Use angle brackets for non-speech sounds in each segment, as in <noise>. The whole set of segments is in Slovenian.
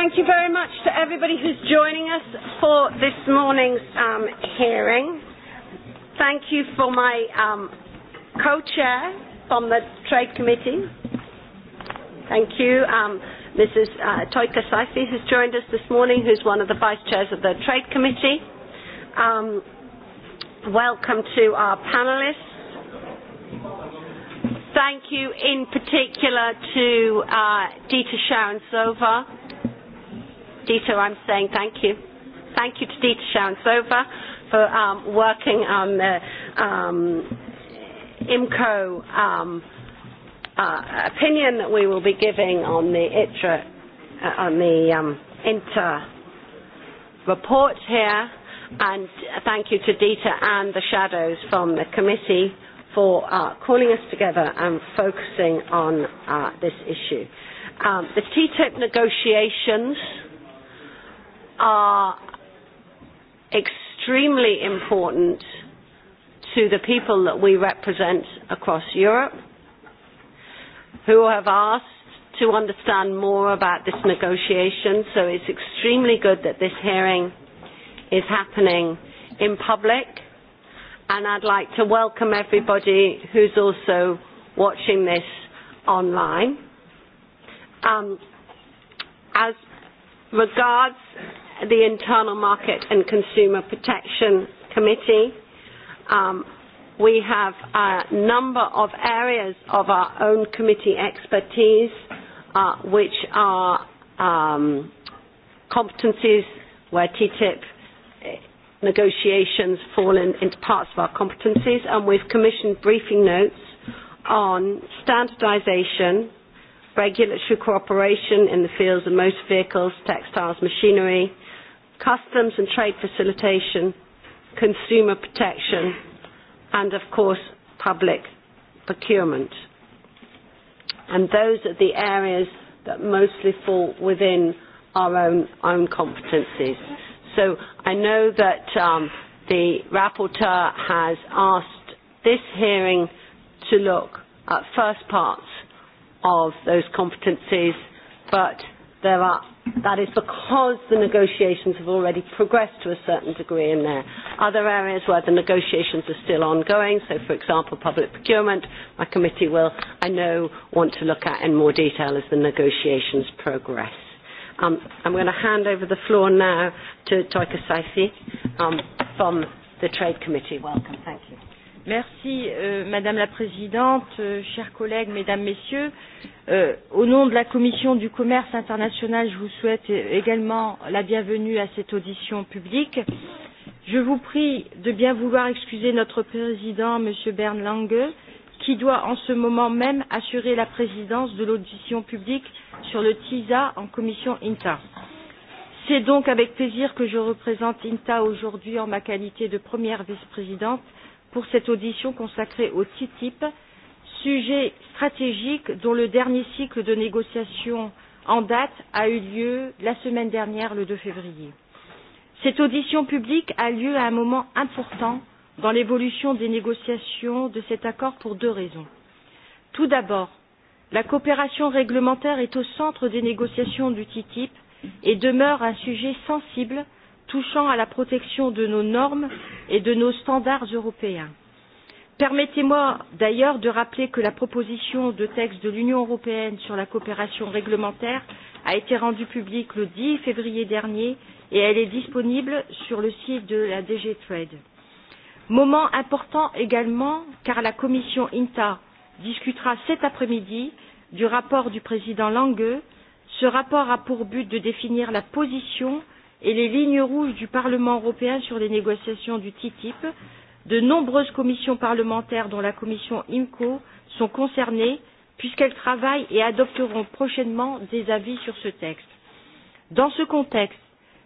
Thank you very much to everybody who's joining us for this morning's um, hearing. Thank you for my um, co chair from the Trade Committee. Thank you, um, Mrs. Uh, Toika Saifi, who's joined us this morning, who's one of the vice chairs of the Trade Committee. Um, welcome to our panelists. Thank you in particular to uh, Dita Sharon Sova. Dieter, I'm saying thank you. Thank you to Dieter Schoensova for um, working on the um, IMCO um, uh, opinion that we will be giving on the ITRA, uh, on the um, inter report here. And thank you to Dieter and the shadows from the committee for uh, calling us together and focusing on uh, this issue. Um, the TTIP negotiations are extremely important to the people that we represent across Europe who have asked to understand more about this negotiation. So it's extremely good that this hearing is happening in public. And I'd like to welcome everybody who's also watching this online. Um, as regards the Internal Market and Consumer Protection Committee. Um, we have a number of areas of our own committee expertise uh, which are um, competencies where TTIP eh, negotiations fall in, into parts of our competencies and we've commissioned briefing notes on standardization, regulatory cooperation in the fields of motor vehicles, textiles, machinery, customs and trade facilitation, consumer protection, and of course, public procurement. And those are the areas that mostly fall within our own, own competencies. So I know that um, the rapporteur has asked this hearing to look at first parts of those competencies, but there are That is because the negotiations have already progressed to a certain degree in there. Other areas where the negotiations are still ongoing, so for example, public procurement, my committee will, I know, want to look at in more detail as the negotiations progress. Um, I'm going to hand over the floor now to Toika Saifi um, from the Trade Committee. Welcome. Thank you. Merci euh, Madame la Présidente, euh, chers collègues, Mesdames, Messieurs. Euh, au nom de la Commission du commerce international, je vous souhaite euh, également la bienvenue à cette audition publique. Je vous prie de bien vouloir excuser notre Président, Monsieur Bern Lange, qui doit en ce moment même assurer la présidence de l'audition publique sur le TISA en Commission INTA. C'est donc avec plaisir que je représente INTA aujourd'hui en ma qualité de première vice-présidente pour cette audition consacrée au TTIP, sujet stratégique dont le dernier cycle de négociations en date a eu lieu la semaine dernière, le 2 février. Cette audition publique a lieu à un moment important dans l'évolution des négociations de cet accord pour deux raisons. Tout d'abord, la coopération réglementaire est au centre des négociations du TTIP et demeure un sujet sensible touchant à la protection de nos normes et de nos standards européens. Permettez-moi d'ailleurs de rappeler que la proposition de texte de l'Union européenne sur la coopération réglementaire a été rendue publique le 10 février dernier et elle est disponible sur le site de la DG Trade. Moment important également car la commission INTA discutera cet après-midi du rapport du président Lange. Ce rapport a pour but de définir la position et les lignes rouges du Parlement européen sur les négociations du TTIP, de nombreuses commissions parlementaires, dont la commission IMCO, sont concernées puisqu'elles travaillent et adopteront prochainement des avis sur ce texte. Dans ce contexte,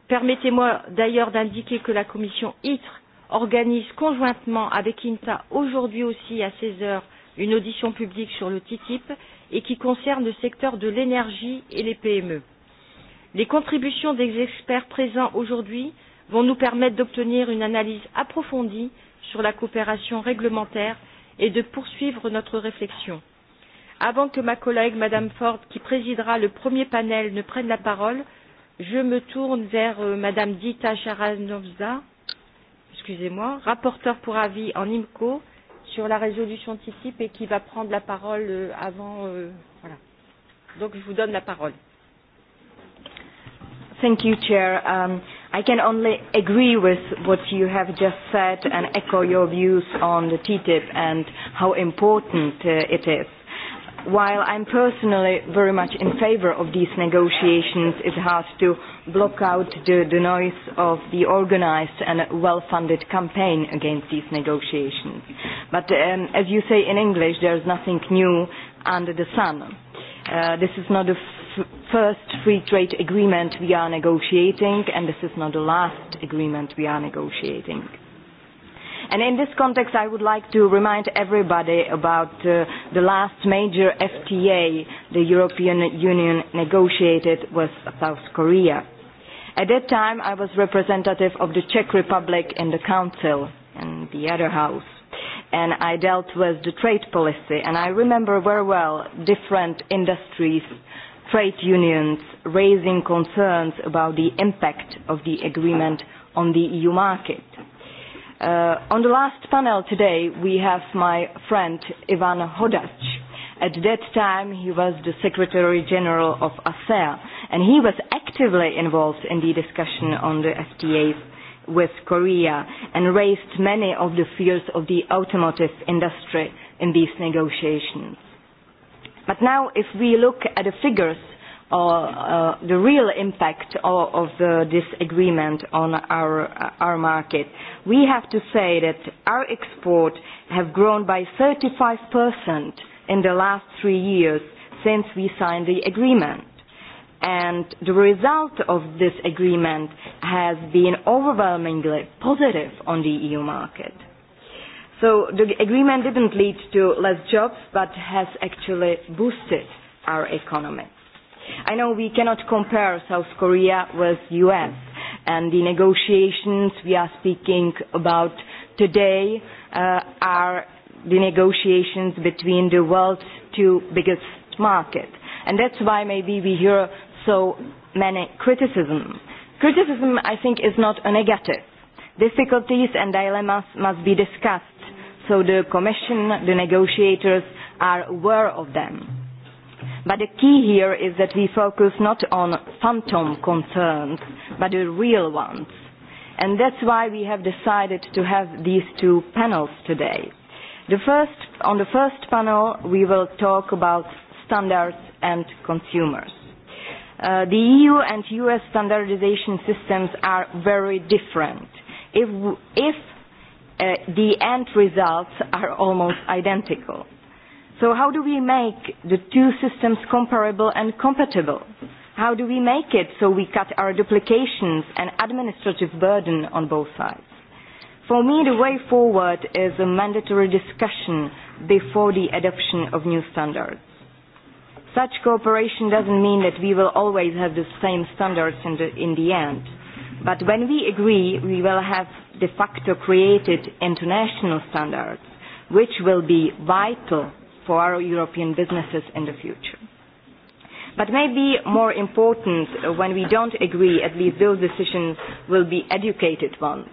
permettez-moi d'ailleurs d'indiquer que la commission ITRE organise conjointement avec INTA aujourd'hui aussi à 16 heures une audition publique sur le TTIP et qui concerne le secteur de l'énergie et les PME. Les contributions des experts présents aujourd'hui vont nous permettre d'obtenir une analyse approfondie sur la coopération réglementaire et de poursuivre notre réflexion. Avant que ma collègue Madame Ford, qui présidera le premier panel, ne prenne la parole, je me tourne vers euh, Madame Dita Sharanovza, excusez-moi, rapporteur pour avis en IMCO sur la résolution TTIP et qui va prendre la parole euh, avant. Euh, voilà. Donc je vous donne la parole. Thank you, Chair. Um, I can only agree with what you have just said and echo your views on the TTIP and how important uh, it is. While I'm personally very much in favor of these negotiations, it's hard to block out the, the noise of the organized and well-funded campaign against these negotiations. But um, as you say in English, there's nothing new under the sun. Uh, Uh, this is not the first free trade agreement we are negotiating, and this is not the last agreement we are negotiating. And in this context, I would like to remind everybody about uh, the last major FTA the European Union negotiated with South Korea. At that time, I was representative of the Czech Republic in the Council, in the other house and I dealt with the trade policy, and I remember very well different industries, trade unions raising concerns about the impact of the agreement on the EU market. Uh, on the last panel today, we have my friend Ivan Hodac. At that time, he was the Secretary General of ASEA, and he was actively involved in the discussion on the FTAs with Korea and raised many of the fears of the automotive industry in these negotiations. Now, if we look at the figures or uh, uh, the real impact of uh, this agreement on our market, we have to say that our export has grown by 35% in the last three years since we signed the agreement and the result of this agreement has been overwhelmingly positive on the EU market. So the agreement didn't lead to less jobs, but has actually boosted our economy. I know we cannot compare South Korea with US, and the negotiations we are speaking about today uh, are the negotiations between the world's two biggest markets. And that's why maybe we hear so many criticism. Criticism, I think, is not a negative. Difficulties and dilemmas must be discussed, so the Commission, the negotiators, are aware of them. But the key here is that we focus not on phantom concerns, but the real ones. And that's why we have decided to have these two panels today. The first, on the first panel, we will talk about standards and consumers. Uh, the EU and US standardization systems are very different. If, if uh, the end results are almost identical. So how do we make the two systems comparable and compatible? How do we make it so we cut our duplications and administrative burden on both sides? For me, the way forward is a mandatory discussion before the adoption of new standards. Such cooperation doesn't mean that we will always have the same standards in the, in the end. But when we agree, we will have de facto created international standards, which will be vital for our European businesses in the future. But maybe more important, when we don't agree, at least those decisions will be educated ones.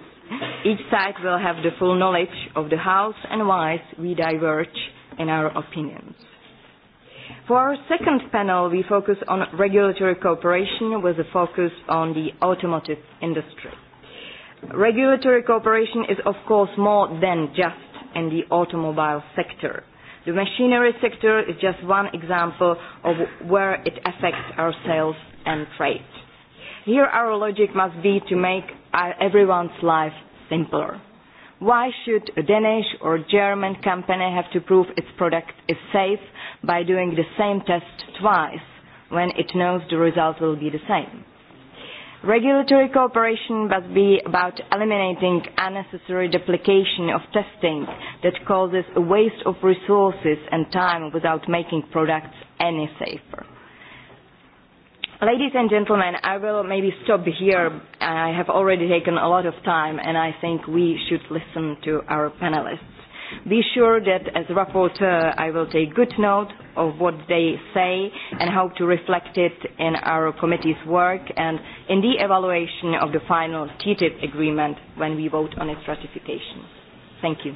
Each side will have the full knowledge of the house and why we diverge in our opinions. For our second panel, we focus on regulatory cooperation with a focus on the automotive industry. Regulatory cooperation is, of course, more than just in the automobile sector. The machinery sector is just one example of where it affects our sales and freight. Here, our logic must be to make uh, everyone's life simpler. Why should a Danish or German company have to prove its product is safe by doing the same test twice when it knows the result will be the same. Regulatory cooperation must be about eliminating unnecessary duplication of testing that causes a waste of resources and time without making products any safer. Ladies and gentlemen, I will maybe stop here. I have already taken a lot of time and I think we should listen to our panelists. Be sure that as rapporteur, I will take good note of what they say and hope to reflect it in our committee's work and in the evaluation of the final TTIP agreement when we vote on its ratification. Thank you.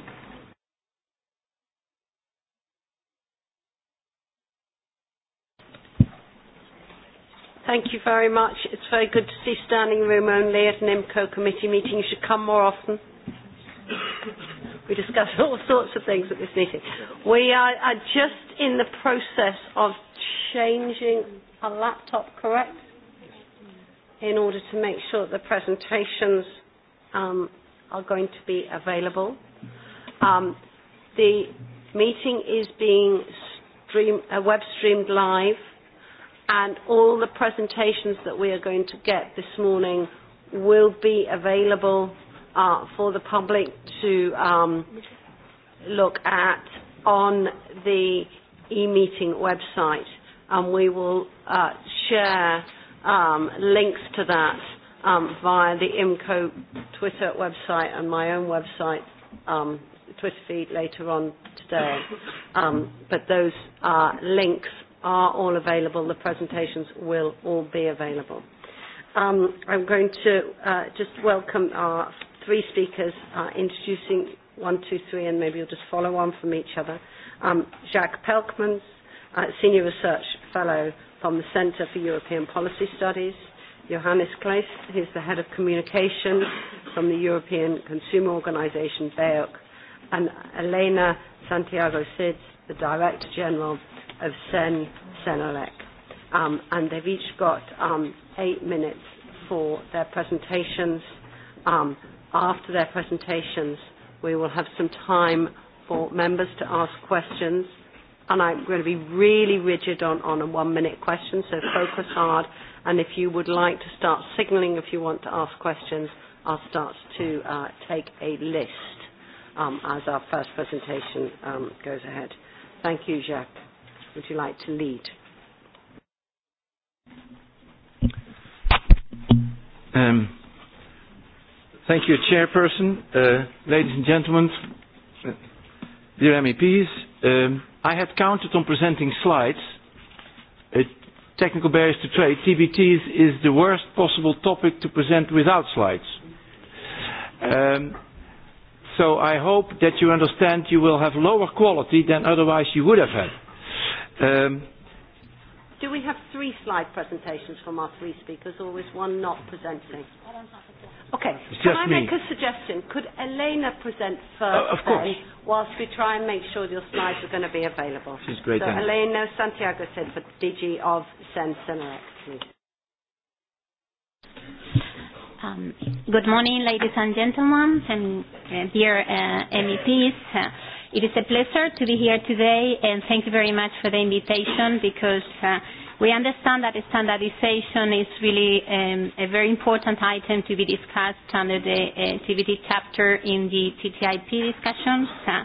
Thank you very much. It's very good to see standing room only at an IMCO committee meeting. You should come more often. We discuss all sorts of things at this meeting. We are, are just in the process of changing our laptop, correct? In order to make sure that the presentations um, are going to be available. Um, the meeting is being stream, uh, web streamed live, and all the presentations that we are going to get this morning will be available for the public to um, look at on the e-meeting website and we will uh, share um, links to that um, via the IMCO Twitter website and my own website um, Twitter feed later on today. Um, but those uh, links are all available. The presentations will all be available. Um, I'm going to uh, just welcome our three speakers uh, introducing one, two, three, and maybe you'll just follow on from each other. Um, Jacques Pelkmans, uh, Senior Research Fellow from the Center for European Policy Studies. Johannes Kleist, who's the Head of Communication from the European Consumer Organization, BEOC. And Elena Santiago Sid, the Director General of CEN CENELEC. Um, and they've each got um, eight minutes for their presentations. Um, after their presentations, we will have some time for members to ask questions. And I'm going to be really rigid on, on a one minute question, so focus hard. And if you would like to start signaling if you want to ask questions, I'll start to uh, take a list um, as our first presentation um, goes ahead. Thank you, Jacques. Would you like to lead? Um, Thank you, Chairperson. Uh, ladies and gentlemen, uh, dear MEPs, um, I had counted on presenting slides. Uh, technical barriers to trade, TBTs, is the worst possible topic to present without slides. Um, so I hope that you understand you will have lower quality than otherwise you would have had. Um, Do we have three slide presentations from our three speakers, or is one not presenting? I don't have a Okay. It's just Can I me. make a suggestion? Could Elena present uh, first? Uh, of course. Whilst we try and make sure your slides are going to be available. She's great. So Elena Santiago said for DG of Sensimerex, please. Um, good morning, ladies and gentlemen, and uh, dear uh, MEPs. Uh, it is a pleasure to be here today, and thank you very much for the invitation because uh, We understand that standardization is really um, a very important item to be discussed under the uh, TBD chapter in the TTIP discussions. Uh,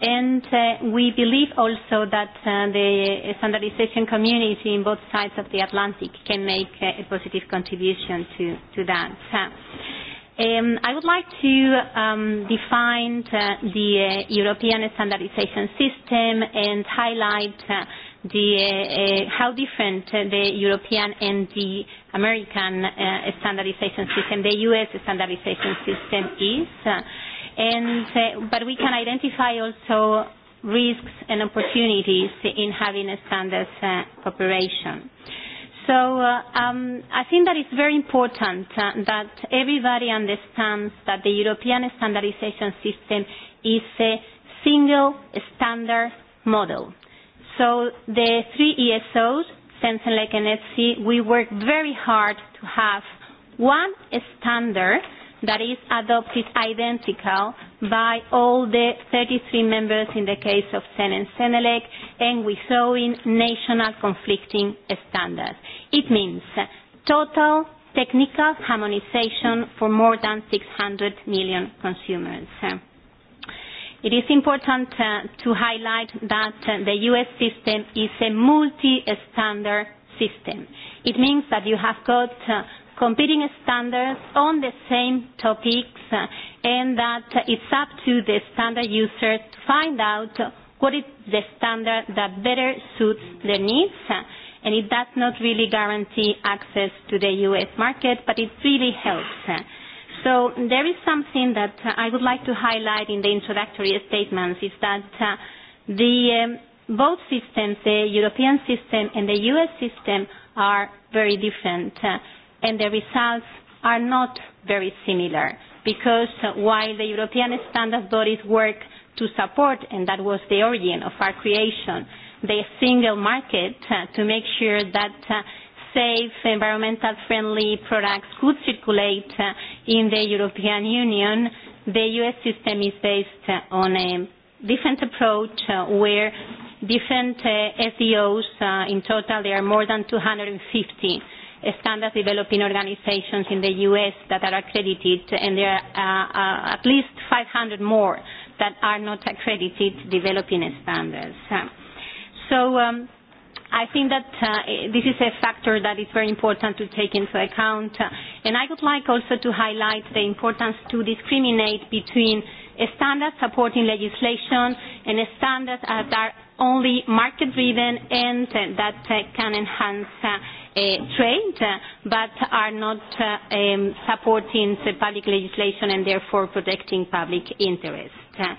and uh, we believe also that uh, the standardization community in both sides of the Atlantic can make uh, a positive contribution to, to that. Uh, um, I would like to um, define uh, the uh, European standardization system and highlight uh, the, uh, how different the European and the American uh, standardization system, the US standardization system is. Uh, and, uh, but we can identify also risks and opportunities in having a standards uh, operation. So uh, um, I think that it's very important uh, that everybody understands that the European standardization system is a single standard model. The three ESOs, Sensenlec and ETSI, we work very hard to have one standard that is adopted identical by all the 33 members in the case of SEN and Senelec, and we saw in national conflicting standards. It means total technical harmonization for more than 600 million consumers. It is important uh, to highlight that uh, the U.S. system is a multi-standard system. It means that you have got uh, competing standards on the same topics, and that it's up to the standard user to find out what is the standard that better suits their needs. It does not really guarantee access to the U.S. market, but it really helps. So there is something that uh, I would like to highlight in the introductory statements is that uh, the um, both systems, the European system and the US system, are very different, uh, and the results are not very similar because while the European standard bodies work to support, and that was the origin of our creation, the single market uh, to make sure that uh, safe, environmental friendly products could circulate uh, in the European Union, the US system is based on a different approach uh, where different uh, SDOs, in total there are more than 250 standard developing organizations in the US that are accredited and there are at least 500 more that are not accredited developing standards. So, um, I think that uh, this is a factor that is very important to take into account. Uh, and I would like also to highlight the importance to discriminate between a standard supporting legislation and a standard uh, that are only market-driven and uh, that uh, can enhance uh, uh, trade, uh, but are not uh, um, supporting the public legislation and therefore protecting public interest. Uh,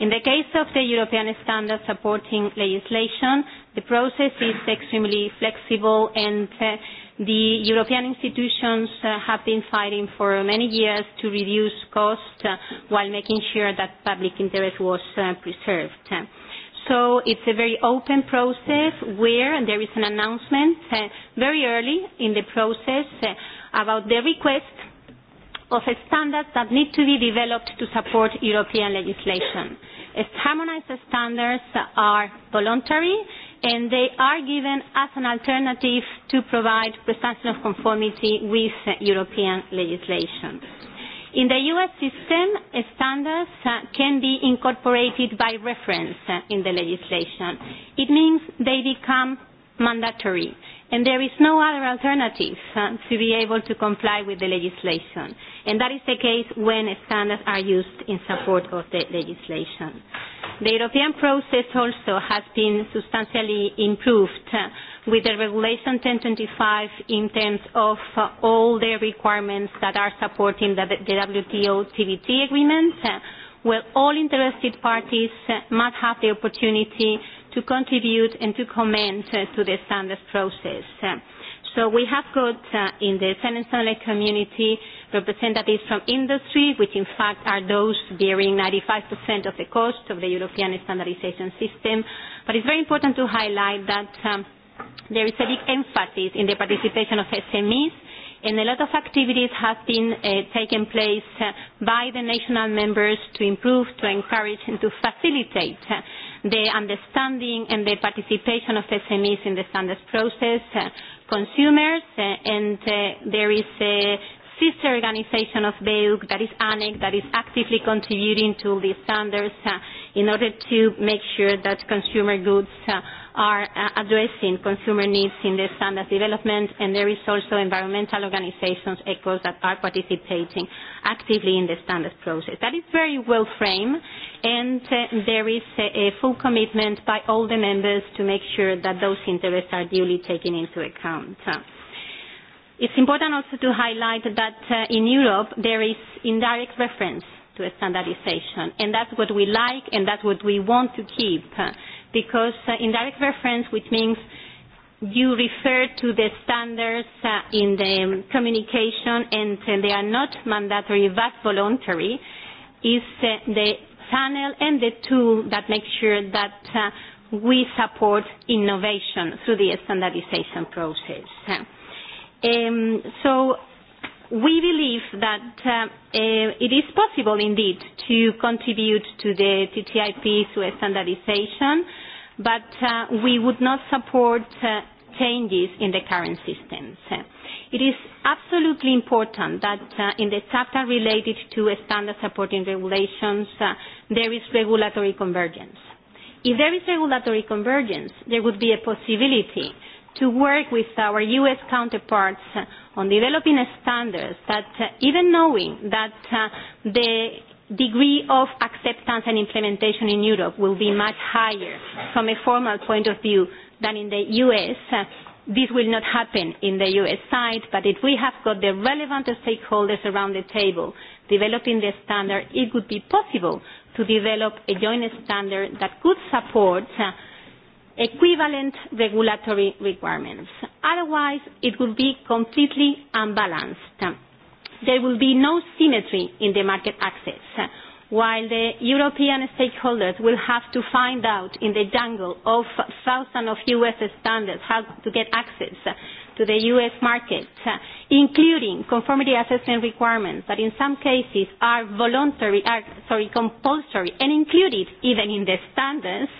in the case of the European standard supporting legislation, The process is extremely flexible and uh, the European institutions uh, have been fighting for many years to reduce costs uh, while making sure that public interest was uh, preserved. So it's a very open process where there is an announcement uh, very early in the process uh, about the request of a standard that need to be developed to support European legislation. Harmonized standards are voluntary and they are given as an alternative to provide presumption of conformity with European legislation. In the US system, standards can be incorporated by reference in the legislation. It means they become mandatory, and there is no other alternative to be able to comply with the legislation and that is the case when standards are used in support of the legislation. The European process also has been substantially improved with the regulation 1025 in terms of uh, all the requirements that are supporting the, the WTO TBT agreement, uh, where all interested parties uh, must have the opportunity to contribute and to comment uh, to the standards process. Uh, So we have got uh, in the tenants only community representatives from industry, which in fact are those bearing 95% of the cost of the European standardization system. But it's very important to highlight that um, there is a big emphasis in the participation of SMEs, and a lot of activities have been uh, taking place uh, by the national members to improve, to encourage, and to facilitate the understanding and the participation of SMEs in the standards process consumers, uh, and uh, there is a sister organization of BEUC that is ANEC that is actively contributing to these standards uh, in order to make sure that consumer goods uh, are uh, addressing consumer needs in the standards development, and there is also environmental organizations, ECOS, that are participating actively in the standards process. That is very well framed, and uh, there is a, a full commitment by all the members to make sure that those interests are duly taken into account. It's important also to highlight that uh, in Europe there is indirect reference to a standardization, and that's what we like and that's what we want to keep. Uh, because uh, indirect reference, which means you refer to the standards uh, in the um, communication and uh, they are not mandatory but voluntary, is uh, the channel and the tool that makes sure that uh, we support innovation through the standardization process. Um, so we believe that uh, uh, it is possible indeed to contribute to the TTIP through standardization but uh, we would not support uh, changes in the current systems. It is absolutely important that uh, in the chapter related to standard supporting regulations, uh, there is regulatory convergence. If there is regulatory convergence, there would be a possibility to work with our U.S. counterparts on developing standards that uh, even knowing that uh, the degree of acceptance and implementation in Europe will be much higher from a formal point of view than in the US. Uh, this will not happen in the US side, but if we have got the relevant stakeholders around the table developing the standard, it would be possible to develop a joint standard that could support uh, equivalent regulatory requirements. Otherwise, it would be completely unbalanced there will be no symmetry in the market access, while the European stakeholders will have to find out in the jungle of thousands of US standards how to get access to the US market, including conformity assessment requirements that in some cases are voluntary, are, sorry, compulsory and included even in the standards,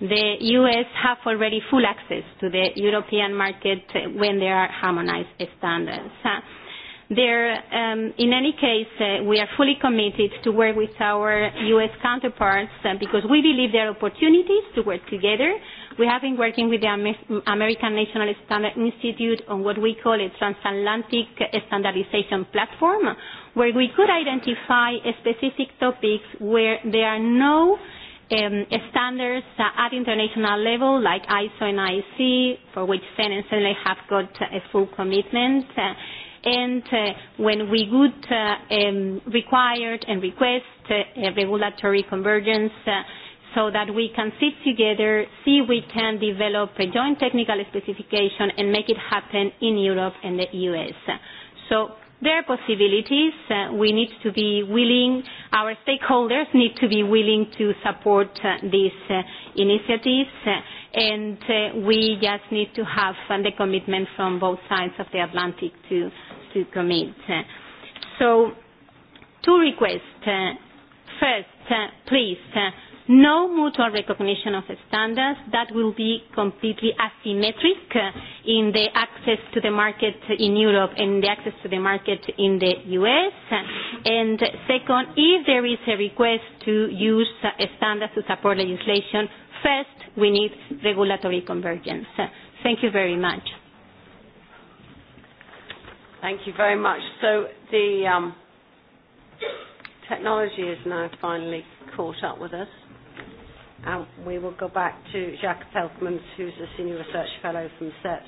the US have already full access to the European market when there are harmonized standards. There, um, in any case, uh, we are fully committed to work with our U.S. counterparts uh, because we believe there are opportunities to work together. We have been working with the Amer- American National Standard Institute on what we call a transatlantic standardization platform, where we could identify specific topics where there are no um, standards at international level, like ISO and IEC, for which SEN and SENLE have got a full commitment. Uh, and uh, when we would uh, um, require and request uh, regulatory convergence so that we can sit together, see if we can develop a joint technical specification and make it happen in Europe and the U.S. So there are possibilities. We need to be willing, our stakeholders need to be willing to support these initiatives, and uh, we just need to have uh, the commitment from both sides of the Atlantic to, to commit. So, two requests. Uh, first, uh, please, uh, no mutual recognition of standards. That will be completely asymmetric in the access to the market in Europe and the access to the market in the US. And second, if there is a request to use standards to support legislation, first, we need regulatory convergence. Thank you very much. Thank you very much. So the um, technology is now finally caught up with us. And we will go back to Jack Pelkmans, who's a senior research fellow from SET.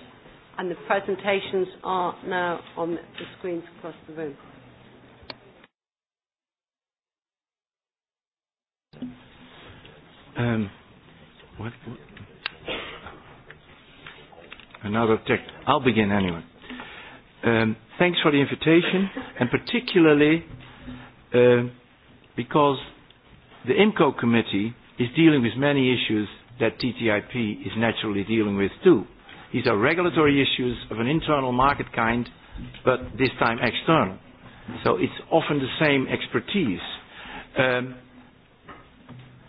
And the presentations are now on the screens across the room. Um, What, what? Another text. I'll begin anyway. Um, thanks for the invitation, and particularly uh, because the IMCO committee is dealing with many issues that TTIP is naturally dealing with too. These are regulatory issues of an internal market kind, but this time external. So it's often the same expertise. Um,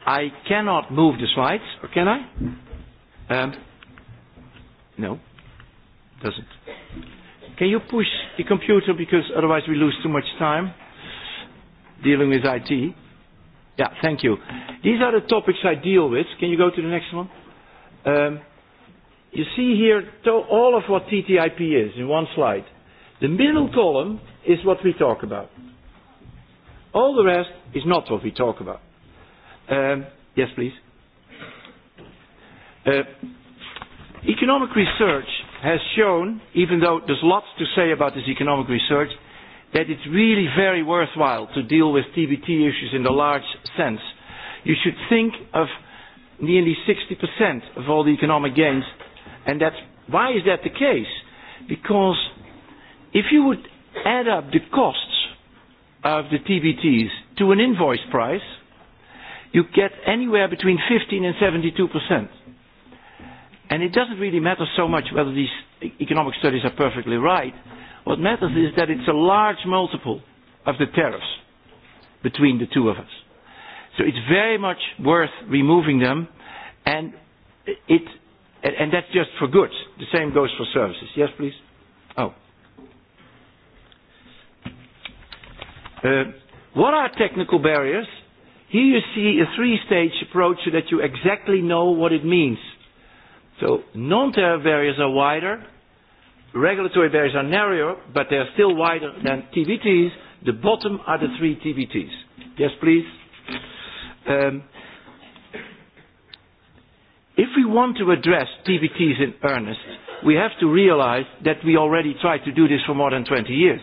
I cannot move the slides, or can I? Um, no, doesn't. Can you push the computer because otherwise we lose too much time dealing with IT? Yeah, thank you. These are the topics I deal with. Can you go to the next one? Um, you see here to all of what TTIP is in one slide. The middle column is what we talk about. All the rest is not what we talk about. Um, yes, please. Uh, economic research has shown, even though there's lots to say about this economic research, that it's really very worthwhile to deal with TBT issues in the large sense. You should think of nearly 60% of all the economic gains, and that's, why is that the case? Because if you would add up the costs of the TBTs to an invoice price, you get anywhere between 15 and 72 percent. And it doesn't really matter so much whether these e-, economic studies are perfectly right. What matters is that it's a large multiple of the tariffs between the two of us. So it's very much worth removing them, and it, and that's just for goods. The same goes for services. Yes, please. Oh. Uh, what are technical barriers? Here you see a three stage approach so that you exactly know what it means. So, non tariff barriers are wider, regulatory barriers are narrower, but they are still wider than TBTs. The bottom are the three TBTs. Yes, please. Um, if we want to address TBTs in earnest, we have to realize that we already tried to do this for more than 20 years.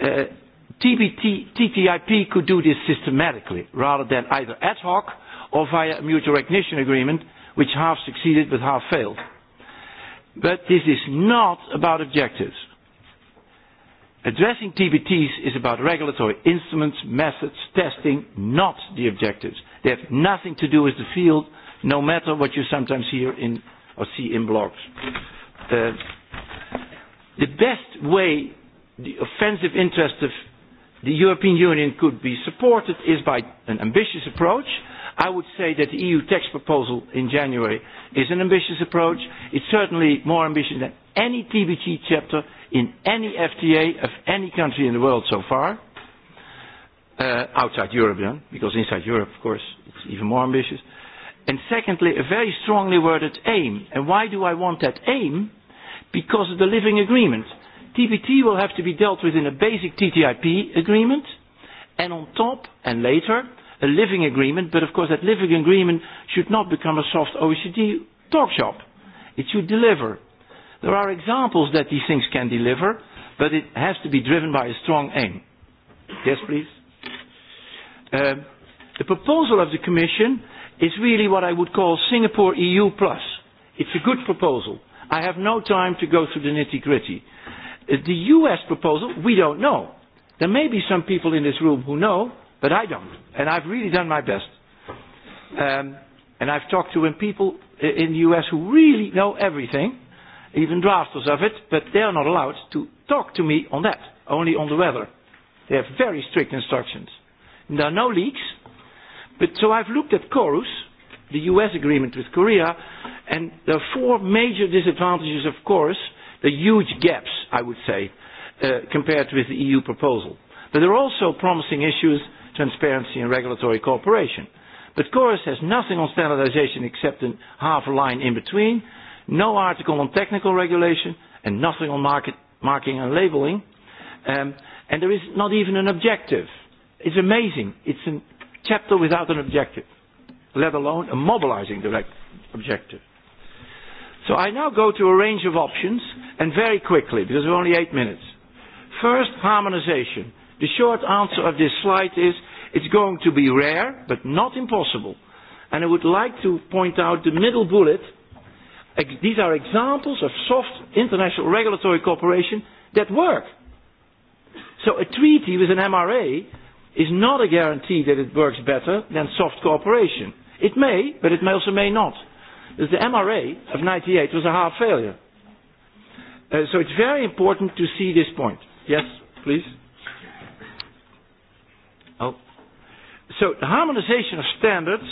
Uh, TBT, TTIP could do this systematically rather than either ad hoc or via a mutual recognition agreement which half succeeded but half failed. But this is not about objectives. Addressing TBTs is about regulatory instruments, methods, testing, not the objectives. They have nothing to do with the field, no matter what you sometimes hear in or see in blogs. Uh, the best way the offensive interest of the European Union could be supported is by an ambitious approach. I would say that the EU tax proposal in January is an ambitious approach. It's certainly more ambitious than any TBT chapter in any FTA of any country in the world so far, uh, outside Europe, yeah? because inside Europe, of course, it's even more ambitious. And secondly, a very strongly worded aim. And why do I want that aim? Because of the living agreement. TPT will have to be dealt with in a basic TTIP agreement, and on top, and later, a living agreement. But of course, that living agreement should not become a soft OECD talk shop. It should deliver. There are examples that these things can deliver, but it has to be driven by a strong aim. Yes, please. Uh, the proposal of the Commission is really what I would call Singapore EU Plus. It's a good proposal. I have no time to go through the nitty gritty the U.S. proposal, we don't know. There may be some people in this room who know, but I don't. And I've really done my best. Um, and I've talked to people in the U.S. who really know everything, even drafters of it, but they are not allowed to talk to me on that, only on the weather. They have very strict instructions. And there are no leaks. But so I've looked at Corus, the U.S. agreement with Korea, and there are four major disadvantages of Corus. There are huge gaps, I would say, uh, compared with the EU proposal. But there are also promising issues, transparency and regulatory cooperation. But CORUS has nothing on standardization except a half a line in between, no article on technical regulation, and nothing on market, marking and labeling. Um, and there is not even an objective. It's amazing. It's a chapter without an objective, let alone a mobilizing direct objective. So I now go to a range of options, and very quickly, because we're only eight minutes. First, harmonization. The short answer of this slide is it's going to be rare, but not impossible. And I would like to point out the middle bullet. These are examples of soft international regulatory cooperation that work. So a treaty with an MRA is not a guarantee that it works better than soft cooperation. It may, but it may also may not is the MRA of 98 was a heart failure. Uh, so it's very important to see this point. Yes, please. Oh. So the harmonization of standards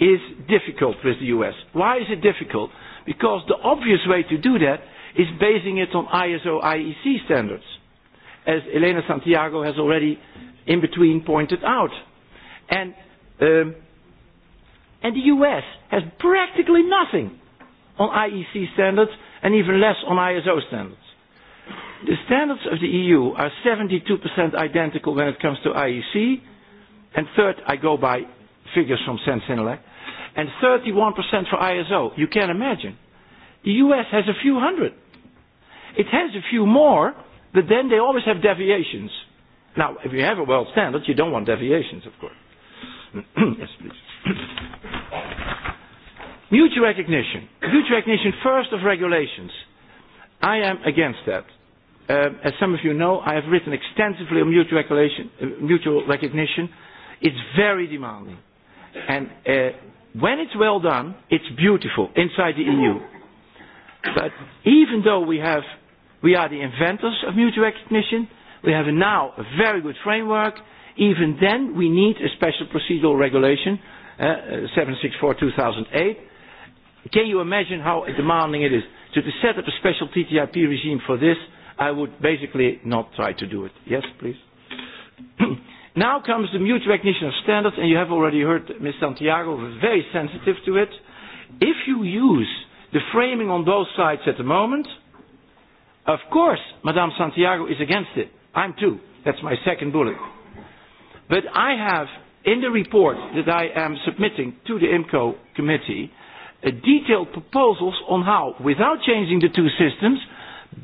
is difficult with the US. Why is it difficult? Because the obvious way to do that is basing it on ISO IEC standards, as Elena Santiago has already in between pointed out. And um, and the US has practically nothing on IEC standards and even less on ISO standards. The standards of the EU are 72% identical when it comes to IEC, and third, I go by figures from Sensenelec, and 31% for ISO. You can imagine. The US has a few hundred. It has a few more, but then they always have deviations. Now, if you have a world standard, you don't want deviations, of course. <clears throat> yes, please mutual recognition. Mutual recognition first of regulations. I am against that. Uh, as some of you know, I have written extensively on mutual recognition. Uh, mutual recognition. It's very demanding. And uh, when it's well done, it's beautiful inside the EU. But even though we, have, we are the inventors of mutual recognition, we have now a very good framework, even then we need a special procedural regulation 2008. Eh, Can you imagine how demanding it is? So to set up a special TTIP regime for this, I would basically not try to do it. Yes, please. <clears throat> now comes the mutual recognition of standards, and you have already heard Ms. Santiago was very sensitive to it. If you use the framing on both sides at the moment, of course, Madame Santiago is against it. I'm too. That's my second bullet. But I have In the report that I am submitting to the IMCO committee, uh, detailed proposals on how, without changing the two systems,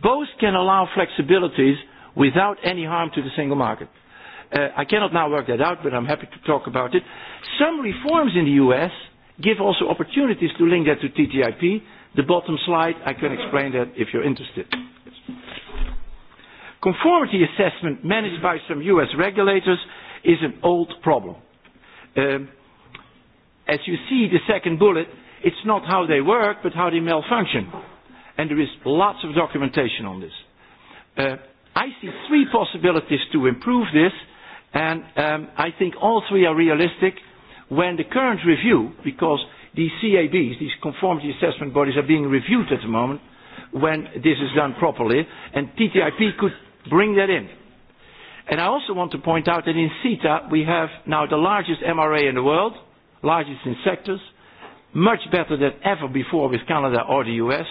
both can allow flexibilities without any harm to the single market. Uh, I cannot now work that out, but I'm happy to talk about it. Some reforms in the U.S. give also opportunities to link that to TTIP. The bottom slide, I can explain that if you're interested. Conformity assessment managed by some U.S. regulators is an old problem. Um, as you see, the second bullet, it's not how they work, but how they malfunction. And there is lots of documentation on this. Uh, I see three possibilities to improve this, and um, I think all three are realistic. When the current review, because these CABs, these conformity assessment bodies, are being reviewed at the moment, when this is done properly, and TTIP could bring that in. And I also want to point out that in CETA we have now the largest MRA in the world, largest in sectors, much better than ever before with Canada or the US.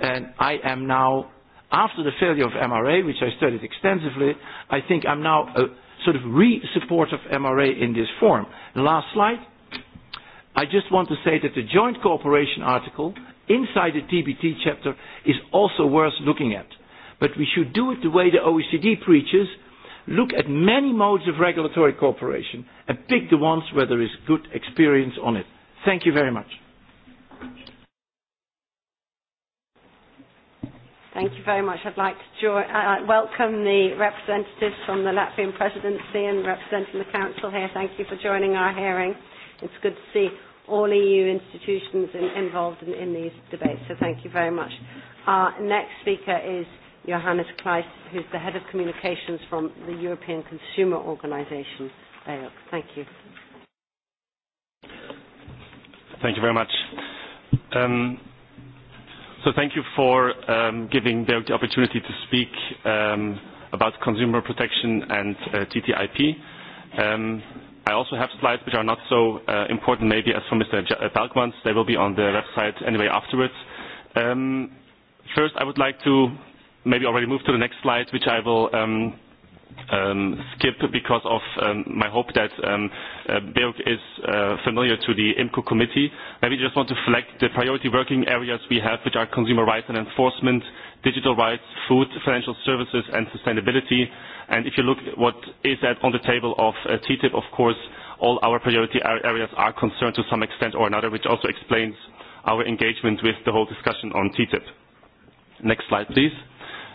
And I am now, after the failure of MRA, which I studied extensively, I think I'm now a sort of re support of MRA in this form. The last slide. I just want to say that the joint cooperation article inside the TBT chapter is also worth looking at. But we should do it the way the OECD preaches look at many modes of regulatory cooperation and pick the ones where there is good experience on it. Thank you very much. Thank you very much. I'd like to uh, uh, welcome the representatives from the Latvian presidency and representing the council here. Thank you for joining our hearing. It's good to see all EU institutions involved in these debates. Thank you very much. Our next speaker is Johannes Kleist, who's the head of communications from the European Consumer Organization, BEOC. Thank you. Thank you very much. Um, so thank you for um, giving BEOC the opportunity to speak um, about consumer protection and uh, TTIP. Um, I also have slides which are not so uh, important maybe as for Mr. Ja-, Balkman's. They will be on the website anyway afterwards. Um, first, I would like to maybe already move to the next slide, which I will um, um, skip because of um, my hope that um, uh, Birk is uh, familiar to the IMCO committee. Maybe just want to flag the priority working areas we have, which are consumer rights and enforcement, digital rights, food, financial services, and sustainability. And if you look at what is at on the table of uh, TTIP, of course, all our priority areas are concerned to some extent or another, which also explains our engagement with the whole discussion on TTIP. Next slide, please.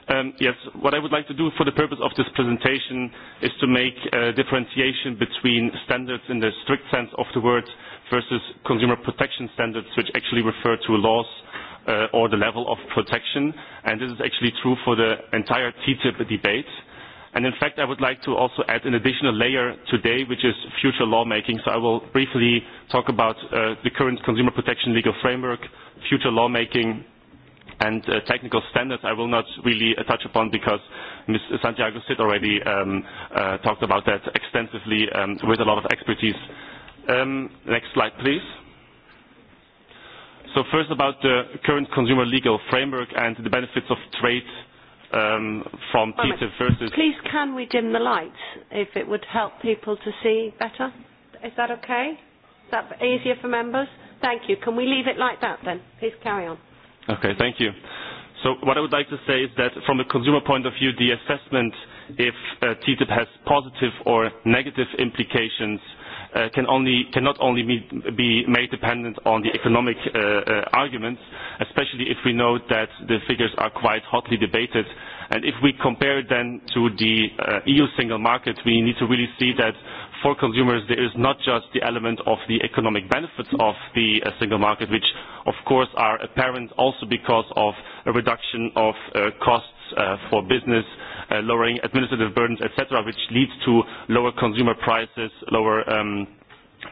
Um, yes. What I would like to do for the purpose of this presentation is to make a differentiation between standards in the strict sense of the word versus consumer protection standards, which actually refer to laws uh, or the level of protection. This is actually true for the entire TTIP debate. In fact, I would like to also add an additional layer today, which is future lawmaking. I will briefly talk about uh, the current consumer protection legal framework, future lawmaking, and uh, technical standards I will not really uh, touch upon because Ms. Santiago Cid already um, uh, talked about that extensively um, with a lot of expertise. Um, next slide, please. So first about the current consumer legal framework and the benefits of trade um, from TTIP versus... Please can we dim the lights if it would help people to see better? Is that okay? Is that easier for members? Thank you. Can we leave it like that then? Please carry on. Okay, thank you. What I would like to say is that from a consumer point of view, the assessment if uh, TTIP has positive or negative implications uh, cannot only be made dependent on the economic uh, arguments, especially if we know that the figures are quite hotly debated. If we compare then to the EU single market, we need to really see that for consumers there is not just the element of the economic benefits of the uh, single market, which of course are apparent also because of a reduction of uh, costs uh, for business, uh, lowering administrative burdens, etc., which leads to lower consumer prices, lower um,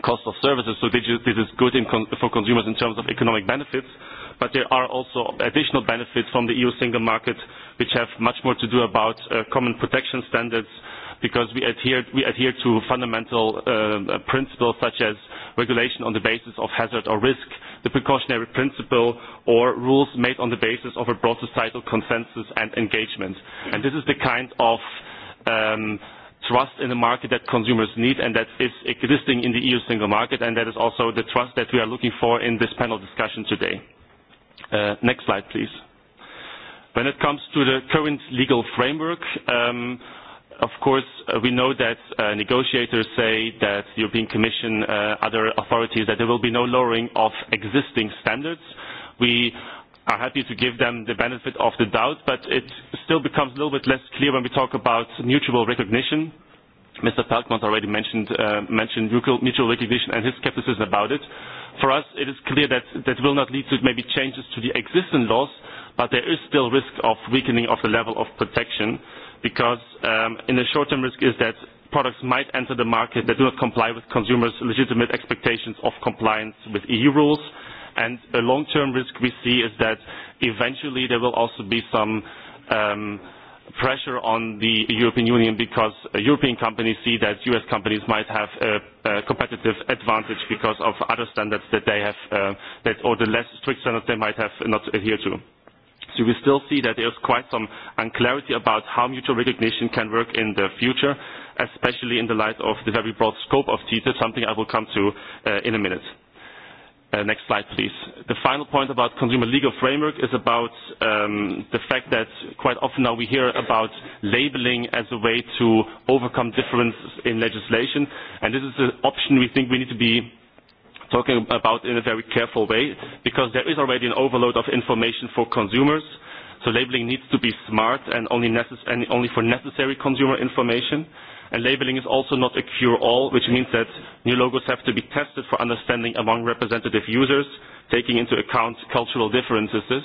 cost of services. So this is good in con for consumers in terms of economic benefits. But there are also additional benefits from the EU single market, which have much more to do about uh, common protection standards, because we adhere, we adhere to fundamental uh, uh, principles such as regulation on the basis of hazard or risk, the precautionary principle, or rules made on the basis of a broad societal consensus and engagement. And this is the kind of um, trust in the market that consumers need and that is existing in the EU single market and that is also the trust that we are looking for in this panel discussion today. Uh, next slide, please. When it comes to the current legal framework, um, of course, uh, we know that uh, negotiators say that the European Commission, uh, other authorities, that there will be no lowering of existing standards. We are happy to give them the benefit of the doubt, but it still becomes a little bit less clear when we talk about mutual recognition. Mr. Pelkmont already mentioned, uh, mentioned mutual recognition and his skepticism about it. For us, it is clear that that will not lead to maybe changes to the existing laws, but there is still risk of weakening of the level of protection because um, in the short term risk is that products might enter the market that do not comply with consumers' legitimate expectations of compliance with EU rules. And a long-term risk we see is that eventually there will also be some um, pressure on the European Union because European companies see that US companies might have a, a competitive advantage because of other standards that they have, uh, that, or the less strict standards they might have not adhered to. We still see that there's quite some unclarity about how mutual recognition can work in the future, especially in the light of the very broad scope of TTIP, e, something I will come to uh, in a minute. Uh, next slide, please. The final point about consumer legal framework is about um, the fact that quite often now we hear about labeling as a way to overcome differences in legislation. This is an option we think we need to be talking about in a very careful way because there is already an overload of information for consumers. So labeling needs to be smart and only, necess and only for necessary consumer information. And labeling is also not a cure-all, which means that new logos have to be tested for understanding among representative users, taking into account cultural differences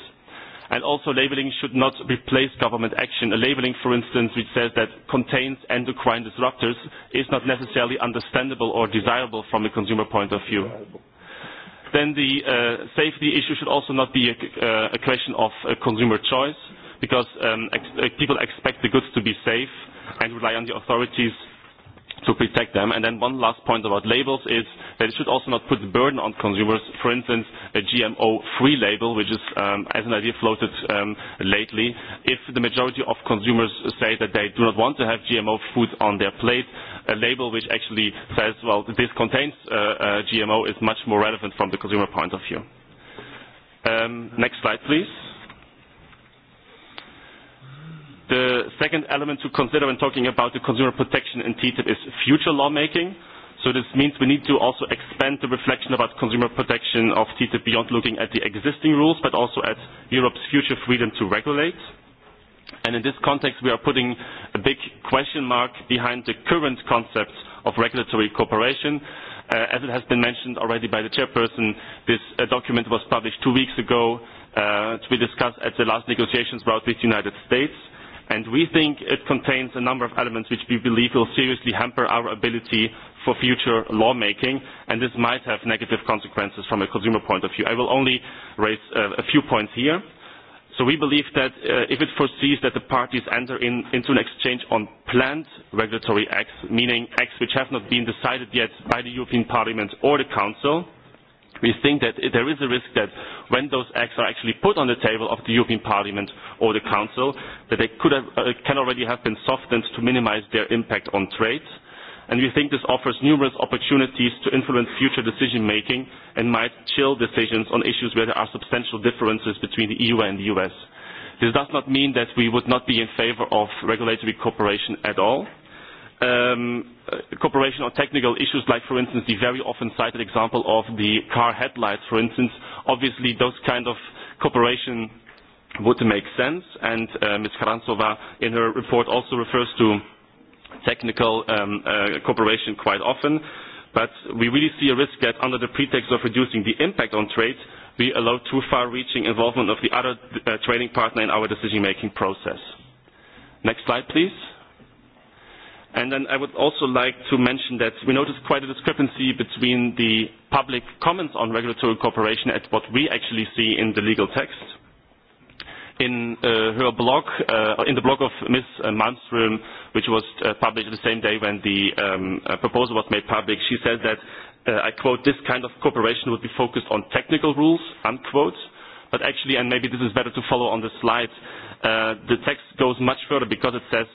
and also labelling should not replace government action. A labelling, for instance, which says that contains endocrine disruptors is not necessarily understandable or desirable from a consumer point of view. Then the uh, safety issue should also not be a, uh, a question of a uh, consumer choice because um, ex uh, people expect the goods to be safe and rely on the authorities to protect them. And then one last point about labels is that it should also not put the burden on consumers. For instance, a GMO-free label, which is, um, as an idea, floated um, lately. If the majority of consumers say that they do not want to have GMO food on their plate, a label which actually says, well, this contains uh, uh, GMO is much more relevant from the consumer point of view. Um, next slide, please. The second element to consider when talking about the consumer protection in TTIP is future lawmaking. This means we need to also expand the reflection about consumer protection of TTIP beyond looking at the existing rules, but also at Europe's future freedom to regulate. In this context, we are putting a big question mark behind the current concept of regulatory cooperation. Uh, as it has been mentioned already by the chairperson, this uh, document was published two weeks ago uh, to be discussed at the last negotiations round with the United States. We think it contains a number of elements which we believe will seriously hamper our ability for future lawmaking, and this might have negative consequences from a consumer point of view. I will only raise uh, a few points here. We believe that uh, if it foresees that the parties enter into an exchange on planned regulatory acts, meaning acts which have not been decided yet by the European Parliament or the Council, we think that there is a risk that when those acts are actually put on the table of the European Parliament or the Council, that they could have, uh, can already have been softened to minimize their impact on trade. And we think this offers numerous opportunities to influence future decision-making and might chill decisions on issues where there are substantial differences between the EU and the US. This does not mean that we would not be in favor of regulatory cooperation at all um, cooperation on technical issues like, for instance, the very often cited example of the car headlights, for instance, obviously those kind of cooperation would make sense. And uh, Ms. Karantsova in her report also refers to technical um, uh, cooperation quite often. But we really see a risk that under the pretext of reducing the impact on trade, we allow too far-reaching involvement of the other uh, trading partner in our decision-making process. Next slide, please. I would also like to mention that we noticed quite a discrepancy between the public comments on regulatory cooperation and what we actually see in the legal text. In uh, uh, the blog of Ms. Malmström, which was uh, published the same day when the um, proposal was made public, she said that, I quote, "This kind of cooperation would be focused on technical rules." Unquote. Actually, and maybe this is better to follow on the slide, the text goes much further because it says,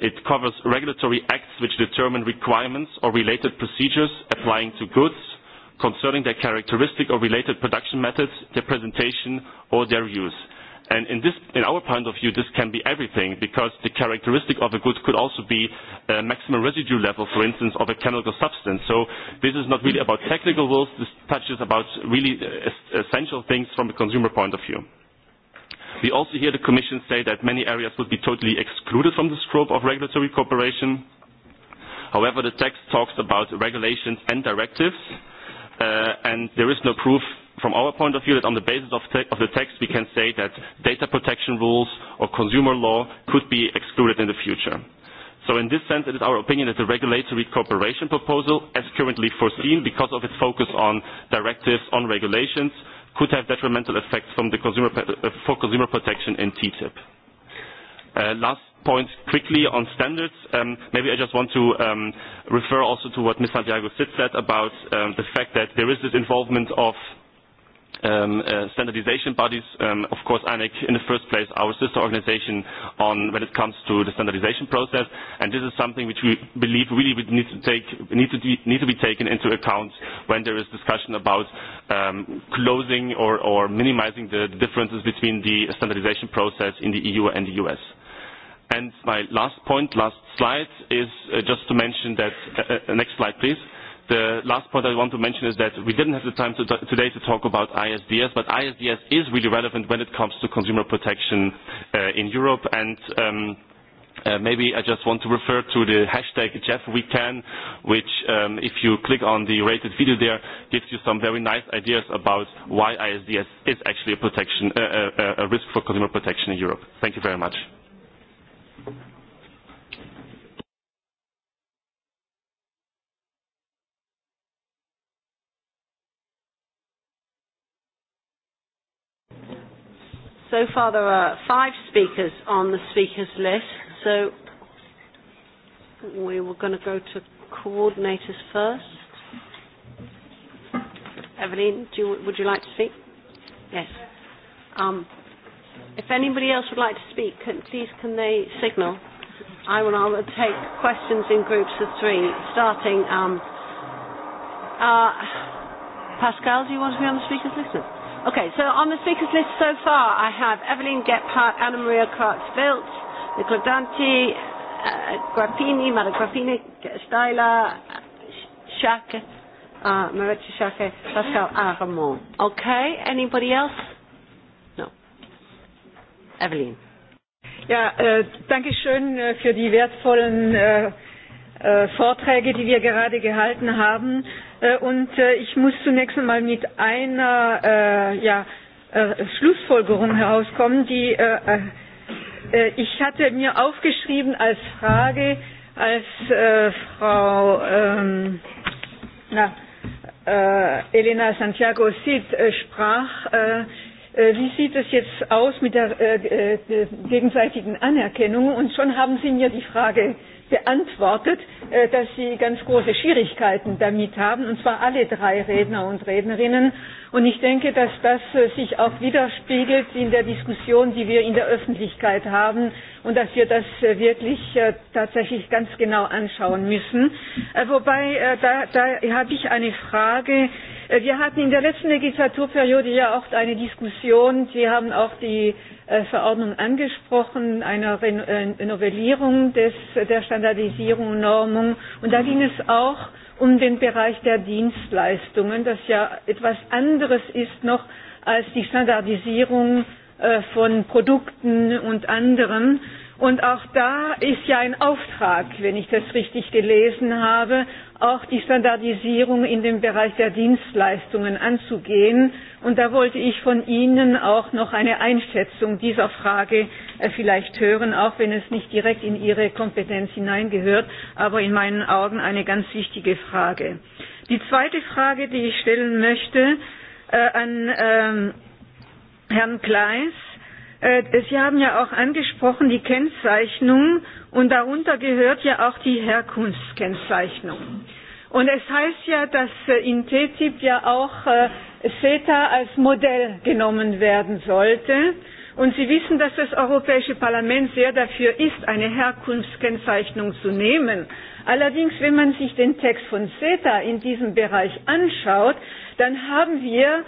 It covers regulatory acts which determine requirements or related procedures applying to goods concerning their characteristic or related production methods, their presentation, or their use. In our point of view, this can be everything because the characteristic of a good could also be a maximum residue level, for instance, of a chemical substance. This is not really about technical rules. This touches about really uh, essential things from a consumer point of view. We also hear the Commission say that many areas would be totally excluded from the scope of regulatory cooperation. However, the text talks about regulations and directives, uh, and there is no proof from our point of view that on the basis of the text, we can say that data protection rules or consumer law could be excluded in the future. In this sense, it is our opinion that the regulatory cooperation proposal, as currently foreseen because of its focus on directives, on regulations, could have detrimental effects from the consumer uh, for consumer protection in TTIP. Uh, last point, quickly on standards. Um, maybe I just want to um, refer also to what Ms. Santiago said about um, the fact that there is this involvement of um, uh, standardization bodies. Um, of course, ANIC in the first place, our sister organization on when it comes to the standardization process. And this is something which we believe really would need to take, need to, de need to be taken into account when there is discussion about um, closing or, or minimizing the, the differences between the standardization process in the EU and the US. And my last point, last slide, is uh, just to mention that, uh, uh, next slide, please. The last point I want to mention is that we didn't have the time today to talk about ISDS, but ISDS is really relevant when it comes to consumer protection uh, in Europe. Um, uh, maybe I just want to refer to the hashtag #JeffWeCan, which, um, if you click on the rated video there, gives you some very nice ideas about why ISDS is actually uh, a risk for consumer protection in Europe. Thank you very much. Thank you. So far, there are five speakers on the speakers list. So we were going to go to coordinators first. Evelyn, do you, would you like to speak? Yes. Um, if anybody else would like to speak, can, please can they signal? I will I'll take questions in groups of three, starting. Um, uh, Pascal, do you want to be on the speakers list? No? Okay, so on the speakers list so far, I have Evelyn Gephardt, Anna Maria kratz vilt Nicola Dante, uh, Grappini, Mara Grappini, Steiler, Schake, uh, Maritza Schake, Pascal Aramon. Okay, anybody else? No. Evelyn. Ja, äh, danke schön äh, für die wertvollen äh, äh, Vorträge, die wir gerade gehalten haben. Äh, Äh, und äh, ich muss zunächst einmal mit einer äh, ja, äh, Schlussfolgerung herauskommen, die äh, äh, äh, ich hatte mir aufgeschrieben als Frage, als äh, Frau ähm, na, äh, Elena Santiago Sid äh, sprach, äh, wie sieht es jetzt aus mit der äh, gegenseitigen Anerkennung? Und schon haben Sie mir die Frage äh, beantwortet, äh, dass sie ganz große Schwierigkeiten damit haben, und zwar alle drei Redner und Rednerinnen. Und ich denke, dass das äh, sich auch widerspiegelt in der Diskussion, die wir in der Öffentlichkeit haben, und dass wir das äh, wirklich tatsächlich ganz genau anschauen müssen. Wobei, da, da habe ich eine Frage. Wir hatten in der letzten Legislaturperiode ja auch eine Diskussion. Sie haben auch die äh, Verordnung angesprochen, einer äh, Novellierung des, der Standardisierung und Normung. Und da ging es auch um den Bereich der Dienstleistungen, das ja etwas anderes ist noch als die Standardisierung äh, von Produkten und anderen. Und auch da ist ja ein Auftrag, wenn ich das richtig gelesen habe, auch die Standardisierung in dem Bereich der Dienstleistungen anzugehen. Und da wollte ich von Ihnen auch noch eine Einschätzung dieser Frage äh, vielleicht hören, auch wenn es nicht direkt in Ihre Kompetenz hineingehört, aber in meinen Augen eine ganz wichtige Frage. Die zweite Frage, die ich stellen möchte äh, an ähm, Herrn Kleis, äh, Äh, Sie haben ja auch angesprochen die Kennzeichnung und darunter gehört ja auch die Herkunftskennzeichnung. Und es heißt ja, dass äh, in TTIP ja auch CETA äh, als Modell genommen werden sollte. Und Sie wissen, dass das Europäische Parlament sehr dafür ist, eine Herkunftskennzeichnung zu nehmen. Allerdings, wenn man sich den Text von CETA in diesem Bereich anschaut, dann haben wir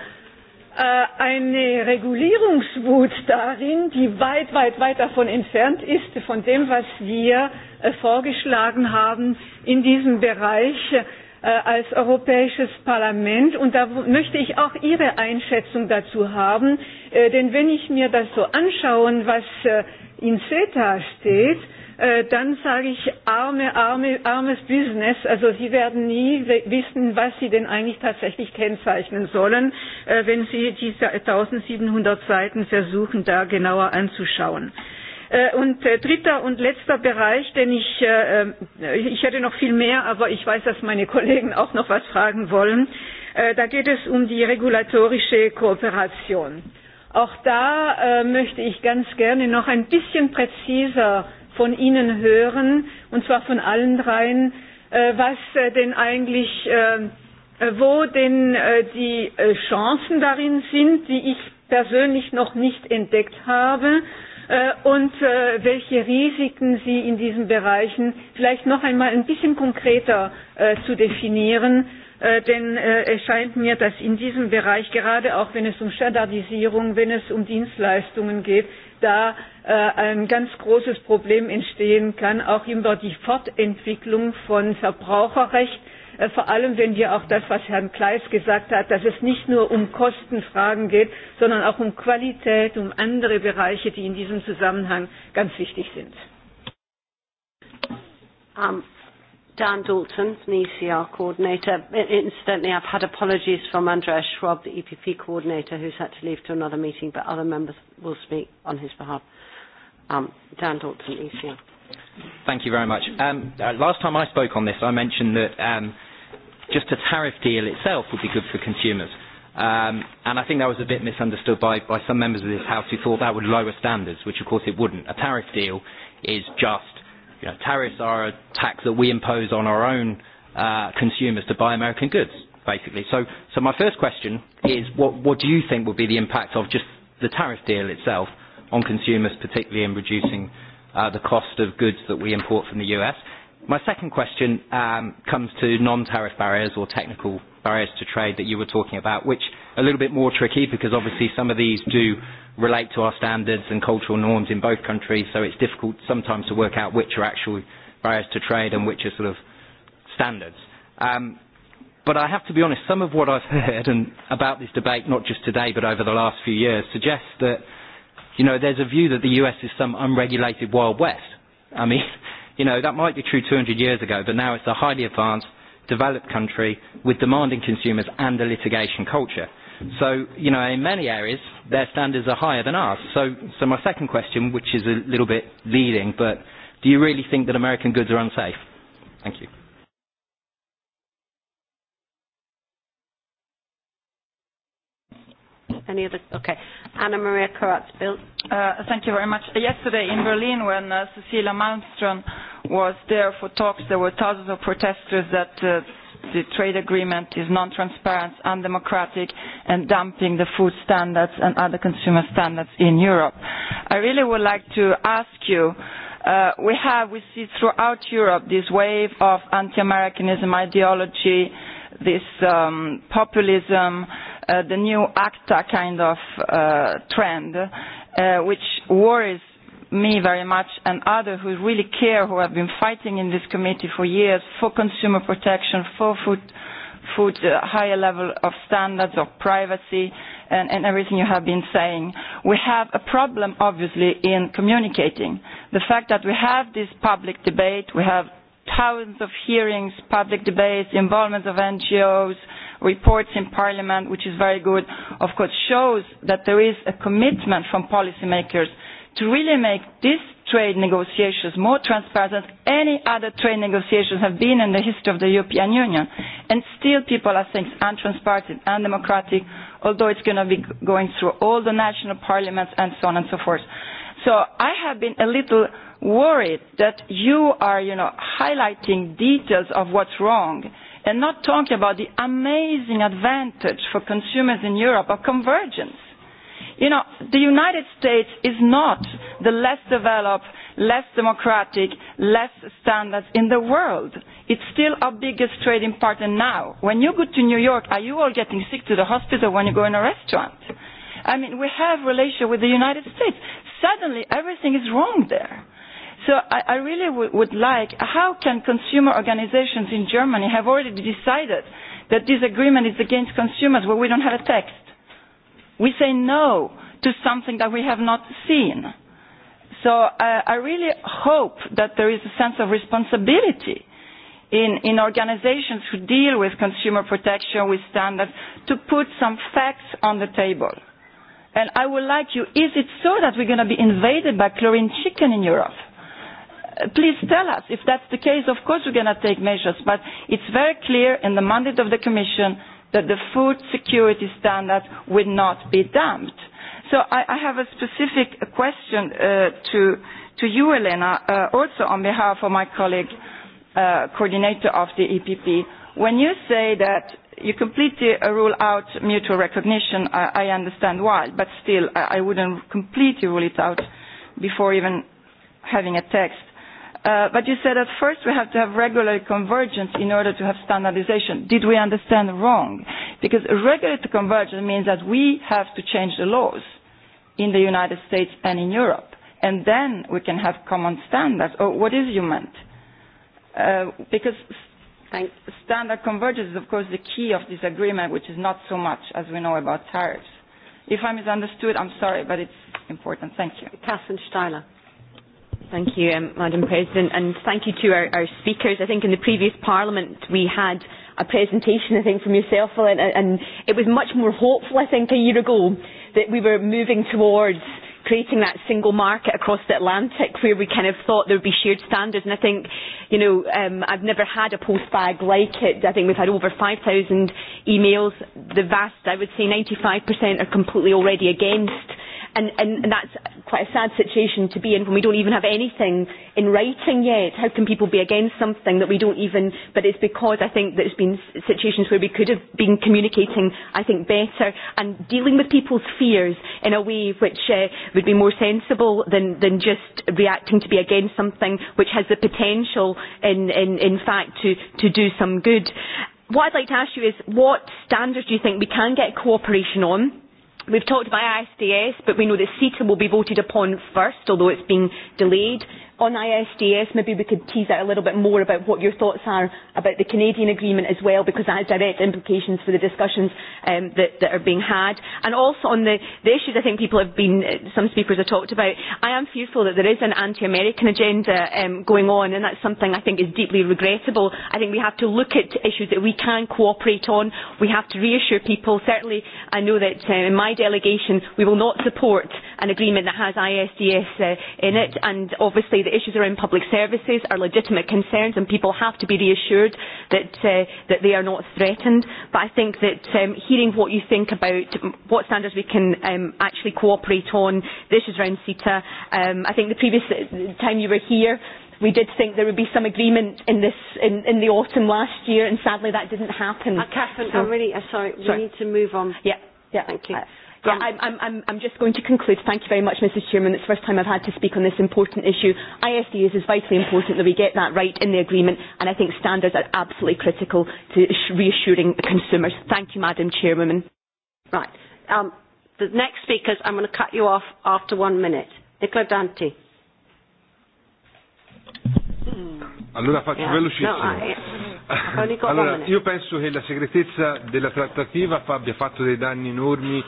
Äh, eine Regulierungswut darin, die weit, weit, weit davon entfernt ist, von dem, was wir äh, vorgeschlagen haben in diesem Bereich äh, als Europäisches Parlament. Und da möchte ich auch Ihre Einschätzung dazu haben. Denn wenn ich mir das so anschaue, was in CETA steht, Äh, dann sage ich arme, arme, armes Business. Also Sie werden nie wissen, was Sie denn eigentlich tatsächlich kennzeichnen sollen, äh, wenn Sie diese 1700 Seiten versuchen, da genauer anzuschauen. Äh, und dritter und letzter Bereich, denn ich, ich hätte noch viel mehr, aber ich weiß, dass meine Kollegen auch noch was fragen wollen. Da geht es um die regulatorische Kooperation. Auch da möchte ich ganz gerne noch ein bisschen präziser von Ihnen hören, und zwar von allen dreien, äh, was äh, denn eigentlich, äh, äh, wo denn äh, die äh, Chancen darin sind, die ich persönlich noch nicht entdeckt habe äh, und äh, welche Risiken Sie in diesen Bereichen vielleicht noch einmal ein bisschen konkreter äh, zu definieren. Äh, denn äh, es scheint mir, dass in diesem Bereich, gerade auch wenn es um Standardisierung, wenn es um Dienstleistungen geht, äh, da äh, ein ganz großes Problem entstehen kann, auch über die Fortentwicklung von Verbraucherrecht. Äh, vor allem, wenn wir auch das, was Herrn Kleis gesagt hat, dass es nicht nur um Kostenfragen geht, sondern auch um Qualität, um andere Bereiche, die in diesem Zusammenhang ganz wichtig sind. Ähm, Dan Dalton, an ECR coordinator. Incidentally, I've had apologies from Andrea Schwab, the EPP coordinator, who's had to leave to another meeting, but other members will speak on his behalf. Um, Dan Dalton, ECR. Thank you very much. Um, uh, last time I spoke on this, I mentioned that um, just a tariff deal itself would be good for consumers. Um, and I think that was a bit misunderstood by, by some members of this House who thought that would lower standards, which of course it wouldn't. A tariff deal is just you know, tariffs are a tax that we impose on our own uh, consumers to buy American goods, basically. So, so my first question is, what, what do you think would be the impact of just the tariff deal itself on consumers, particularly in reducing uh, the cost of goods that we import from the U.S.? My second question um, comes to non-tariff barriers or technical barriers to trade that you were talking about, which are a little bit more tricky because obviously some of these do relate to our standards and cultural norms in both countries, so it's difficult sometimes to work out which are actual barriers to trade and which are sort of standards. Um, but I have to be honest, some of what I've <laughs> heard and about this debate, not just today but over the last few years, suggests that you know, there's a view that the US is some unregulated Wild West. I mean, <laughs> you know, that might be true 200 years ago, but now it's a highly advanced, developed country with demanding consumers and a litigation culture. So, you know, in many areas, their standards are higher than ours. So, so my second question, which is a little bit leading, but do you really think that American goods are unsafe? Thank you. Any other? Okay. Anna Maria Corazza, Bild. Uh, thank you very much. Yesterday in Berlin, when uh, Cecilia Malmström was there for talks, there were thousands of protesters that uh, the trade agreement is non-transparent, undemocratic, and dumping the food standards and other consumer standards in Europe. I really would like to ask you, uh, we have, we see throughout Europe this wave of anti-Americanism ideology, this um, populism, uh, the new ACTA kind of uh, trend, uh, which worries me very much and others who really care, who have been fighting in this committee for years for consumer protection, for food, food uh, higher level of standards, of privacy, and, and everything you have been saying. We have a problem, obviously, in communicating. The fact that we have this public debate, we have thousands of hearings, public debates, involvement of NGOs, reports in Parliament, which is very good, of course, shows that there is a commitment from policymakers to really make these trade negotiations more transparent than any other trade negotiations have been in the history of the European Union. And still people are saying it's untransparent, it's undemocratic, although it's going to be going through all the national parliaments and so on and so forth. So I have been a little worried that you are, you know, highlighting details of what's wrong and not talking about the amazing advantage for consumers in Europe of convergence you know, the United States is not the less developed, less democratic, less standards in the world. It's still our biggest trading partner now. When you go to New York, are you all getting sick to the hospital when you go in a restaurant? I mean, we have relation with the United States. Suddenly, everything is wrong there. So I, I really w- would like, how can consumer organizations in Germany have already decided that this agreement is against consumers where we don't have a text? We say no to something that we have not seen. So I, uh, I really hope that there is a sense of responsibility in, in organizations who deal with consumer protection, with standards, to put some facts on the table. And I would like you, is it so that we're going to be invaded by chlorine chicken in Europe? Uh, please tell us. If that's the case, of course we're going to take measures. But it's very clear in the mandate of the Commission that the food security standards will not be dumped. So I, I have a specific question uh, to, to you, Elena, uh, also on behalf of my colleague, uh, coordinator of the EPP. When you say that you completely uh, rule out mutual recognition, I, I understand why, but still, I, I wouldn't completely rule it out before even having a text. Uh, but you said at first we have to have regular convergence in order to have standardization. Did we understand wrong? Because regular convergence means that we have to change the laws in the United States and in Europe, and then we can have common standards. Or oh, what is you meant? Uh, because Thank standard convergence is, of course, the key of this agreement, which is not so much as we know about tariffs. If I misunderstood, I'm sorry, but it's important. Thank you. Catherine Steiler. Thank you, um, Madam President, and thank you to our, our speakers. I think in the previous Parliament we had a presentation, I think, from yourself, Ellen, and it was much more hopeful, I think, a year ago that we were moving towards creating that single market across the Atlantic where we kind of thought there would be shared standards. And I think, you know, um, I've never had a post bag like it. I think we've had over 5,000 emails. The vast, I would say 95% are completely already against and, and, and that's quite a sad situation to be in when we don't even have anything in writing yet. How can people be against something that we don't even, but it's because I think there's been situations where we could have been communicating, I think, better and dealing with people's fears in a way which uh, would be more sensible than, than just reacting to be against something which has the potential, in, in, in fact, to, to do some good. What I'd like to ask you is what standards do you think we can get cooperation on? We've talked about ISDS, but we know that CETA will be voted upon first, although it's been delayed on ISDS, maybe we could tease out a little bit more about what your thoughts are about the Canadian agreement as well, because that has direct implications for the discussions um, that, that are being had. And also on the, the issues I think people have been, some speakers have talked about, I am fearful that there is an anti-American agenda um, going on, and that's something I think is deeply regrettable. I think we have to look at issues that we can cooperate on. We have to reassure people. Certainly, I know that uh, in my delegation, we will not support an agreement that has ISDS uh, in it, and obviously the issues around public services are legitimate concerns and people have to be reassured that, uh, that they are not threatened. But I think that um, hearing what you think about what standards we can um, actually cooperate on, the issues around CETA, um, I think the previous time you were here, we did think there would be some agreement in, this, in, in the autumn last year, and sadly that didn't happen. Uh, Catherine, so, I'm really uh, sorry, sorry, we need to move on. Yeah, yeah. thank you. Uh, Yeah, I'm, I'm, I'm, I'm just going to conclude. Thank you very much, Mrs. Chairman. It's the first time I've had to speak on this important issue. ISDS is vitally important that we get that right in the agreement, and I think standards are absolutely critical to reassuring consumers. Thank you, Madam Chairwoman. Right. Um, the next speakers, I'm going to cut you off after one minute. Nicola Dante. Mm. Allora faccio yeah. velocissimo. No, I... allora, io penso che la segretezza della trattativa abbia fatto dei danni enormi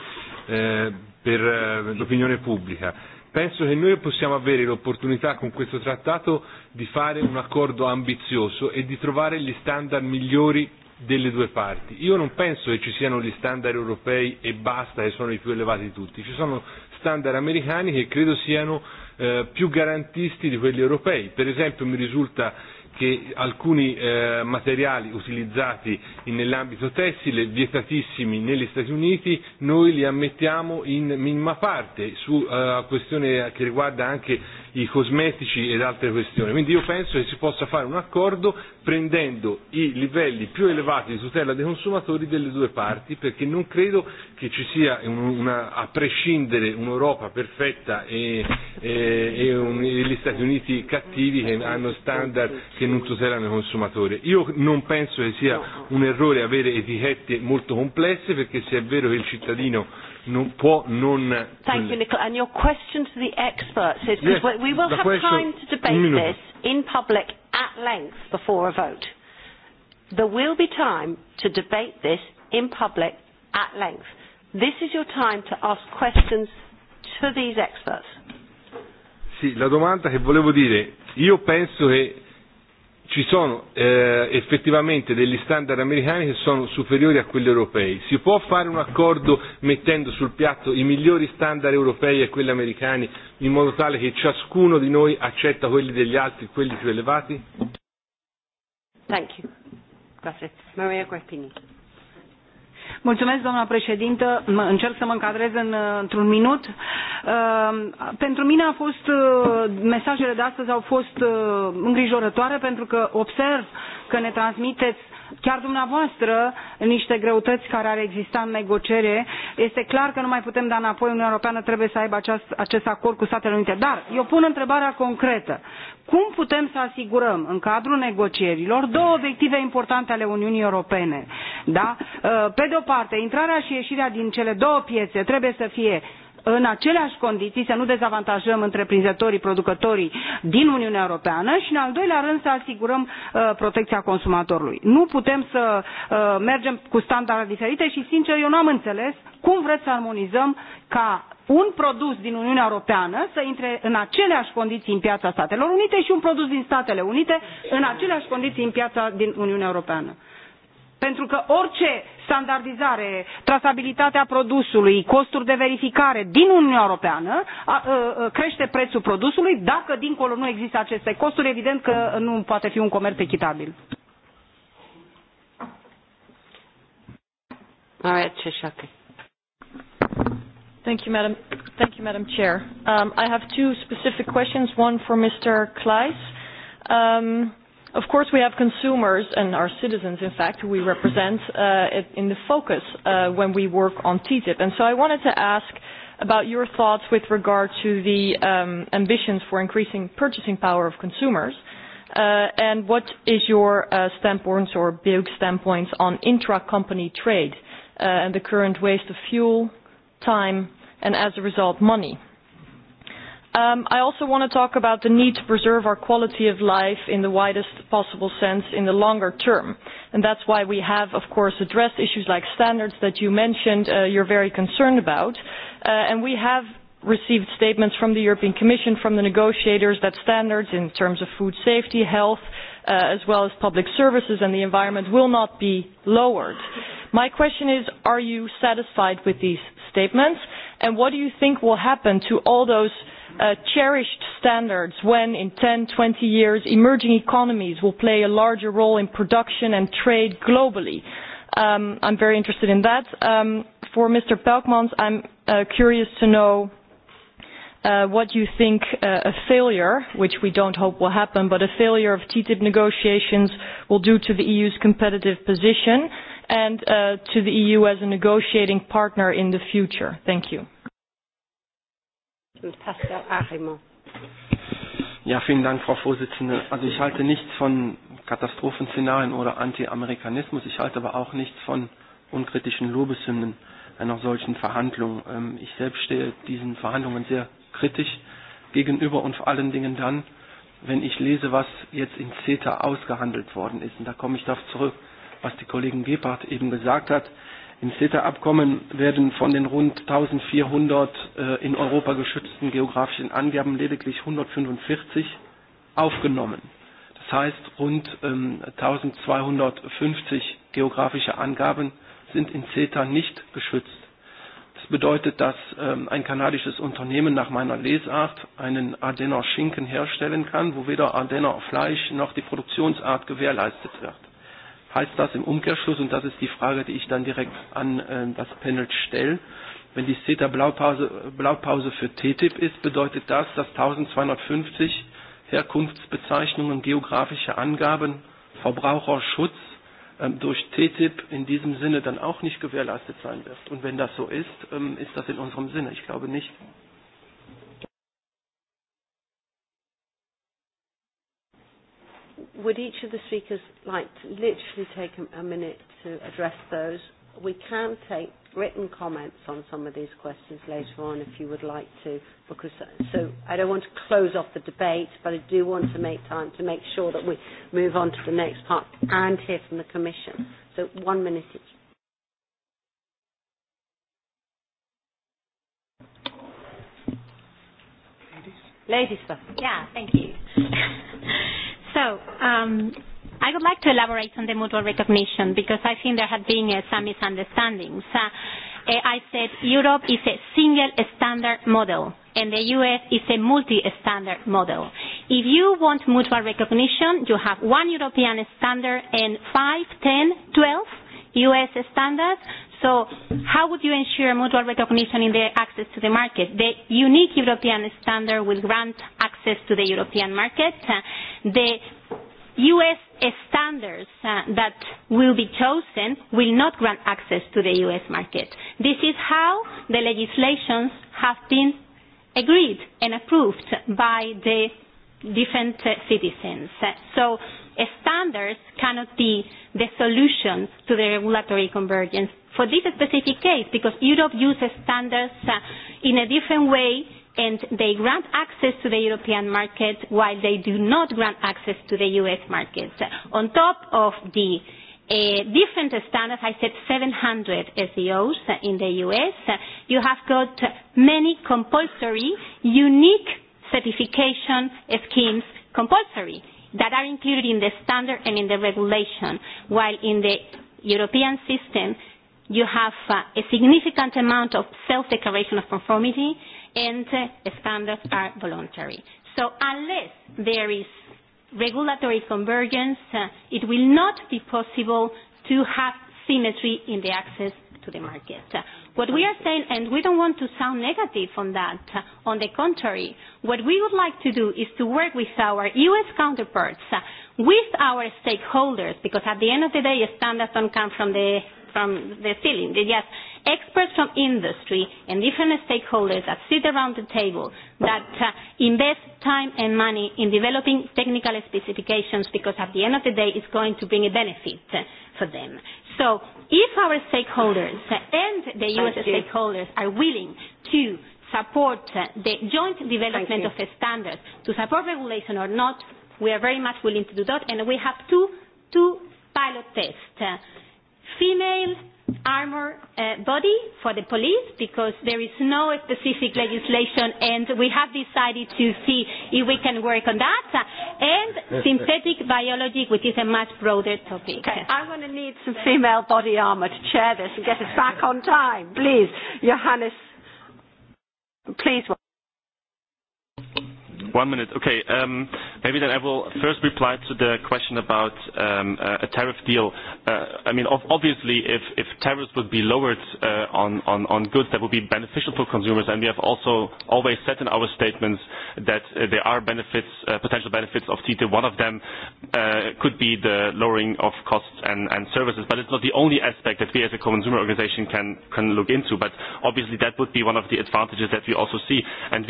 Eh, per eh, l'opinione pubblica. Penso che noi possiamo avere l'opportunità con questo trattato di fare un accordo ambizioso e di trovare gli standard migliori delle due parti. Io non penso che ci siano gli standard europei e basta che sono i più elevati di tutti, ci sono standard americani che credo siano eh, più garantisti di quelli europei. Per esempio mi risulta che alcuni eh, materiali utilizzati nell'ambito tessile, vietatissimi negli Stati Uniti, noi li ammettiamo in minima parte, su eh, questione che riguarda anche i cosmetici ed altre questioni. Quindi io penso che si possa fare un accordo prendendo i livelli più elevati di tutela dei consumatori delle due parti, perché non credo che ci sia una, una, a prescindere un'Europa perfetta e, e, e, un, e gli Stati Uniti cattivi che hanno standard che non tutelano i consumatori. Io non penso che sia un errore avere etichette molto complesse, perché se è vero che il cittadino non può non. Thank you, Nicola. And your question to the experts is because yes, we will have time to debate this in public at length before a vote. There will be time to debate this in public at length. This is your time to ask questions to these experts. Sì, la domanda che volevo dire, io penso che ci sono eh, effettivamente degli standard americani che sono superiori a quelli europei. Si può fare un accordo mettendo sul piatto i migliori standard europei e quelli americani in modo tale che ciascuno di noi accetta quelli degli altri e quelli più elevati? Thank you. Grazie. Maria Guerpini doamnă președintă încerc să mă încadrez într un minut ehm, pentru mine a fost, eh, mesajele de astăzi au fost eh, îngrijorătoare pentru că observ că ne transmiteți chiar dumneavoastră niște greutăți care ar exista în negociere. Este clar că nu mai putem da înapoi. Uniunea Europeană trebuie să aibă acest, acest acord cu Statele Unite. Dar eu pun întrebarea concretă. Cum putem să asigurăm în cadrul negocierilor două obiective importante ale Uniunii Europene? Da? Pe de o parte, intrarea și ieșirea din cele două piețe trebuie să fie în aceleași condiții să nu dezavantajăm întreprinzătorii producătorii din uniunea europeană și în al doilea rând să asigurăm uh, protecția consumatorului. Nu putem să uh, mergem cu standarde diferite și sincer eu nu am înțeles cum vreți să armonizăm ca un produs din Uniunea Europeană să intre în aceleași condiții în piața Statelor Unite și un produs din Statele Unite în aceleași condiții în piața din Uniunea Europeană pentru că orice standardizare, trasabilitatea produsului, costuri de verificare din Uniunea Europeană a, a, a, crește prețul produsului. Dacă dincolo nu există aceste costuri, evident că nu poate fi un comerț echitabil. All right, Thank you, Madam. Thank you, Madam Chair. Um, I have two specific questions. One for Mr. Kleiss. Um, Of course, we have consumers and our citizens, in fact, who we represent uh, in the focus uh, when we work on TTIP. And so I wanted to ask about your thoughts with regard to the um, ambitions for increasing purchasing power of consumers. Uh, and what is your uh, standpoint or big standpoint on intra-company trade uh, and the current waste of fuel, time, and as a result, money? Um, I also want to talk about the need to preserve our quality of life in the widest possible sense in the longer term. And that's why we have, of course, addressed issues like standards that you mentioned uh, you're very concerned about. Uh, and we have received statements from the European Commission, from the negotiators, that standards in terms of food safety, health, uh, as well as public services and the environment will not be lowered. My question is, are you satisfied with these statements? And what do you think will happen to all those Uh, cherished standards when in ten twenty years emerging economies will play a larger role in production and trade globally? Um, I'm very interested in that. Um, for Mr. Pelkmans, I'm uh, curious to know uh, what you think uh, a failure, which we don't hope will happen, but a failure of TTIP negotiations will do to the EU's competitive position and uh, to the EU as a negotiating partner in the future. Thank you. Pastor Arimo. Ja, vielen Dank, Frau Vorsitzende. Also ich halte nichts von Katastrophenszenarien oder Anti-Amerikanismus. Ich halte aber auch nichts von unkritischen Lobeshymnen einer solchen Verhandlung. Ähm, ich selbst stehe diesen Verhandlungen sehr kritisch gegenüber und vor allen Dingen dann, wenn ich lese, was jetzt in CETA ausgehandelt worden ist. Und da komme ich darauf zurück, was die Kollegin Gebhardt eben gesagt hat im CETA-Abkommen werden von den rund 1400 äh, in Europa geschützten geografischen Angaben lediglich 145 aufgenommen. Das heißt, rund ähm, 1250 geografische Angaben sind in CETA nicht geschützt. Das bedeutet, dass ähm, ein kanadisches Unternehmen nach meiner Lesart einen Ardenner Schinken herstellen kann, wo weder Ardenner Fleisch noch die Produktionsart gewährleistet wird heißt das im Umkehrschluss, und das ist die Frage, die ich dann direkt an äh, das Panel stelle, wenn die CETA-Blaupause Blaupause für TTIP ist, bedeutet das, dass 1250 Herkunftsbezeichnungen, geografische Angaben, Verbraucherschutz äh, durch TTIP in diesem Sinne dann auch nicht gewährleistet sein wird. Und wenn das so ist, ähm, ist das in unserem Sinne. Ich glaube nicht, would each of the speakers like to literally take a, a minute to address those? We can take written comments on some of these questions later on if you would like to, because so I don't want to close off the debate, but I do want to make time to make sure that we move on to the next part and hear from the Commission. So one minute each. Ladies first. Yeah, thank you. <laughs> So um, I would like to elaborate on the mutual recognition because I think there have been uh, some misunderstandings. Uh, uh, I said Europe is a single standard model and the US is a multi-standard model. If you want mutual recognition, you have one European standard and five, ten, twelve US standards So how would you ensure mutual recognition in the access to the market? The unique European standard will grant access to the European market. The U.S. standards uh, that will be chosen will not grant access to the U.S. market. This is how the legislations have been agreed and approved by the different uh, citizens. So uh, standards cannot be the solution to the regulatory convergence for this specific case because Europe uses standards uh, in a different way and they grant access to the European market while they do not grant access to the US market. On top of the uh, different standards, I said 700 SEOs in the US, you have got many compulsory, unique certification schemes compulsory that are included in the standard and in the regulation, while in the European system, you have uh, a significant amount of self-declaration of conformity and uh, standards are voluntary. So unless there is regulatory convergence, uh, it will not be possible to have symmetry in the access to the market. What we are saying, and we don't want to sound negative on that, uh, on the contrary, what we would like to do is to work with our U.S. counterparts, uh, with our stakeholders, because at the end of the day, standards don't come from the from the ceiling. Yes, experts from industry and different stakeholders that sit around the table that uh, invest time and money in developing technical specifications because at the end of the day, it's going to bring a benefit uh, for them. So if our stakeholders and the US stakeholders are willing to support uh, the joint development of a standard to support regulation or not, we are very much willing to do that. And we have two, two pilot tests. Uh, female armor uh, body for the police because there is no specific legislation and we have decided to see if we can work on that and <laughs> synthetic biology which is a much broader topic. Okay, I'm going to need some female body armor to chair this and get us back on time. Please, Johannes, please. One minute. Okay. Um, Maybe I will first reply to the question about um, uh, a tariff deal. Uh, obviously, if tariffs would be lowered uh, on goods, that would be beneficial for consumers, and we have also always said in our statements that there are potential benefits of Tietoevry. One of them could be the lowering of costs and services, but it's not the only aspect that we as a consumer organization can look into. Obviously, that would be one of the advantages that we also see.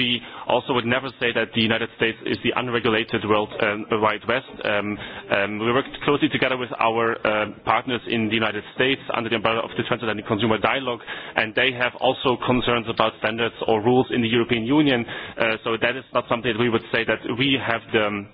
We also would never say that the United States is the unregulated Connected World um, Wide West. Um, um, we worked closely together with our um, partners in the United States under the umbrella of the Transatlantic Consumer Dialogue, and they have also concerns about standards or rules in the European Union. Uh, so that is not something that we would say that we have the. Um,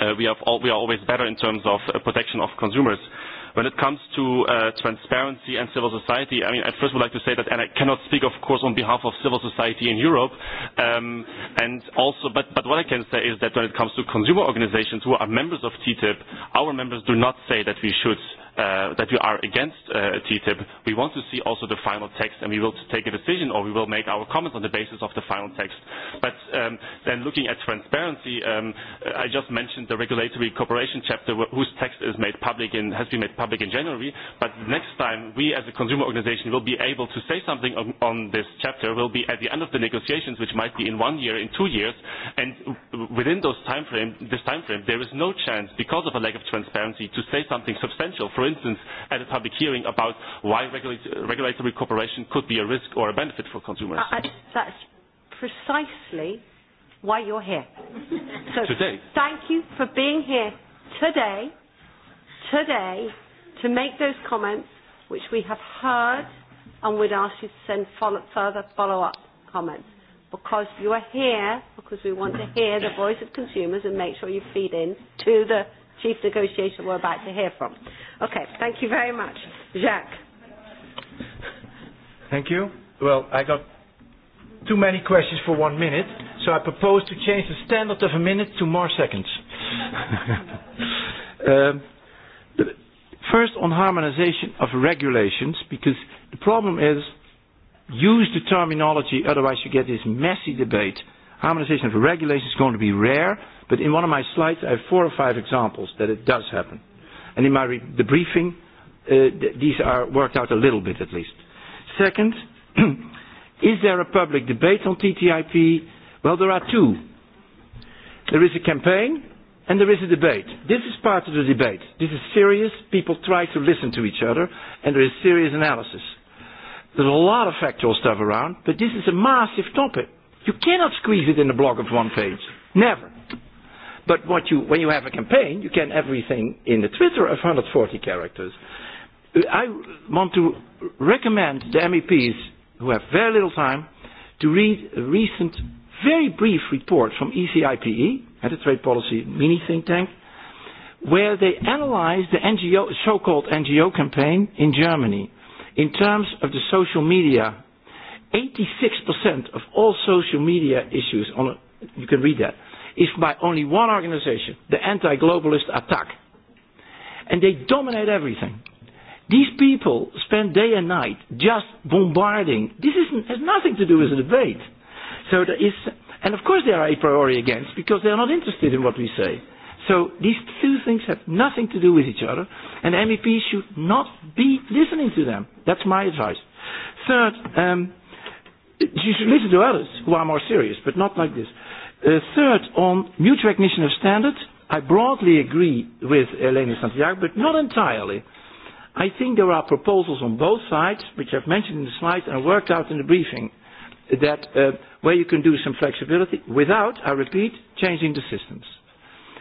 uh, we, have all, we are always better in terms of uh, protection of consumers. Uh, when it comes to uh, transparency and civil society, I mean, I first would like to say that, and I cannot speak, of course, on behalf of civil society in Europe, um, and also, but, but what I can say is that when it comes to consumer organizations who are members of TTIP, our members do not say that we should uh, that we are against uh, TTIP, we want to see also the final text and we will take a decision or we will make our comments on the basis of the final text. But um, then looking at transparency, um, I just mentioned the regulatory cooperation chapter whose text is made public and has been made public in January, but next time we as a consumer organization will be able to say something on, on this chapter will be at the end of the negotiations, which might be in one year, in two years, and within those time frame, this time frame, there is no chance, because of a lack of transparency, to say something substantial. For for instance, at a public hearing about why regulatory cooperation could be a risk or a benefit for consumers. I, uh, I, uh, that's precisely why you're here. <laughs> So today. Thank you for being here today, today, to make those comments which we have heard and we'd ask you to send follow, further follow-up comments. Because you are here, because we want to hear the voice of consumers and make sure you feed in to the chief negotiator we're about to hear from. Okay, thank you very much. Jacques. Thank you. Well, I got too many questions for one minute, so I propose to change the standard of a minute to more seconds. <laughs> um, the, first, on harmonization of regulations, because the problem is use the terminology, otherwise, you get this messy debate harmonization of regulations is going to be rare, but in one of my slides, I have four or five examples that it does happen. And in my re- the briefing, uh, th- these are worked out a little bit at least. Second, <clears throat> is there a public debate on TTIP? Well, there are two. There is a campaign and there is a debate. This is part of the debate. This is serious. People try to listen to each other and there is serious analysis. There's a lot of factual stuff around, but this is a massive topic. You cannot squeeze it in a blog of one page. Never. But what you, when you have a campaign, you can everything in the Twitter of 140 characters. I want to recommend the MEPs who have very little time to read a recent, very brief report from ECIPE, the Trade Policy Mini Think Tank, where they analyze the NGO, so-called NGO campaign in Germany in terms of the social media 86% of all social media issues, on a, you can read that, is by only one organization, the anti globalist attack. And they dominate everything. These people spend day and night just bombarding. This isn't, has nothing to do with a debate. So there is, and of course, they are a priori against because they are not interested in what we say. So these two things have nothing to do with each other, and MEPs should not be listening to them. That's my advice. Third, um, you should listen to others who are more serious, but not like this. Uh, third, on mutual recognition of standards, I broadly agree with Elena Santiago, but not entirely. I think there are proposals on both sides, which I've mentioned in the slides and worked out in the briefing, that, uh, where you can do some flexibility without, I repeat, changing the systems.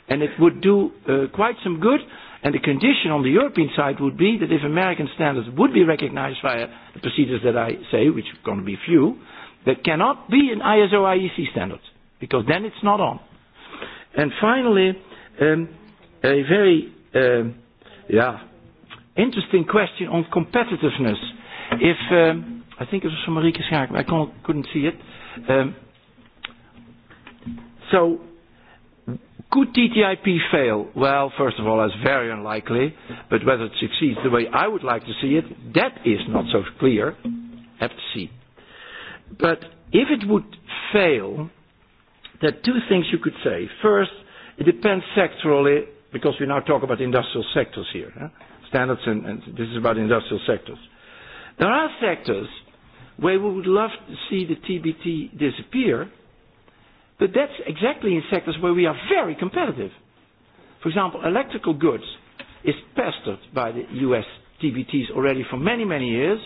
And it would do uh, quite some good. And the condition on the European side would be that if American standards would be recognized via the procedures that I say, which are going to be few, there cannot be an ISO IEC standard, because then it's not on. And finally, um, a very um, yeah, interesting question on competitiveness. If, um, I think it was from Marieke Schaak, I couldn't see it. Um, so, could TTIP fail? Well, first of all, that's very unlikely. But whether it succeeds the way I would like to see it, that is not so clear. Have to see. But if it would fail, there are two things you could say. First, it depends sectorally, because we now talk about industrial sectors here. Huh? Standards, and, and this is about industrial sectors. There are sectors where we would love to see the TBT disappear. But that's exactly in sectors where we are very competitive. For example, electrical goods is pestered by the U.S. TBTs already for many, many years,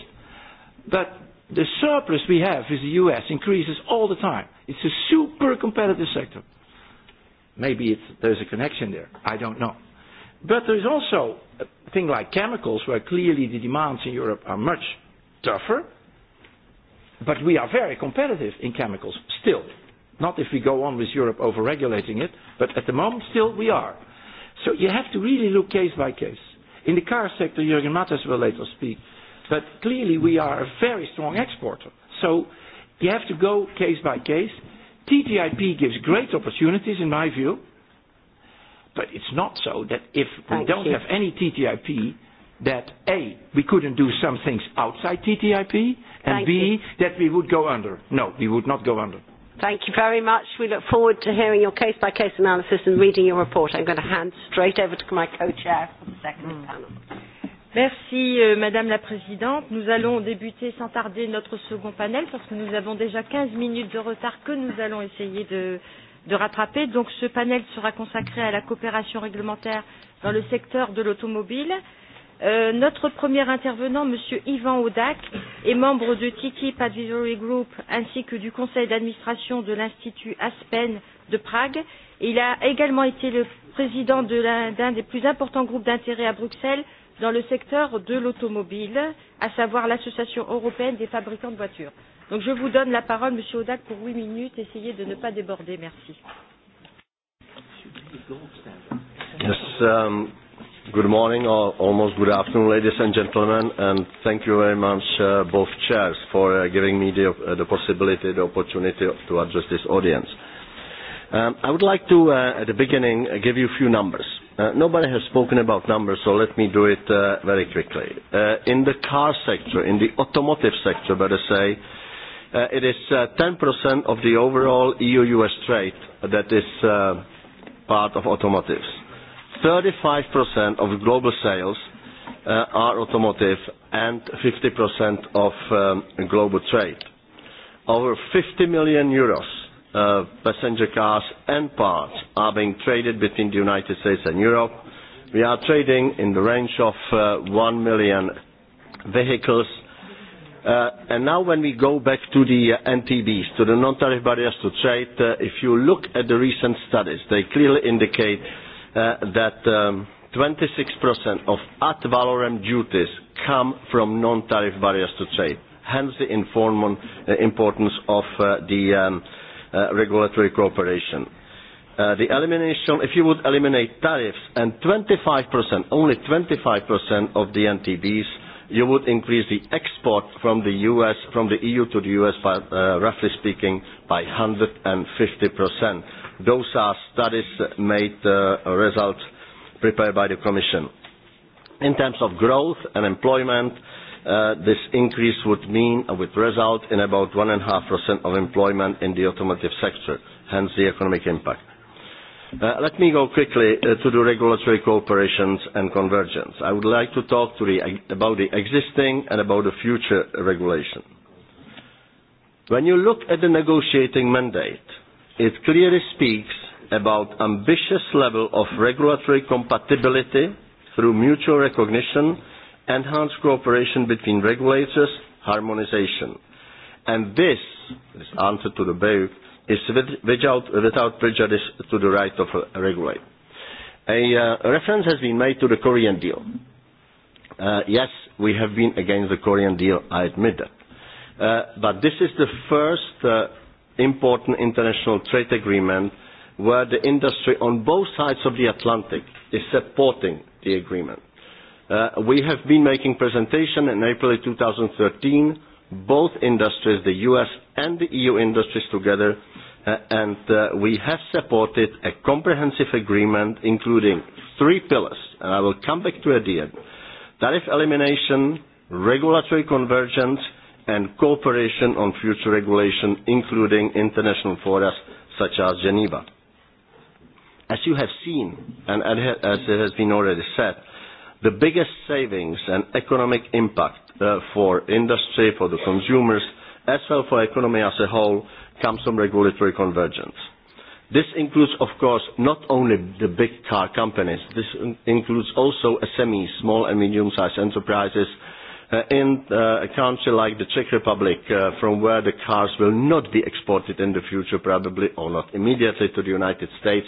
but the surplus we have with the U.S. increases all the time. It's a super competitive sector. Maybe it's, there's a connection there. I don't know. But there's also a thing like chemicals, where clearly the demands in Europe are much tougher, but we are very competitive in chemicals still not if we go on with Europe over-regulating it, but at the moment still we are. So you have to really look case by case. In the car sector, Jürgen Mattes will later speak, but clearly we are a very strong exporter. So you have to go case by case. TTIP gives great opportunities in my view, but it's not so that if we Thank don't you. have any TTIP, that A, we couldn't do some things outside TTIP, and Thank B, you. that we would go under. No, we would not go under. Thank you very much. We look forward to hearing your case by case analysis and reading your report. I'm going to hand straight over to my co-chair for the second mm. panel. Merci euh, madame la présidente. Nous allons débuter sans tarder notre second panel parce que nous avons déjà 15 minutes de retard que nous allons essayer de de rattraper. Donc ce panel sera consacré à la coopération réglementaire dans le secteur de l'automobile. Euh, Euh, notre premier intervenant, M. Ivan Odak, est membre de TTIP Advisory Group ainsi que du conseil d'administration de l'Institut Aspen de Prague. Il a également été le président d'un de des plus importants groupes d'intérêt à Bruxelles dans le secteur de l'automobile, à savoir l'Association européenne des fabricants de voitures. Donc je vous donne la parole, Monsieur Odak, pour huit minutes. Essayez de ne pas déborder. Merci. Yes, um, Good morning, or almost good afternoon, ladies and gentlemen, and thank you very much, uh, both chairs, for uh, giving me the, uh, the possibility, the opportunity to address this audience. Um, I would like to, uh, at the beginning, uh, give you a few numbers. Uh, nobody has spoken about numbers, so let me do it uh, very quickly. Uh, in the car sector, in the automotive sector, better say, uh, it is uh, 10% of the overall EU-US trade that is uh, part of automotives. 10%. 35% of global sales uh, are automotive and 50% of um, global trade. Over 50 million euros of uh, passenger cars and parts are being traded between the United States and Europe. We are trading in the range of 1 uh, million vehicles. Now when we go back to the NTBs, to the non-tariff barriers to trade, if you look at the recent studies, they clearly indicate Uh, that 26% um, of ad valorem duties come from non-tariff barriers to trade, hence the uh, importance of uh, the um, regulatory cooperation. If you would eliminate tariffs and 25%, only 25% of the NTBs, you would increase the export from the U.S., from the EU to the U.S. by, roughly speaking, by 150% those are studies made uh, results prepared by the commission in terms of growth and employment uh, this increase would mean uh, would result in about 1.5% of employment in the automotive sector, hence the economic impact. Uh, let me go quickly uh, to the regulatory cooperation and convergence. I would like to talk to the, uh, about the existing and about the future regulation. When you look at the negotiating mandate, It clearly speaks about ambitious level of regulatory compatibility through mutual recognition, enhanced cooperation between regulators, harmonization. And this, this answer to the BEU, is with, without, without prejudice to the right of a regulator. A uh, reference has been made to the Korean deal. Uh, yes, we have been against the Korean deal, I admit that. Uh, but this is the first uh, important international trade agreement where the industry on both sides of the Atlantic is supporting the agreement. Uh, we have been making presentation in April 2013, both industries, the US and the EU industries together, uh, and uh, we have supported a comprehensive agreement including three pillars, and I will come back to it at the end. Tariff elimination, regulatory convergence, and cooperation on future regulation, including international fora such as Geneva. As you have seen, and as it has been already said, the biggest savings and economic impact uh, for industry, for the consumers, as well for economy as a whole, comes from regulatory convergence. This includes, of course, not only the big car companies. This in includes also SMEs, e, small and medium-sized enterprises, Uh, in uh, a country like the Czech Republic, uh, from where the cars will not be exported in the future, probably, or not immediately to the United States,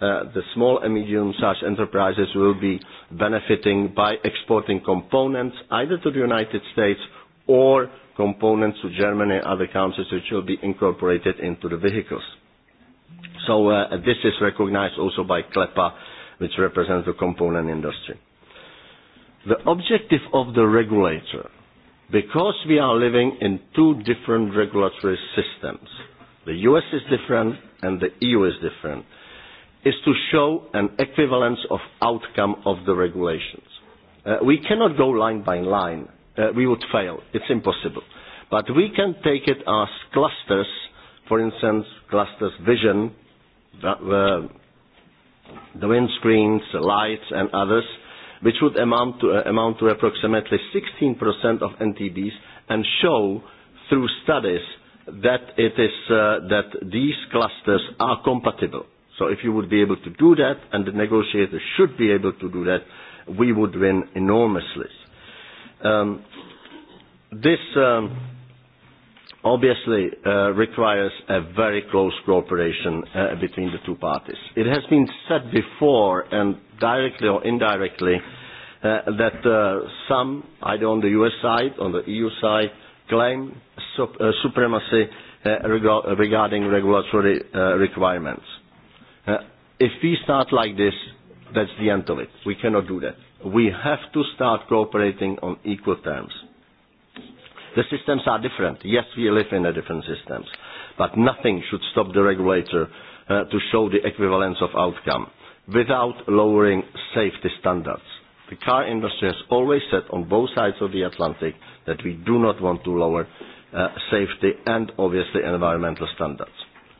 the small and medium-sized enterprises will be benefiting by exporting components either to the United States or components to Germany and other countries which will be incorporated into the vehicles. This is recognized also by CLEPA, which represents the component industry the objective of the regulator, because we are living in two different regulatory systems, the US is different and the EU is different, is to show an equivalence of outcome of the regulations. Uh, we cannot go line by line. Uh, we would fail. It's impossible. But we can take it as clusters, for instance, clusters vision, that, uh, the windscreens, the lights, and others which would amount to, uh, amount to approximately 16% of NTBs and show through studies that it is, uh, that these clusters are compatible. So if you would be able to do that, and the negotiators should be able to do that, we would win enormously. Um, this, um, obviously uh, requires a very close cooperation uh, between the two parties. It has been said before, and directly or indirectly, uh, that uh, some, either on the US side, on the EU side, claim sup- uh, supremacy uh, reg- regarding regulatory uh, requirements. Uh, if we start like this, that's the end of it. We cannot do that. We have to start cooperating on equal terms. The systems are different. Yes, we live in a different systems, but nothing should stop the regulator uh, to show the equivalence of outcome without lowering safety standards. The car industry has always said on both sides of the Atlantic that we do not want to lower uh, safety and obviously environmental standards.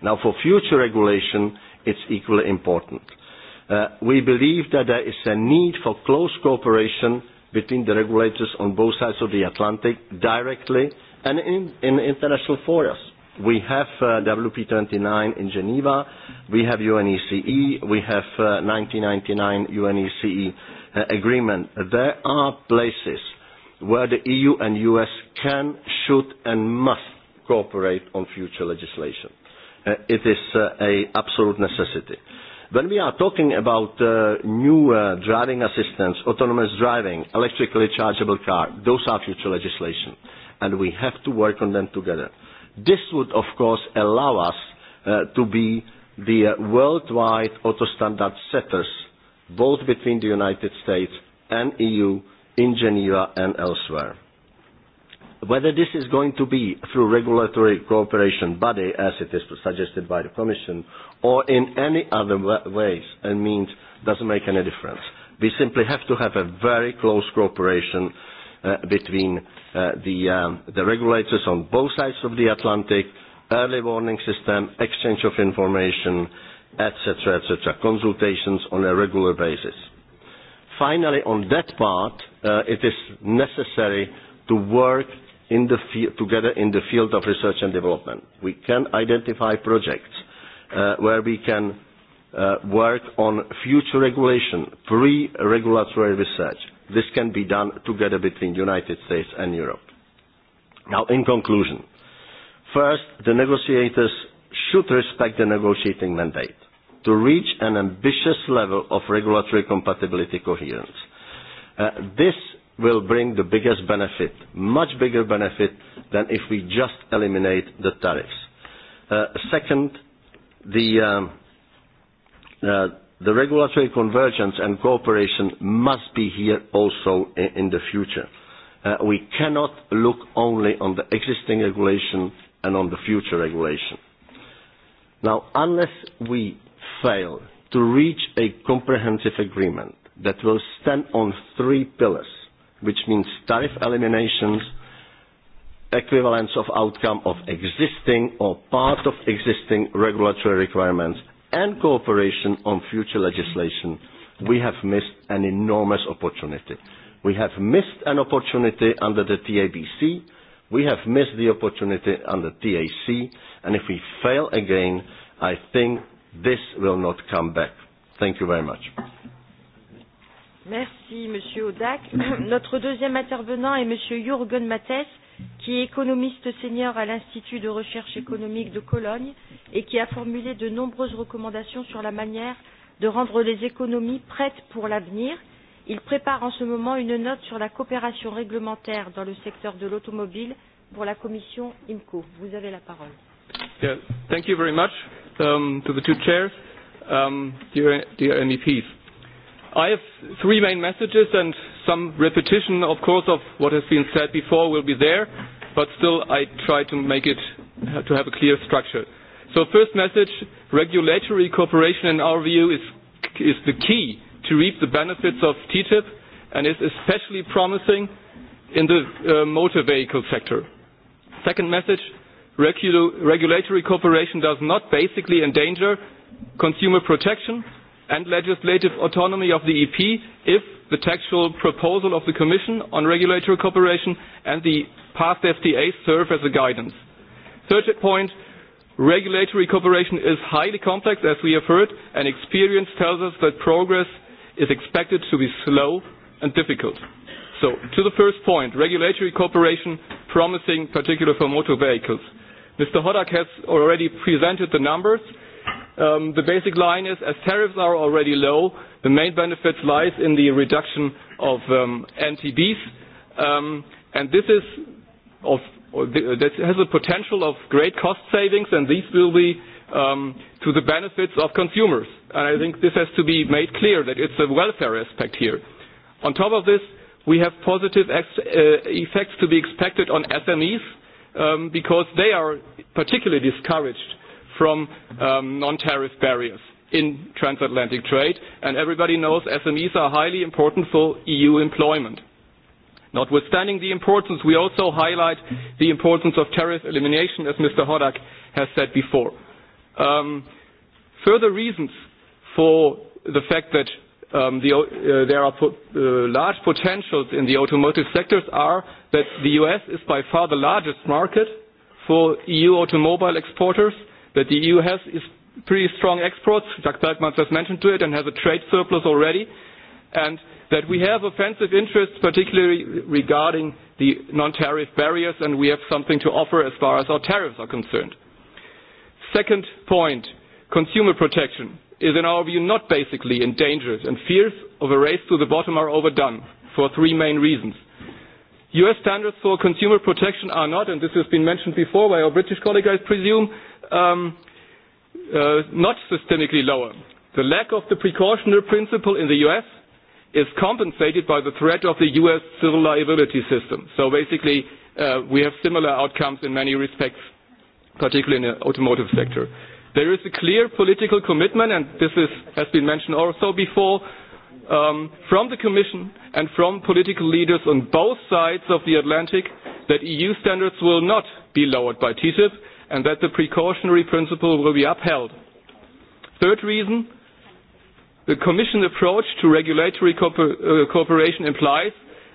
Now for future regulation, it's equally important. Uh, we believe that there is a need for close cooperation between the regulators on both sides of the Atlantic directly and in, in international forums. We have uh, WP29 in Geneva, we have UNECE, e. we have uh, 1999 UNECE e, uh, agreement. There are places where the EU and US can, should, and must cooperate on future legislation. Uh, it is uh, an absolute necessity. Uh, When we are talking about uh, new uh, driving assistance, autonomous driving, electrically chargeable car, those are future legislation, and we have to work on them together. This would, of course, allow us uh, to be the worldwide auto standard setters, both between the United States and EU, in Geneva and elsewhere. Whether this is going to be through regulatory cooperation body, as it is suggested by the Commission, or in any other ways and means, doesn't make any difference. We simply have to have a very close cooperation uh, between uh, the, um, the regulators on both sides of the Atlantic, early warning system, exchange of information, etc., etc., consultations on a regular basis. Finally, on that part, uh, it is necessary to work together in the field of research and development. We can identify projects uh, where we can uh, work on future regulation, pre-regulatory research. This can be done together between United States and Europe. Now, in conclusion, first, the negotiators should respect the negotiating mandate to reach an ambitious level of regulatory compatibility coherence. Uh, this will bring the biggest benefit, much bigger benefit than if we just eliminate the tariffs. Uh, second, um, uh, the regulatory convergence and cooperation must be here also in the future. Uh, we cannot look only on the existing regulation and on the future regulation. Now, unless we fail to reach a comprehensive agreement that will stand on three pillars, which means tariff eliminations, equivalence of outcome of existing or part of existing regulatory requirements, and cooperation on future legislation, we have missed an enormous opportunity. We have missed an opportunity under the TABC, we have missed the opportunity under TAC, and if we fail again, I think this will not come back. Thank you very much. Merci, Monsieur Audac. <clears throat> Notre deuxième intervenant est Monsieur Jürgen Mattes, qui est économiste senior à l'Institut de recherche économique de Cologne et qui a formulé de nombreuses recommandations sur la manière de rendre les économies prêtes pour l'avenir. Il prépare en ce moment une note sur la coopération réglementaire dans le secteur de l'automobile pour la commission IMCO. Vous avez la parole. Yeah, thank you very much um, to the two chairs, um, dear, dear MEPs. I have three main messages and some repetition, of course, of what has been said before will be there, but still I try to make it uh, to have a clear structure. So first message, regulatory cooperation in our view is, is the key to reap the benefits of TTIP and is especially promising in the uh, motor vehicle sector. Second message, regu regulatory cooperation does not basically endanger consumer protection and legislative autonomy of the EP if the textual proposal of the Commission on regulatory cooperation and the past FTA serve as a guidance. Third point, regulatory cooperation is highly complex, as we have heard, and experience tells us that progress is expected to be slow and difficult. So, to the first point, regulatory cooperation promising, particularly for motor vehicles. Mr. Hodak has already presented the numbers um, the basic line is as tariffs are already low, the main benefit lies in the reduction of um, NTBs. Um, and this, is of, or uh, the, this has a potential of great cost savings, and these will be um, to the benefits of consumers. And I think this has to be made clear that it's a welfare aspect here. On top of this, we have positive ex- uh, effects to be expected on SMEs um, because they are particularly discouraged from um, non-tariff barriers in transatlantic trade. And everybody knows SMEs are highly important for EU employment. Notwithstanding the importance, we also highlight the importance of tariff elimination, as Mr. Hodak has said before. Um, further reasons for the fact that um, the, uh, there are put, uh, large potentials in the automotive sectors are that the US is by far the largest market for EU automobile exporters, that the EU has is pretty strong exports. Jack Bergman just mentioned to it and has a trade surplus already. And that we have offensive interests, particularly regarding the non-tariff barriers, and we have something to offer as far as our tariffs are concerned. Second point, consumer protection is, in our view, not basically endangered, and fears of a race to the bottom are overdone for three main reasons. U.S. standards for consumer protection are not, and this has been mentioned before by our British colleague, I presume, um, uh, not systemically lower. The lack of the precautionary principle in the US is compensated by the threat of the US civil liability system. So basically, uh, we have similar outcomes in many respects, particularly in the automotive sector. There is a clear political commitment, and this is, has been mentioned also before, um, from the Commission and from political leaders on both sides of the Atlantic that EU standards will not be lowered by TTIP and that the precautionary principle will be upheld. Third reason, the Commission approach to regulatory cooper uh, cooperation implies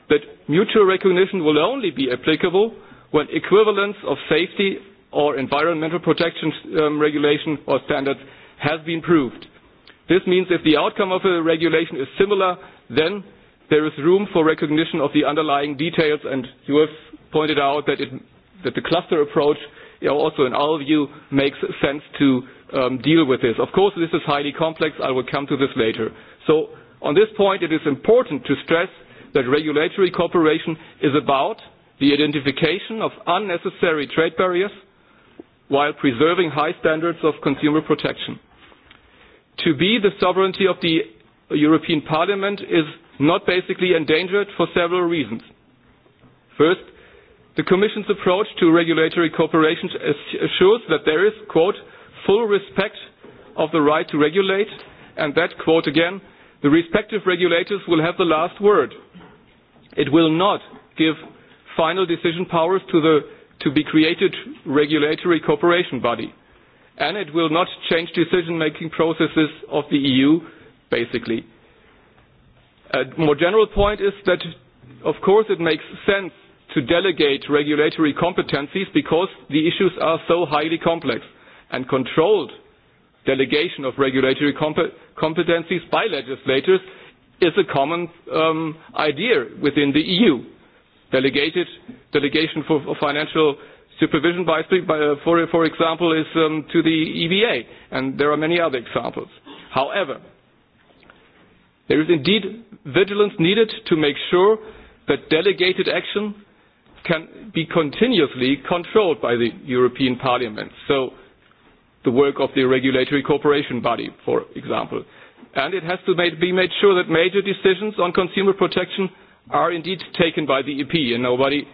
that mutual recognition will only be applicable when equivalence of safety or environmental protection um, regulation or standards has been proved. This means if the outcome of a regulation is similar, then there is room for recognition of the underlying details, and you have pointed out that, it, that the cluster approach also in our view, makes sense to um, deal with this. Of course, this is highly complex. I will come to this later. So on this point, it is important to stress that regulatory cooperation is about the identification of unnecessary trade barriers while preserving high standards of consumer protection. To be the sovereignty of the European Parliament is not basically endangered for several reasons. First, The Commission's approach to regulatory cooperation assures that there is, quote, full respect of the right to regulate, and that, quote again, the respective regulators will have the last word. It will not give final decision powers to the to be created regulatory cooperation body, and it will not change decision making processes of the EU, basically. A more general point is that, of course, it makes sense to delegate regulatory competencies because the issues are so highly complex. And controlled delegation of regulatory comp competencies by legislators is a common um, idea within the EU. Delegated delegation for, for financial supervision, by, by, uh, for, for example, is um, to the EBA, and there are many other examples. However, there is indeed vigilance needed to make sure that delegated action can be continuously controlled by the European Parliament. So the work of the regulatory cooperation body, for example. And it has to made, be made sure that major decisions on consumer protection are indeed taken by the EP and nobody,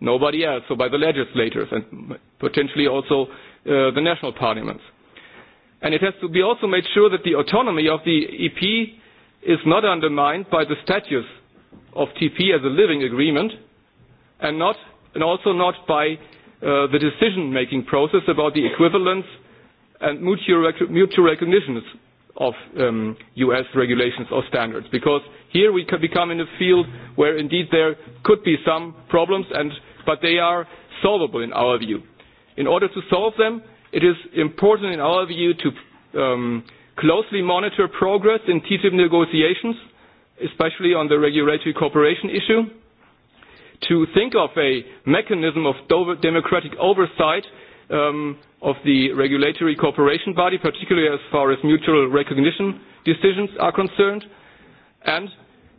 nobody else, so by the legislators and potentially also uh, the national parliaments. And it has to be also made sure that the autonomy of the EP is not undermined by the status of TP as a living agreement, and not and also not by uh, the decision making process about the equivalence and mutual, rec mutual recognition of um, US regulations or standards because here we could become in a field where indeed there could be some problems and, but they are solvable in our view in order to solve them it is important in our view to um, closely monitor progress in TTIP negotiations especially on the regulatory cooperation issue to think of a mechanism of democratic oversight um, of the regulatory cooperation body, particularly as far as mutual recognition decisions are concerned. And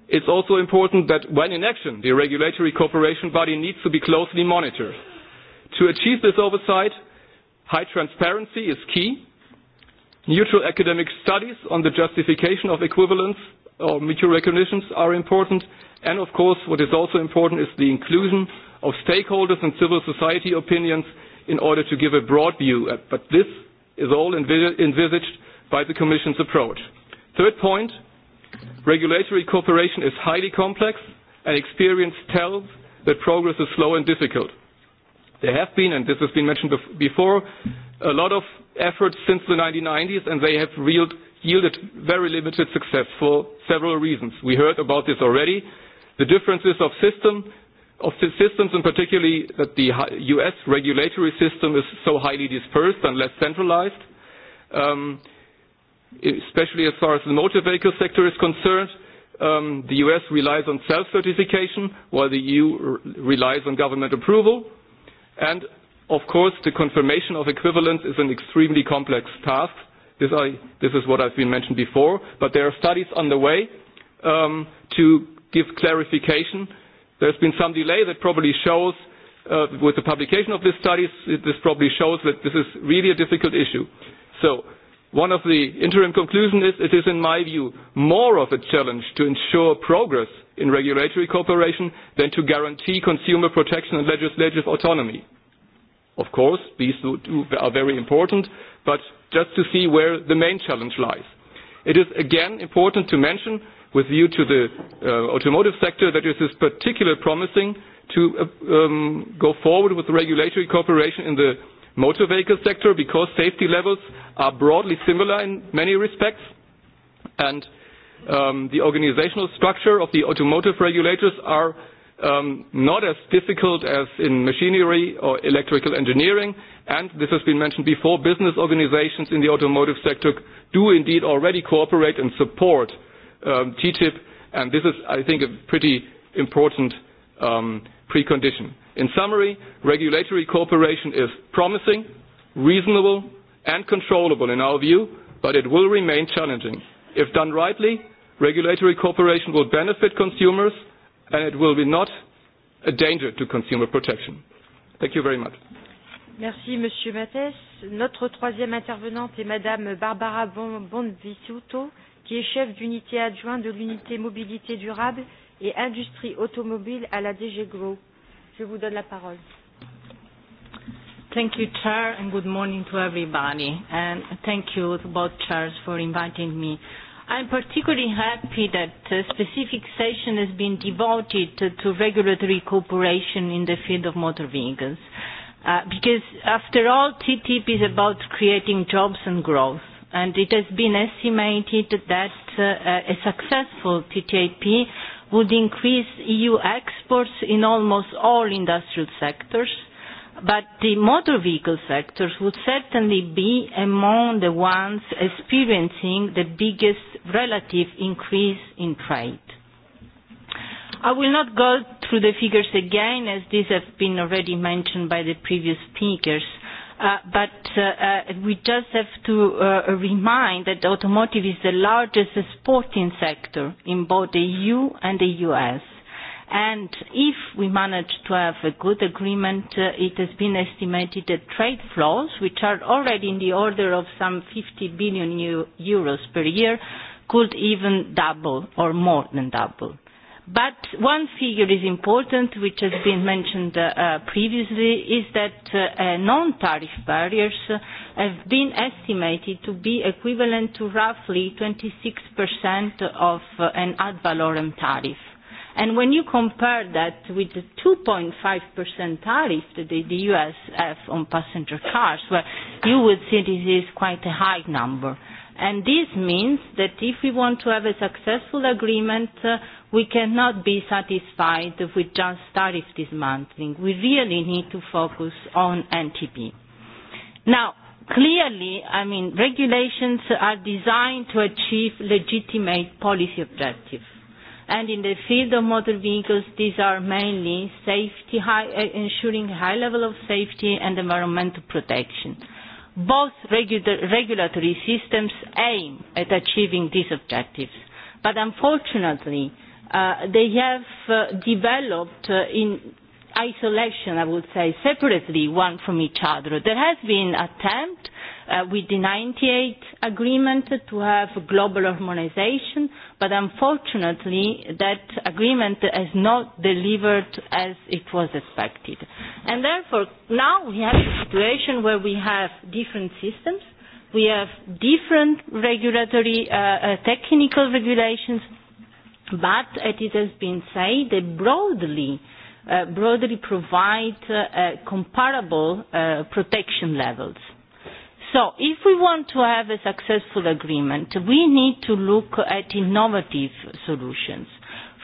it's also important that when in action, the regulatory cooperation body needs to be closely monitored. To achieve this oversight, high transparency is key. Neutral academic studies on the justification of equivalence or mutual recognitions are important. And of course, what is also important is the inclusion of stakeholders and civil society opinions in order to give a broad view. Uh, but this is all envisaged by the Commission's approach. Third point, regulatory cooperation is highly complex and experience tells that progress is slow and difficult. There have been, and this has been mentioned before, a lot of efforts since the 1990s and they have yielded yielded very limited success for several reasons. We heard about this already. The differences of system of the systems and particularly that the US regulatory system is so highly dispersed and less centralized, um, especially as far as the motor vehicle sector is concerned. Um, the US relies on self certification while the EU re- relies on government approval. And of course, the confirmation of equivalence is an extremely complex task This is what I've been mentioned before, but there are studies on the way um, to give clarification. There's been some delay that probably shows uh, with the publication of these studies, this probably shows that this is really a difficult issue. One of the interim conclusion is, it is, in my view, more of a challenge to ensure progress in regulatory cooperation than to guarantee consumer protection and legislative autonomy. Of course, these two are very important, but just to see where the main challenge lies. It is again important to mention, with view to the uh, automotive sector, that it is particularly promising to uh, um, go forward with regulatory cooperation in the motor vehicle sector because safety levels are broadly similar in many respects. And um, the organizational structure of the automotive regulators are Um, not as difficult as in machinery or electrical engineering. And this has been mentioned before, business organizations in the automotive sector do indeed already cooperate and support um, TTIP. And this is, I think, a pretty important um, precondition. In summary, regulatory cooperation is promising, reasonable, and controllable in our view, but it will remain challenging. If done rightly, regulatory cooperation will benefit consumers, and it will be not a danger to consumer protection. Thank you very much. Merci Monsieur Mathès. Notre troisième intervenante est Madame Barbara Bonvisuto, qui est chef d'unité adjointe de l'unité mobilité durable et industrie automobile à la DG Grow. Je vous donne la parole. Thank you, Chair, and good morning to everybody. And thank you, both chairs, for inviting me. I'm particularly happy that a uh, specific session has been devoted to, to regulatory cooperation in the field of motor vehicles. Uh, because after all, TTIP is about creating jobs and growth. And it has been estimated that uh, a successful TTIP would increase EU exports in almost all industrial sectors, but the motor vehicle sector would certainly be among the ones experiencing the biggest relative increase in trade. I will not go through the figures again, as these have been already mentioned by the previous speakers, uh, but uh, uh, we just have to uh, remind that automotive is the largest exporting sector in both the EU and the US. If we manage to have a good agreement, uh, it has been estimated that trade flows, which are already in the order of some 50 billion euros per year, could even double or more than double. One figure is important, which has been mentioned uh, uh, previously, is that non-tariff barriers have been estimated to be equivalent to roughly 26% of an ad valorem tariff. When you compare that with the 2.5% tariff that the U.S. have on passenger cars, well, you would see this is quite a high number. This means that if we want to have a successful agreement, uh, we cannot be satisfied with just tariff dismantling. We really need to focus on NTP. Now, clearly, I mean, regulations are designed to achieve legitimate policy objective and in the field of motor vehicles, these are mainly safety, uh, ensuring high level of safety and environmental protection. Both regulatory systems aim at achieving these objectives, but unfortunately, uh, they have uh, developed in isolation, I would say, separately, one from each other. There has been attempt uh, with the 98 agreement to have global harmonization, but unfortunately that agreement has not delivered as it was expected. And therefore, now we have a situation where we have different systems, we have different regulatory uh, uh, technical regulations, but as it has been said, they broadly uh, uh, broadly provide uh, uh, comparable uh, protection levels. So if we want to have a successful agreement, we need to look at innovative solutions.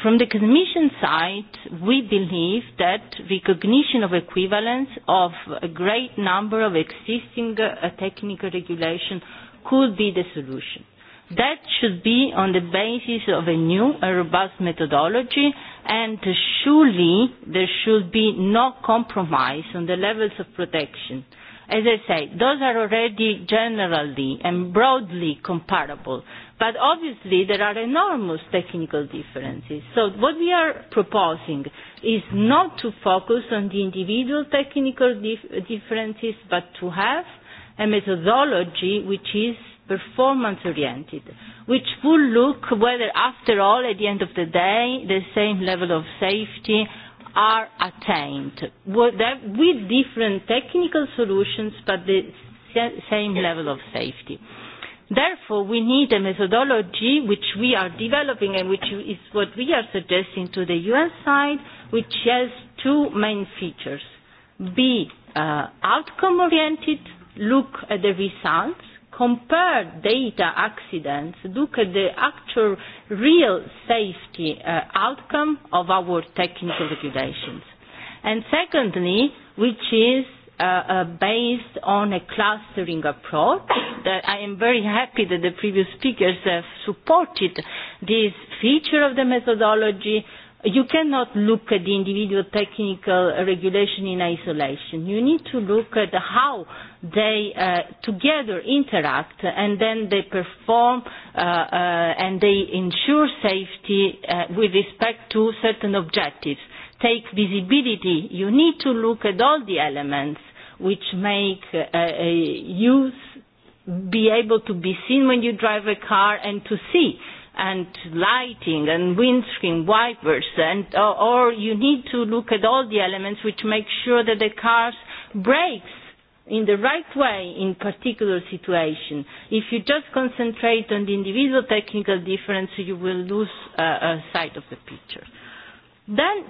From the Commission side, we believe that recognition of equivalence of a great number of existing uh, technical regulations could be the solution. That should be on the basis of a new and robust methodology, and surely there should be no compromise on the levels of protection. As I say, those are already generally and broadly comparable, but obviously there are enormous technical differences. So what we are proposing is not to focus on the individual technical dif- differences, but to have a methodology which is performance-oriented, which will look whether, after all, at the end of the day, the same level of safety are attained with different technical solutions, but the same level of safety. Therefore, we need a methodology which we are developing and which is what we are suggesting to the U.S. side, which has two main features: be uh, outcome-oriented, look at the results, compare data accidents, look at the actual real safety uh, outcome of our technical regulations. And secondly, which is uh, uh, based on a clustering approach, that I am very happy that the previous speakers have supported this feature of the methodology, you cannot look at the individual technical regulation in isolation. You need to look at how they uh, together interact and then they perform uh, uh, and they ensure safety uh, with respect to certain objectives. Take visibility. You need to look at all the elements which make uh, use uh, be able to be seen when you drive a car and to see. Uh, and lighting and windscreen wipers and or, uh, or you need to look at all the elements which make sure that the car's brakes in the right way in particular situation. If you just concentrate on the individual technical difference, you will lose uh, a uh, sight of the picture. Then,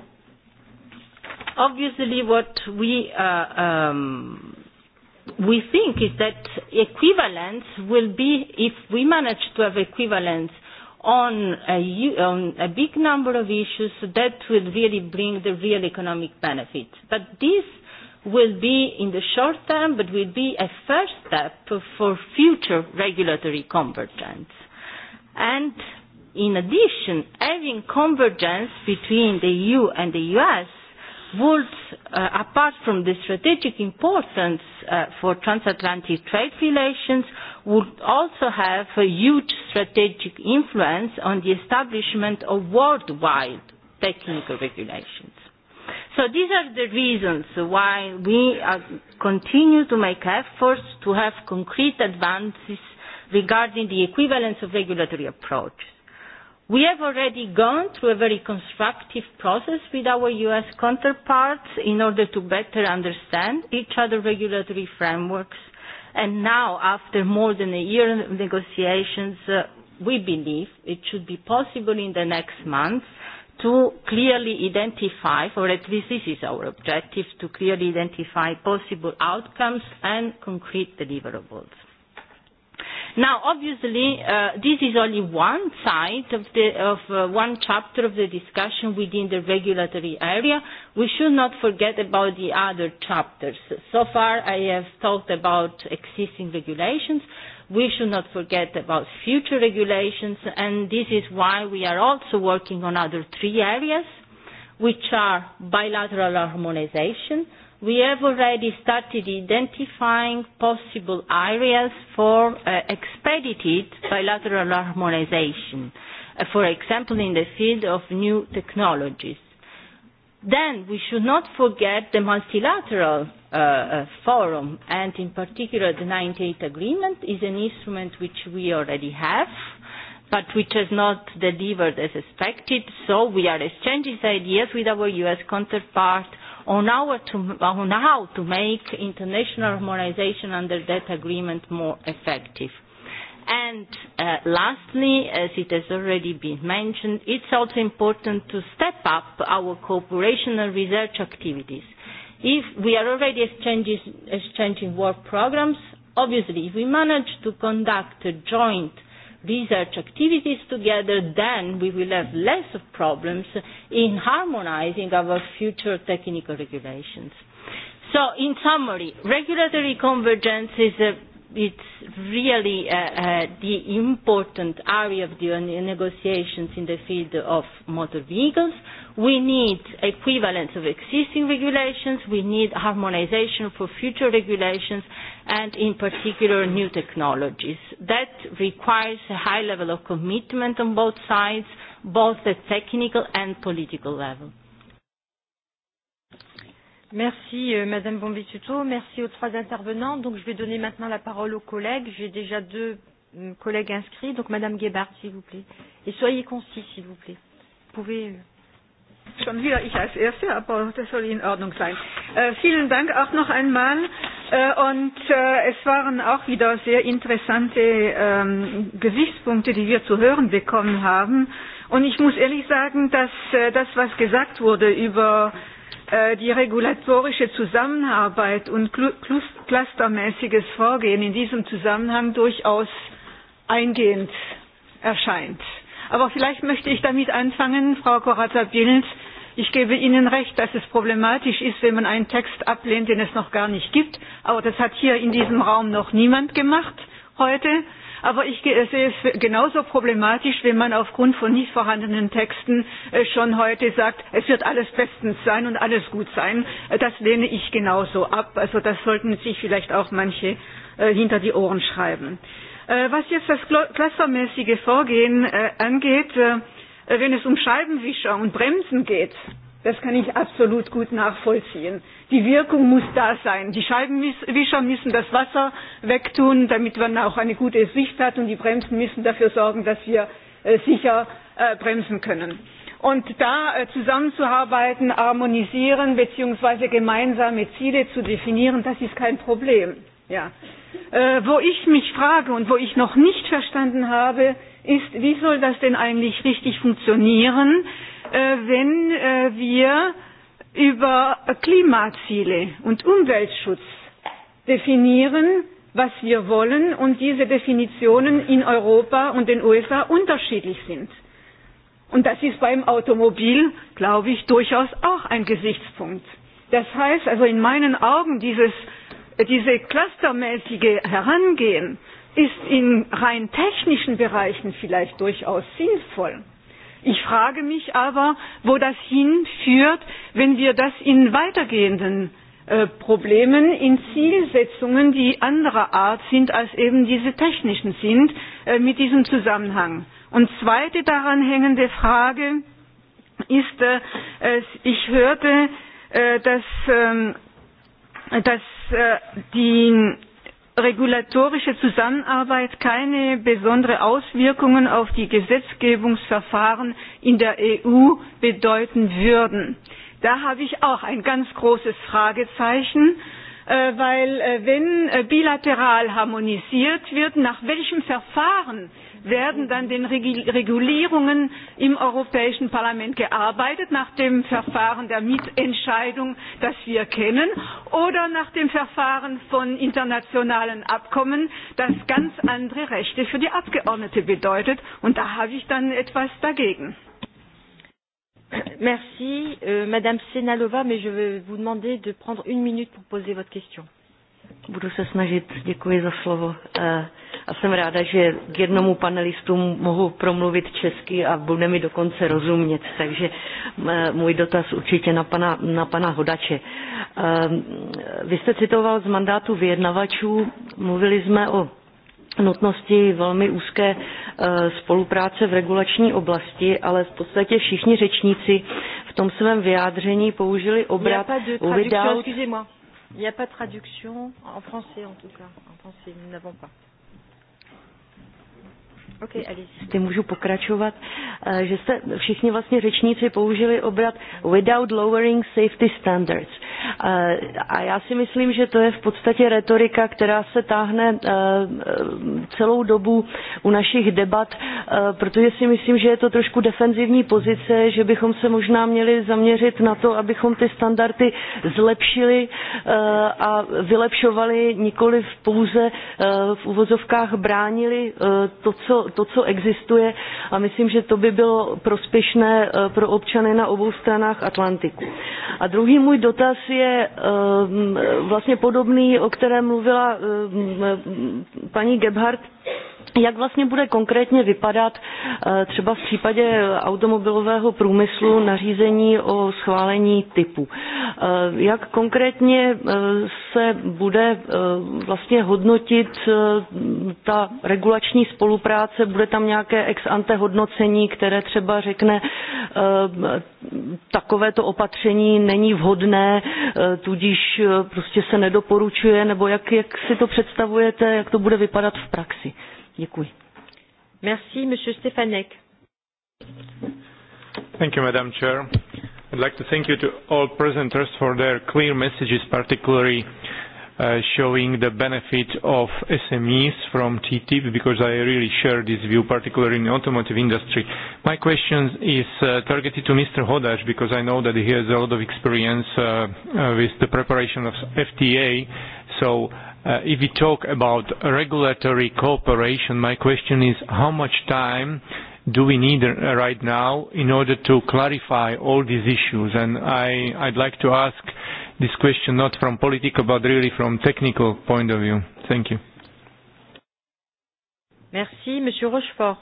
obviously, what we uh, um, we think is that equivalence will be if we manage to have equivalence on a, on a big number of issues that will really bring the real economic benefit. But this will be in the short term, but will be a first step for future regulatory convergence. And in addition, having convergence between the EU and the US would, uh, apart from the strategic importance uh, for transatlantic trade relations, would also have a huge strategic influence on the establishment of worldwide technical regulations. So these are the reasons why we are uh, continue to make efforts to have concrete advances regarding the equivalence of regulatory approaches. We have already gone through a very constructive process with our U.S. counterparts in order to better understand each other's regulatory frameworks. And now, after more than a year of negotiations, uh, we believe it should be possible in the next month to clearly identify, or at least this is our objective, to clearly identify possible outcomes and concrete deliverables. Now, obviously, uh, this is only one side of, the, of uh, one chapter of the discussion within the regulatory area. We should not forget about the other chapters. So far, I have talked about existing regulations. We should not forget about future regulations, and this is why we are also working on other three areas, which are bilateral harmonization, we have already started identifying possible areas for uh, expedited bilateral harmonization, uh, for example, in the field of new technologies. Then we should not forget the multilateral uh, uh forum, and in particular, the 98 Agreement is an instrument which we already have, but which has not delivered as expected. So we are exchanging ideas with our US counterpart on, our to, on how to make international harmonization under that agreement more effective. And uh, lastly, as it has already been mentioned, it's also important to step up our cooperation and research activities. If we are already exchanging, exchanging work programs, obviously if we manage to conduct a joint these such activities together, then we will have less of problems in harmonizing our future technical regulations. In summary, regulatory convergence is it's really uh, uh, the important area of the negotiations in the field of motor vehicles. We need equivalence of existing regulations. We need harmonization for future regulations and in particular new technologies. That requires a high level of commitment on both sides, both at technical and political level. Merci euh, Madame Bombissuto, merci aux trois intervenants. Donc je vais donner maintenant la parole aux collègues. J'ai déjà deux euh, collègues inscrits, donc Madame Guébard, s'il vous plaît. Et soyez concis, s'il vous plaît. Vous pouvez euh Schon wieder ich als Erste, aber das soll in Ordnung sein. Äh, vielen Dank auch noch einmal. Äh, und äh, es waren auch wieder sehr interessante ähm, Gesichtspunkte, die wir zu hören bekommen haben. Und ich muss ehrlich sagen, dass äh, das, was gesagt wurde über äh, Äh, die regulatorische Zusammenarbeit und clustermäßiges Vorgehen in diesem Zusammenhang durchaus eingehend erscheint. Aber vielleicht möchte ich damit anfangen, Frau Corazza-Bild, ich gebe Ihnen recht, dass es problematisch ist, wenn man einen Text ablehnt, den es noch gar nicht gibt. Aber das hat hier in diesem Raum noch niemand gemacht heute. Aber ich sehe es genauso problematisch, wenn man aufgrund von nicht vorhandenen Texten äh, schon heute sagt, es wird alles bestens sein und alles gut sein. Äh, das lehne ich genauso ab. Also das sollten sich vielleicht auch manche äh, hinter die Ohren schreiben. Was jetzt das clustermäßige Vorgehen angeht, wenn es um Scheibenwischer und Bremsen geht, das kann ich absolut gut nachvollziehen. Die Wirkung muss da sein. Die Scheibenwischer müssen das Wasser wegtun, damit man auch eine gute Sicht hat, und die Bremsen müssen dafür sorgen, dass wir äh, sicher äh, bremsen können. Und da äh, zusammenzuarbeiten, harmonisieren bzw. gemeinsame Ziele zu definieren, das ist kein Problem. Ja. Äh, wo ich mich frage und wo ich noch nicht verstanden habe, ist, wie soll das denn eigentlich richtig funktionieren, äh, wenn äh, wir über Klimaziele und Umweltschutz definieren, was wir wollen und diese Definitionen in Europa und den USA unterschiedlich sind. Und das ist beim Automobil, glaube ich, durchaus auch ein Gesichtspunkt. Das heißt also in meinen Augen, dieses diese clustermäßige Herangehen ist in rein technischen Bereichen vielleicht durchaus sinnvoll. Ich frage mich aber, wo das hinführt, wenn wir das in weitergehenden äh, Problemen in Zielsetzungen, die anderer Art sind als eben diese technischen sind, äh, mit diesem Zusammenhang. Und zweite daran hängende Frage ist, äh, ich hörte, dass, ähm, dass die regulatorische zusammenarbeit keine besonderen auswirkungen auf die gesetzgebungsverfahren in der eu bedeuten würden. da habe ich auch ein ganz großes fragezeichen denn äh, äh, wenn äh, bilateral harmonisiert wird nach welchem verfahren werden dann den Regulierungen im Europäischen Parlament gearbeitet, nach dem Verfahren der Mitentscheidung, das wir kennen, oder nach dem Verfahren von internationalen Abkommen, das ganz andere Rechte für die Abgeordnete bedeutet. Und da habe ich dann etwas dagegen. Merci, euh, Madame Senalova, mais je vais vous demander de prendre une minute pour poser votre question. Budu se snažit, děkuji za slovo. Uh, a jsem ráda, že k jednomu panelistu mohu promluvit česky a bude mi dokonce rozumět. Takže můj dotaz určitě na pana, na pana Hodače. Ehm, vy jste citoval z mandátu vyjednavačů, mluvili jsme o nutnosti velmi úzké e, spolupráce v regulační oblasti, ale v podstatě všichni řečníci v tom svém vyjádření použili obrat without... Il n'y a pas de traduction en français, en tout cas. En français, nous n'avons pas jste můžu pokračovat, eh, že jste všichni vlastně řečníci použili obrat without lowering safety standards. Eh, a já si myslím, že to je v podstatě retorika, která se táhne eh, celou dobu u našich debat, protože si myslím, že je to trošku defenzivní pozice, že bychom se možná měli zaměřit na to, abychom ty standardy zlepšili a vylepšovali nikoli v pouze v uvozovkách bránili to, co to, co existuje a myslím, že to by bylo prospěšné eh, pro občany na obou stranách Atlantiku. A druhý můj dotaz je eh, vlastně podobný, o kterém mluvila eh, paní Gebhardt jak vlastně bude konkrétně vypadat eh, třeba v případě eh, automobilového průmyslu nařízení o schválení typu. Eh, jak konkrétně se bude vlastně hodnotit ta regulační spolupráce, bude tam nějaké ex ante hodnocení, které třeba řekne, takovéto opatření není vhodné, tudíž prostě se nedoporučuje, nebo jak, jak si to představujete, jak to bude vypadat v praxi? Děkuji. Merci, Monsieur Stefanek. Thank you, Madam Chair. I'd like to thank you to all presenters for their clear messages, particularly uh, showing the benefit of SMEs from TTIP, because I really share this view, particularly in the automotive industry. My question is uh, targeted to Mr. Hodash, because I know that he has a lot of experience uh, uh, with the preparation of FTA. So Uh, if you talk about regulatory cooperation, my question is how much time do we need uh, right now in order to clarify all these issues? And I, I'd like to ask this question not from political, but really from technical point of view. Thank you. Merci, Monsieur Rochefort.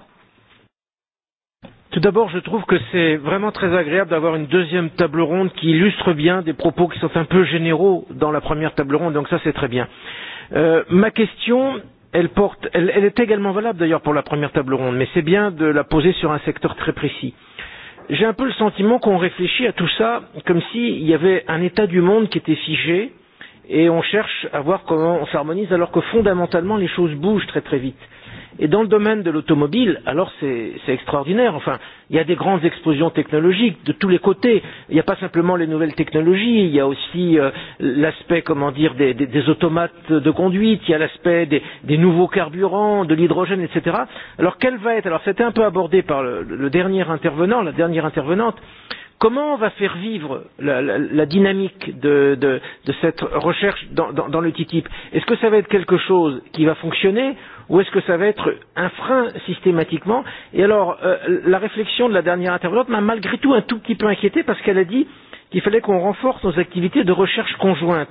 Tout d'abord, je trouve que c'est vraiment très agréable d'avoir une deuxième table ronde qui illustre bien des propos qui sont un peu généraux dans la première table ronde, donc ça c'est très bien. Euh, Euh, ma question, elle, porte, elle, elle est également valable d'ailleurs pour la première table ronde, mais c'est bien de la poser sur un secteur très précis. J'ai un peu le sentiment qu'on réfléchit à tout ça comme s'il y avait un état du monde qui était figé et on cherche à voir comment on s'harmonise alors que fondamentalement les choses bougent très très vite. Et dans le domaine de l'automobile, alors c'est extraordinaire. Enfin, il y a des grandes explosions technologiques de tous les côtés. Il n'y a pas simplement les nouvelles technologies. Il y a aussi euh, l'aspect, comment dire, des, des, des automates de conduite. Il y a l'aspect des, des nouveaux carburants, de l'hydrogène, etc. Alors, quelle va être Alors, c'était un peu abordé par le, le dernier intervenant, la dernière intervenante. Comment on va faire vivre la, la, la dynamique de, de, de cette recherche dans, dans, dans le TTIP Est-ce que ça va être quelque chose qui va fonctionner ou est-ce que ça va être un frein systématiquement Et alors, euh, la réflexion de la dernière intervenante m'a malgré tout un tout petit peu inquiété parce qu'elle a dit qu'il fallait qu'on renforce nos activités de recherche conjointe.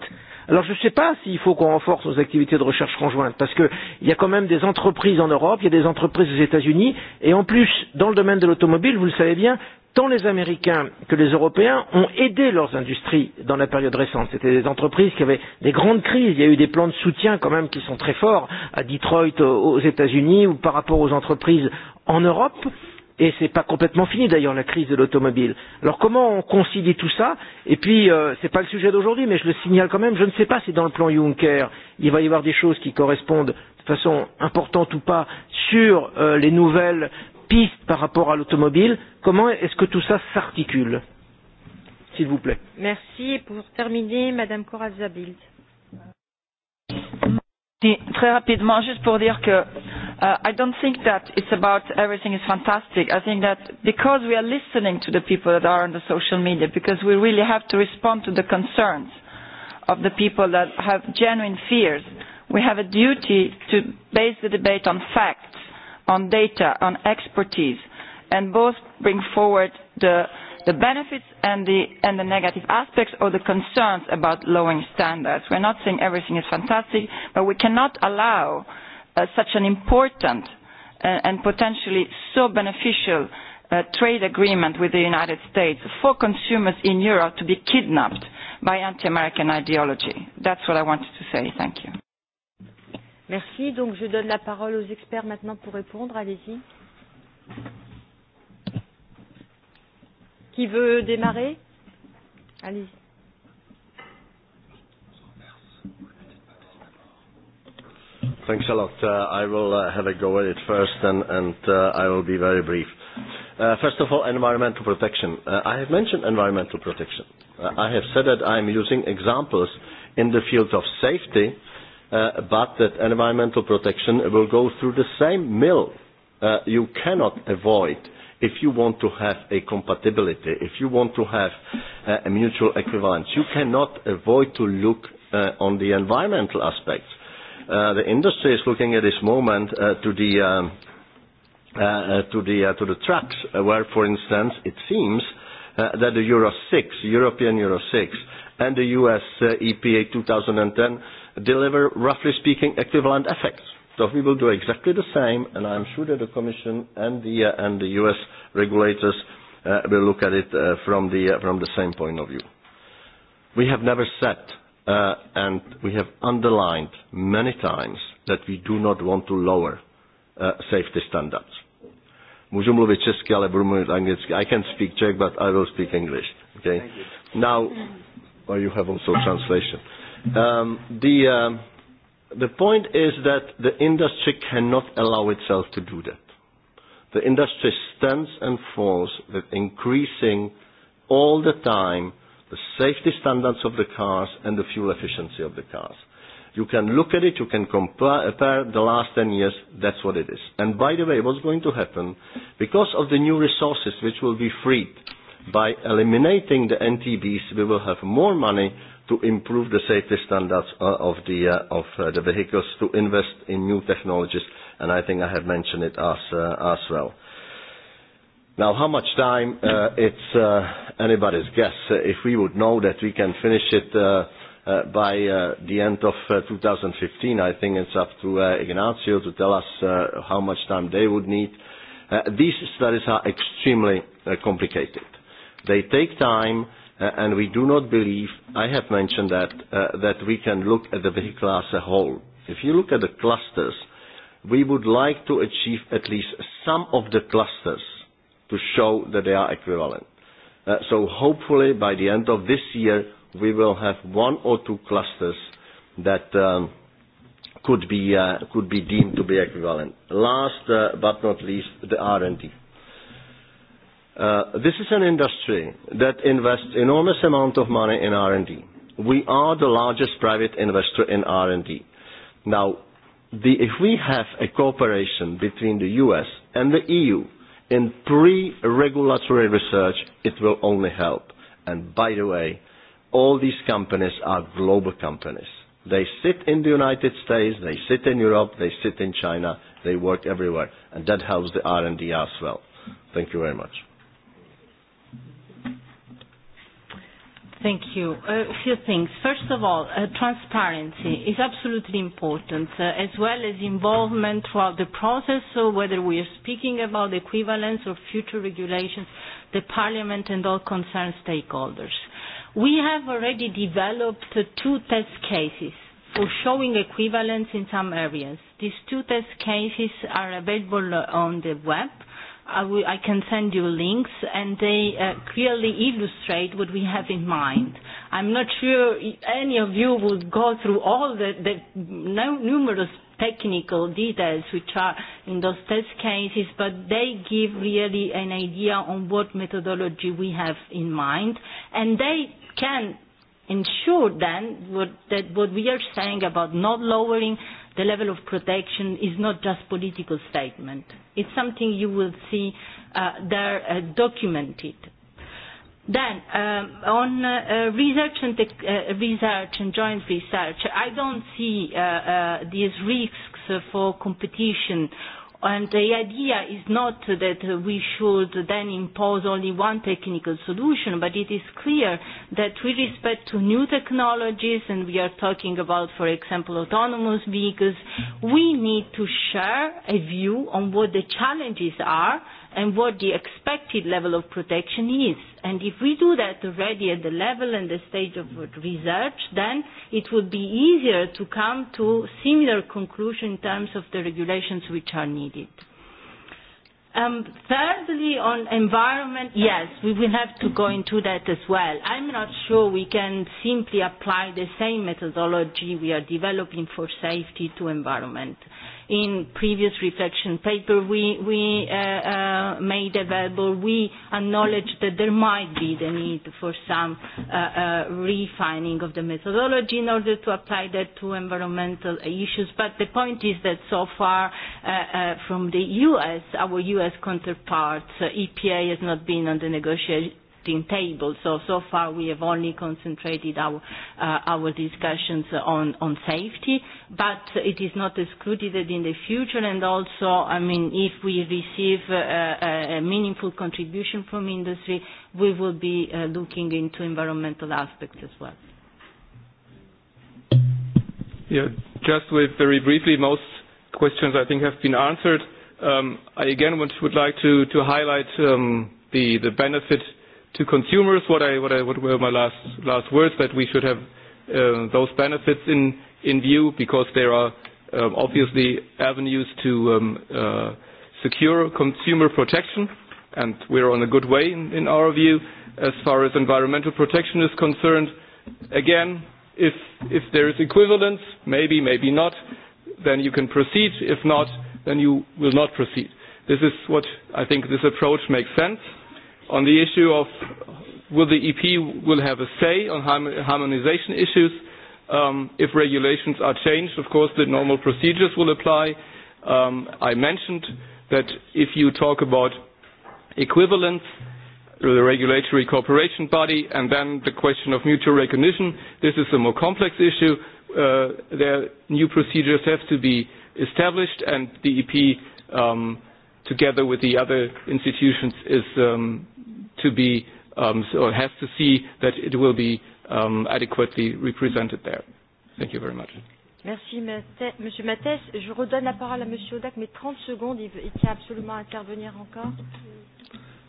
Alors je ne sais pas s'il faut qu'on renforce nos activités de recherche conjointe, parce qu'il y a quand même des entreprises en Europe, il y a des entreprises aux États-Unis, et en plus, dans le domaine de l'automobile, vous le savez bien, tant les Américains que les Européens ont aidé leurs industries dans la période récente. C'était des entreprises qui avaient des grandes crises. Il y a eu des plans de soutien quand même qui sont très forts à Detroit, aux États-Unis ou par rapport aux entreprises en Europe. Et ce n'est pas complètement fini d'ailleurs la crise de l'automobile. Alors comment on concilie tout ça Et puis, euh, ce n'est pas le sujet d'aujourd'hui, mais je le signale quand même, je ne sais pas si dans le plan Juncker, il va y avoir des choses qui correspondent de façon importante ou pas sur euh, les nouvelles pistes par rapport à l'automobile. Comment est-ce que tout ça s'articule S'il vous plaît. Merci. Et pour terminer, Madame Corazabild. Très rapidement, juste pour dire que uh, I don't think that it's about everything is fantastic. I think that because we are listening to the people that are on the social media, because we really have to respond to the concerns of the people that have genuine fears, we have a duty to base the debate on facts on data, on expertise, and both bring forward the, the benefits and the, and the negative aspects or the concerns about lowering standards. We're not saying everything is fantastic, but we cannot allow uh, such an important uh, and potentially so beneficial uh, trade agreement with the United States for consumers in Europe to be kidnapped by anti-American ideology. That's what I wanted to say. Thank you. Merci. Donc, je donne la parole aux experts maintenant pour répondre. Allez-y. Qui veut démarrer Allez-y. Thanks a lot. Uh, I will uh, have a go at it first and, and uh, I will be very brief. Uh, first of all, environmental protection. Uh, I have mentioned environmental protection. Uh, I have said that I am using examples in the field of safety Uh, but that environmental protection will go through the same mill. Uh, you cannot avoid if you want to have a compatibility, if you want to have uh, a mutual equivalence, you cannot avoid to look on the environmental aspects. The industry is looking at this moment um, to the trucks, where, for instance, it seems that the Euro 6, European Euro 6, and the U.S. EPA 2010 deliver, roughly speaking, equivalent effects. We will do exactly the same, and I'm sure that the Commission and the U.S. Uh, regulators uh, will look at it uh, from the same point of view. We have never said, and we have underlined many times that we do not want to lower safety standards. I can speak Czech, but I will speak English. Okay? Thank you. Now, oh, you have also translation. Um, the, um, the point is that the industry cannot allow itself to do that. The industry stands and falls with increasing all the time the safety standards of the cars and the fuel efficiency of the cars. You can look at it, you can compare the last 10 years, that's what it is. And by the way, what's going to happen, because of the new resources which will be freed by eliminating the NTBs, we will have more money to improve the safety standards uh, of the uh, of uh, the vehicles, to invest in new technologies, and I think I have mentioned it as uh, as well. Now, how much time? Uh, it's uh, anybody's guess. Uh, if we would know that we can finish it uh, uh, by uh, the end of uh, 2015, I think it's up to uh, Ignacio to tell us uh, how much time they would need. Uh, these studies are extremely uh, complicated. They take time. Uh, and we do not believe, I have mentioned uh, that we can look at the vehicle as a whole. If you look at the clusters, we would like to achieve at least some of the clusters to show that they are equivalent. Uh, hopefully by the end of this year, we will have one or two clusters that um, could be deemed to be equivalent. Last but not least, the R&D. Uh, this is an industry that invests enormous amount of money in R&D. We are the largest private investor in R&D. Now, the, if we have a cooperation between the U.S. and the EU in pre-regulatory research, it will only help. And by the way, all these companies are global companies. They sit in the United States, they sit in Europe, they sit in China, they work everywhere, and that helps the R&D as well. Thank you very much. Thank you. A few things. First of all, uh, transparency is absolutely important, uh, as well as involvement throughout the process. Whether we are speaking about equivalence or future regulations, the parliament and all concerned stakeholders. We have already developed uh, two test cases for showing equivalence in some areas. These two test cases are available on the web. I, will, I can send you links, and they uh, clearly illustrate what we have in mind. I'm not sure any of you would go through all the, the no, numerous technical details which are in those test cases, but they give really an idea on what methodology we have in mind, and they can ensure then what, that what we are saying about not lowering the level of protection is not just political statement. It's something you will see uh, there uh, documented. Then, um, on uh, uh research, and tech, uh, research and joint research, I don't see uh, uh, these risks for competition And the idea is not that we should then impose only one technical solution, but it is clear that with respect to new technologies, and we are talking about, for example, autonomous vehicles, we need to share a view on what the challenges are, and what the expected level of protection is. And if we do that already at the level and the stage of research, then it would be easier to come to similar conclusion in terms of the regulations which are needed. Um, thirdly, on environment, yes, we will have to go into that as well. I'm not sure we can simply apply the same methodology we are developing for safety to environment in previous reflection paper we uh, uh, made available, we acknowledge that there might be the need for some uh, refining of the methodology in order to apply that to environmental issues. The point is that so far from the U.S., our U.S. counterparts, EPA has not been on the connecting table. So far, we have only concentrated our uh, discussions on safety, but it is not excluded that in the future, and also, I mean, if we receive uh, uh, a meaningful contribution from industry, we will be looking into environmental aspects as well. Yeah, just very briefly, most questions I think have been answered. Um, I again would like to highlight um, the benefit to consumers, what, I, what, I, what were my last, last words, that we should have uh, those benefits in, in view because there are um, obviously avenues to um, uh, secure consumer protection and we're on a good way in, in our view as far as environmental protection is concerned. Again, if, if there is equivalence, maybe, maybe not, then you can proceed. If not, then you will not proceed. This is what I think this approach makes sense on the issue of will the EP will have a say on harmonization issues um, if regulations are changed. Of course, the normal procedures will apply. Um, I mentioned that if you talk about equivalence, the regulatory cooperation body, and then the question of mutual recognition, this is a more complex issue. Uh, there new procedures have to be established, and the EP um, together with the other institutions is um, to be um, so it has to see that it will be um, adequately represented there. Thank you very much. Merci, Monsieur Mathès. Je redonne la parole à Monsieur Odak, mais 30 secondes, il, veut, il tient absolument à intervenir encore.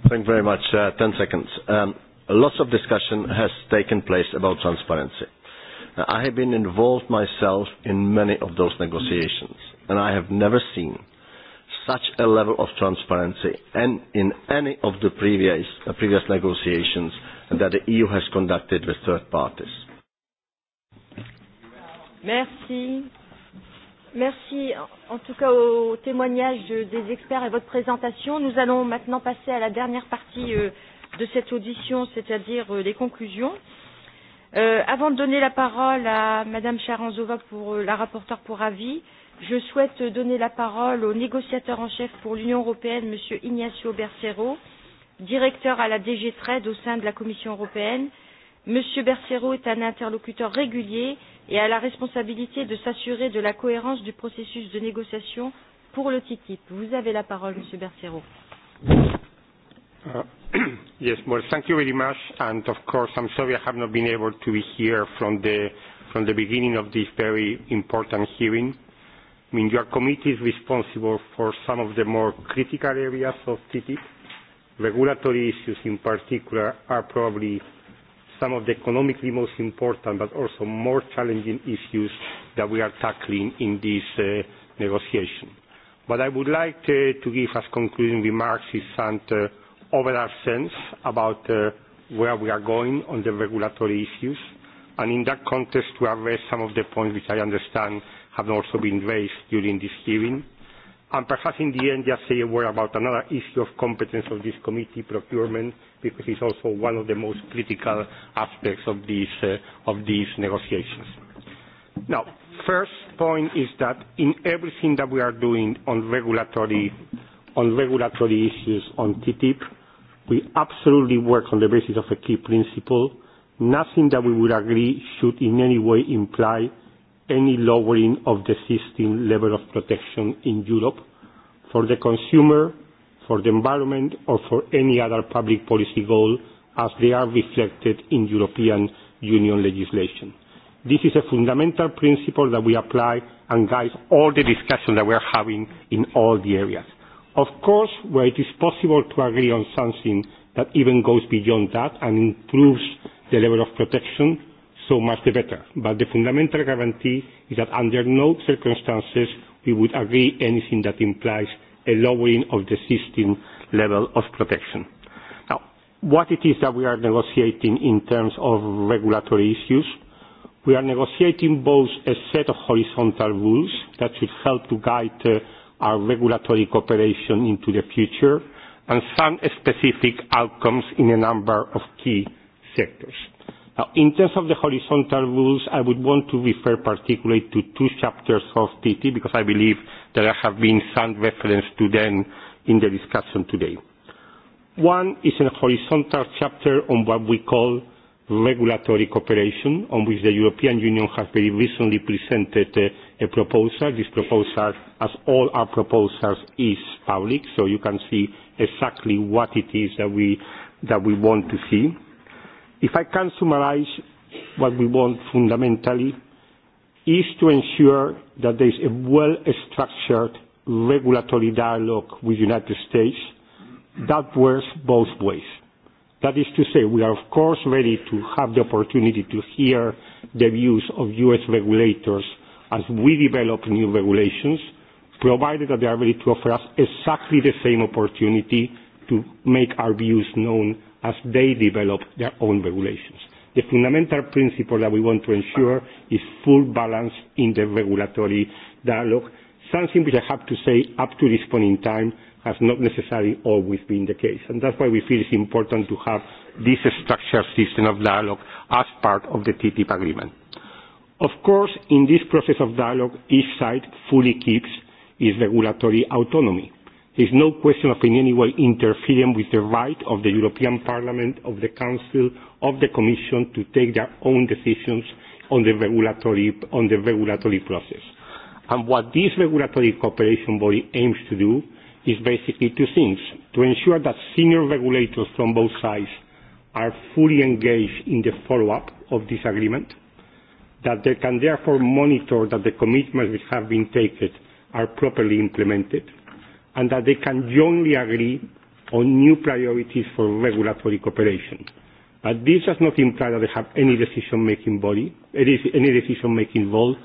Thank you very much. Uh, 10 seconds. Um, lots of discussion has taken place about transparency. Now, uh, I have been involved myself in many of those negotiations, and I have never seen such a level of transparency and in any of the previous, uh, previous negotiations that the EU has conducted with third parties. Merci. Merci en tout cas au témoignage de, des experts et votre présentation. Nous allons maintenant passer à la dernière partie euh, de cette audition, c'est-à-dire euh, les conclusions. Euh, avant de donner la parole à Madame Charanzova pour euh, la rapporteure pour avis, euh, je souhaite donner la parole au négociateur en chef pour l'union européenne m. ignacio bercero directeur à la dg trade au sein de la commission européenne. m. bercero est un interlocuteur régulier et a la responsabilité de s'assurer de la cohérence du processus de négociation pour le ttip. vous avez la parole monsieur bercero. Uh, <clears throat> yes, well, thank you very much. And of course, I'm sorry I have not been able to be here from the, from the beginning of this very important hearing. Uh, your committee is responsible for some of the more critical areas of ttip. regulatory issues in particular are probably some of the economically most important but also more challenging issues that we are tackling in this uh, negotiation. but i would like to, uh, to give as concluding remarks is some uh, overall sense about uh, where we are going on the regulatory issues and in that context to address some of the points which i understand have also been raised during this hearing. Perhaps in the end, just say a word about another issue of competence of this committee, procurement, because it's also one of the most critical aspects of these uh, negotiations. First point is that in everything that we are doing on regulatory issues on TTIP, we absolutely work on the basis of a key principle. Nothing that we would agree should in any way imply any lowering of the existing level of protection in Europe for the consumer, for the environment, or for any other public policy goal as they are reflected in European Union legislation. This is a fundamental principle that we apply and guides all the discussion that we are having in all the areas. Of course, where it is possible to agree on something that even goes beyond that and improves the level of protection, so much the better. But the fundamental guarantee is that under no circumstances we would agree anything that implies a lowering of the system level of protection. Now, what it is that we are negotiating in terms of regulatory issues? We are negotiating both a set of horizontal rules that should help to guide uh, our regulatory cooperation into the future and some specific outcomes in a number of key sectors. In terms of the horizontal rules, I would want to refer particularly to two chapters of TT because I believe there have been some reference to them in the discussion today. One is a horizontal chapter on what we call regulatory cooperation, on which the European Union has very recently presented uh, a proposal. This proposal, as all our proposals, is public, so you can see exactly what it is that we want to see. If I can summarize what we want fundamentally is to ensure that there's a well-structured regulatory dialogue with United States that works both ways. That is to say, we are of course ready to have the opportunity to hear the views of U.S. regulators as we develop new regulations, provided that they are ready to offer us exactly the same opportunity to make our views known as they develop their own regulations. The fundamental principle that we want to ensure is full balance in the regulatory dialogue, something which I have to say, up to this point in time, has not necessarily always been the case. That's why we feel it's important to have this structured system of dialogue as part of the TTIP agreement. Of course, in this process of dialogue, each side fully keeps its regulatory autonomy is no question of in any way interfering with the right of the European Parliament, of the Council, of the Commission to take their own decisions on the regulatory, on the regulatory process. And what this regulatory cooperation body aims to do is basically two things. To ensure that senior regulators from both sides are fully engaged in the follow-up of this agreement, that they can therefore monitor that the commitments which have been taken are properly implemented, and that they can jointly agree on new priorities for regulatory cooperation. This does not imply that they have any decision-making body, any decision-making role.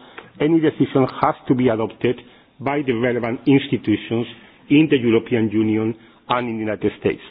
Any decision has to be adopted by the relevant institutions in the European Union and in the United States.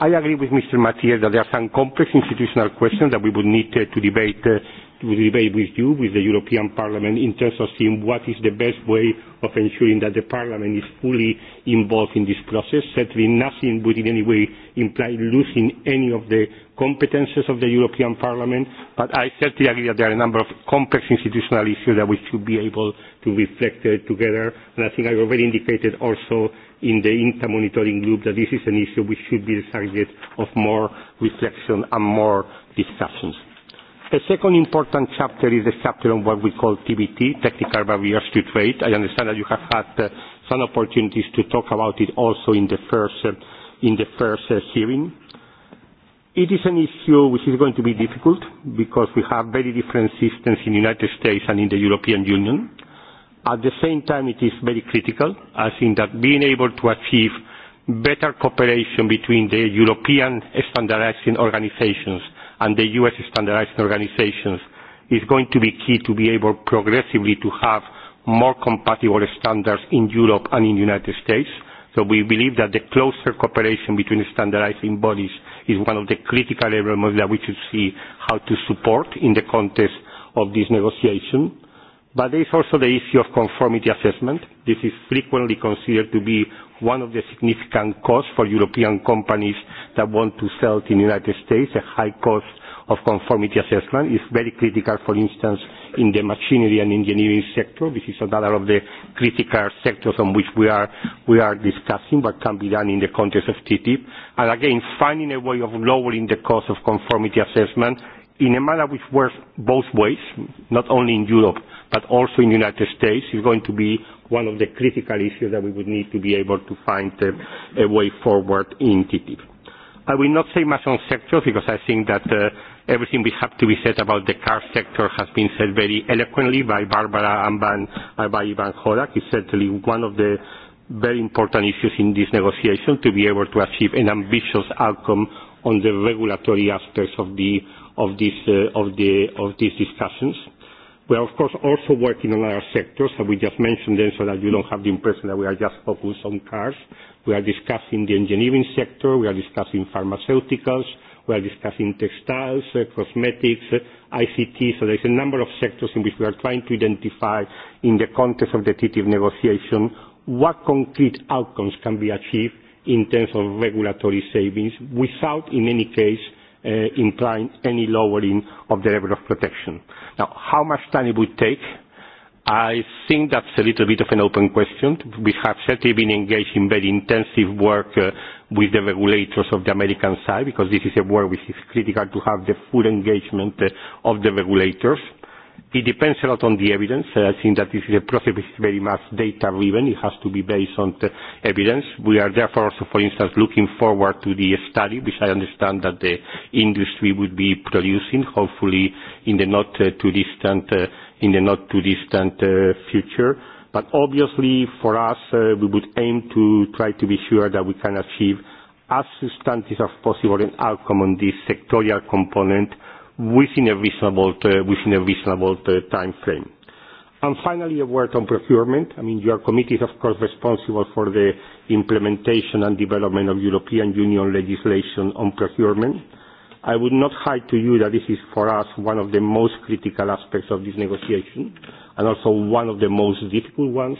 I agree with Mr. Mathias that there are some complex institutional questions that we would need to, to debate uh, to debate with you, with the European Parliament, in terms of seeing what is the best way of ensuring that the Parliament is fully involved in this process. Certainly nothing would in any way imply losing any of the competences of the European Parliament, but I certainly agree that there are a number of complex institutional issues that we should be able to reflect uh, together. And I think I already indicated also in the inter monitoring group that this is an issue which should be the target of more reflection and more discussions. A second important chapter is the chapter on what we call TBT, technical barriers to trade. I understand that you have had uh, some opportunities to talk about it also in the first, uh, in the first uh, hearing. It is an issue which is going to be difficult because we have very different systems in the United States and in the European Union. At the same time, it is very critical, as in that being able to achieve better cooperation between the European standardizing organizations and the U.S. standardizing organizations is going to be key to be able progressively to have more compatible standards in Europe and in the United States. We believe that the closer cooperation between the standardizing bodies is one of the critical elements that we should see how to support in the context of this negotiation. But there is also the issue of conformity assessment. This is frequently considered to be one of the significant costs for European companies that want to sell in the United States, a high cost of conformity assessment. It's very critical, for instance, in the machinery and engineering sector. This is another of the critical sectors on which we are, we are discussing what can be done in the context of TTIP. And again, finding a way of lowering the cost of conformity assessment in a manner which works both ways, not only in Europe, but also in the United States, is going to be one of the critical issues that we would need to be able to find uh, a way forward in TTIP. I will not say much on sectors because I think that uh, everything we have to be said about the car sector has been said very eloquently by Barbara Amban and uh, by Ivan Horak. It's certainly one of the very important issues in this negotiation to be able to achieve an ambitious outcome on the regulatory aspects of, the, of, this, uh, of, the, of these discussions. We are, of course, also working on other sectors, and we just mentioned them so that you don't have the impression that we are just focused on cars. We are discussing the engineering sector, we are discussing pharmaceuticals, we are discussing textiles, eh, cosmetics, eh, ICT. There's a number of sectors in which we are trying to identify in the context of the TTIP negotiation, what concrete outcomes can be achieved in terms of regulatory savings without, in any case, Uh, implying any lowering of the level of protection. Now, how much time it would take? I think that's a little bit of an open question. We have certainly been engaged in very intensive work uh, with the regulators of the American side, because this is a work which is critical to have the full engagement uh, of the regulators. It depends a lot on the evidence. Uh, I think that this is a process which is very much data-driven. It has to be based on the evidence. We are therefore also, for instance, looking forward to the study, which I understand that the industry would be producing, hopefully in the not uh, too distant uh, future. Obviously for us, we would aim to try to be sure that we can achieve as substantive as possible an outcome on this sectorial component within a reasonable uh, uh, timeframe. Finally, a word on procurement. I mean, your committee is, of course, responsible for the implementation and development of European Union legislation on procurement. I would not hide to you that this is, for us, one of the most critical aspects of this negotiation, and also one of the most difficult ones.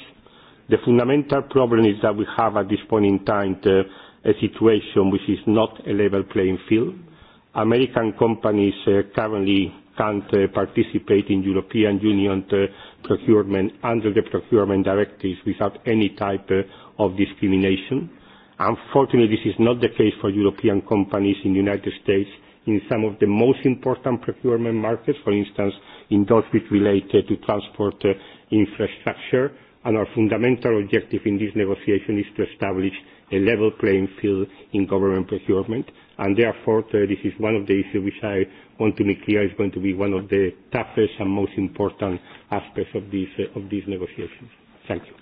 The fundamental problem is that we have, at this point in time, a situation which is not a level playing field. American companies uh, currently can't uh, participate in European Union uh, procurement under the procurement directives without any type of discrimination. Unfortunately, this is not the case for European companies in the United States in some of the most important procurement markets, for instance, in those which relate to transport infrastructure. Our fundamental objective in this negotiation is to establish a level playing field in government procurement. Therefore, uh, this is one of the issues which I want to make clear is going to be one of the toughest and most important aspects of these uh, negotiations. Thank you.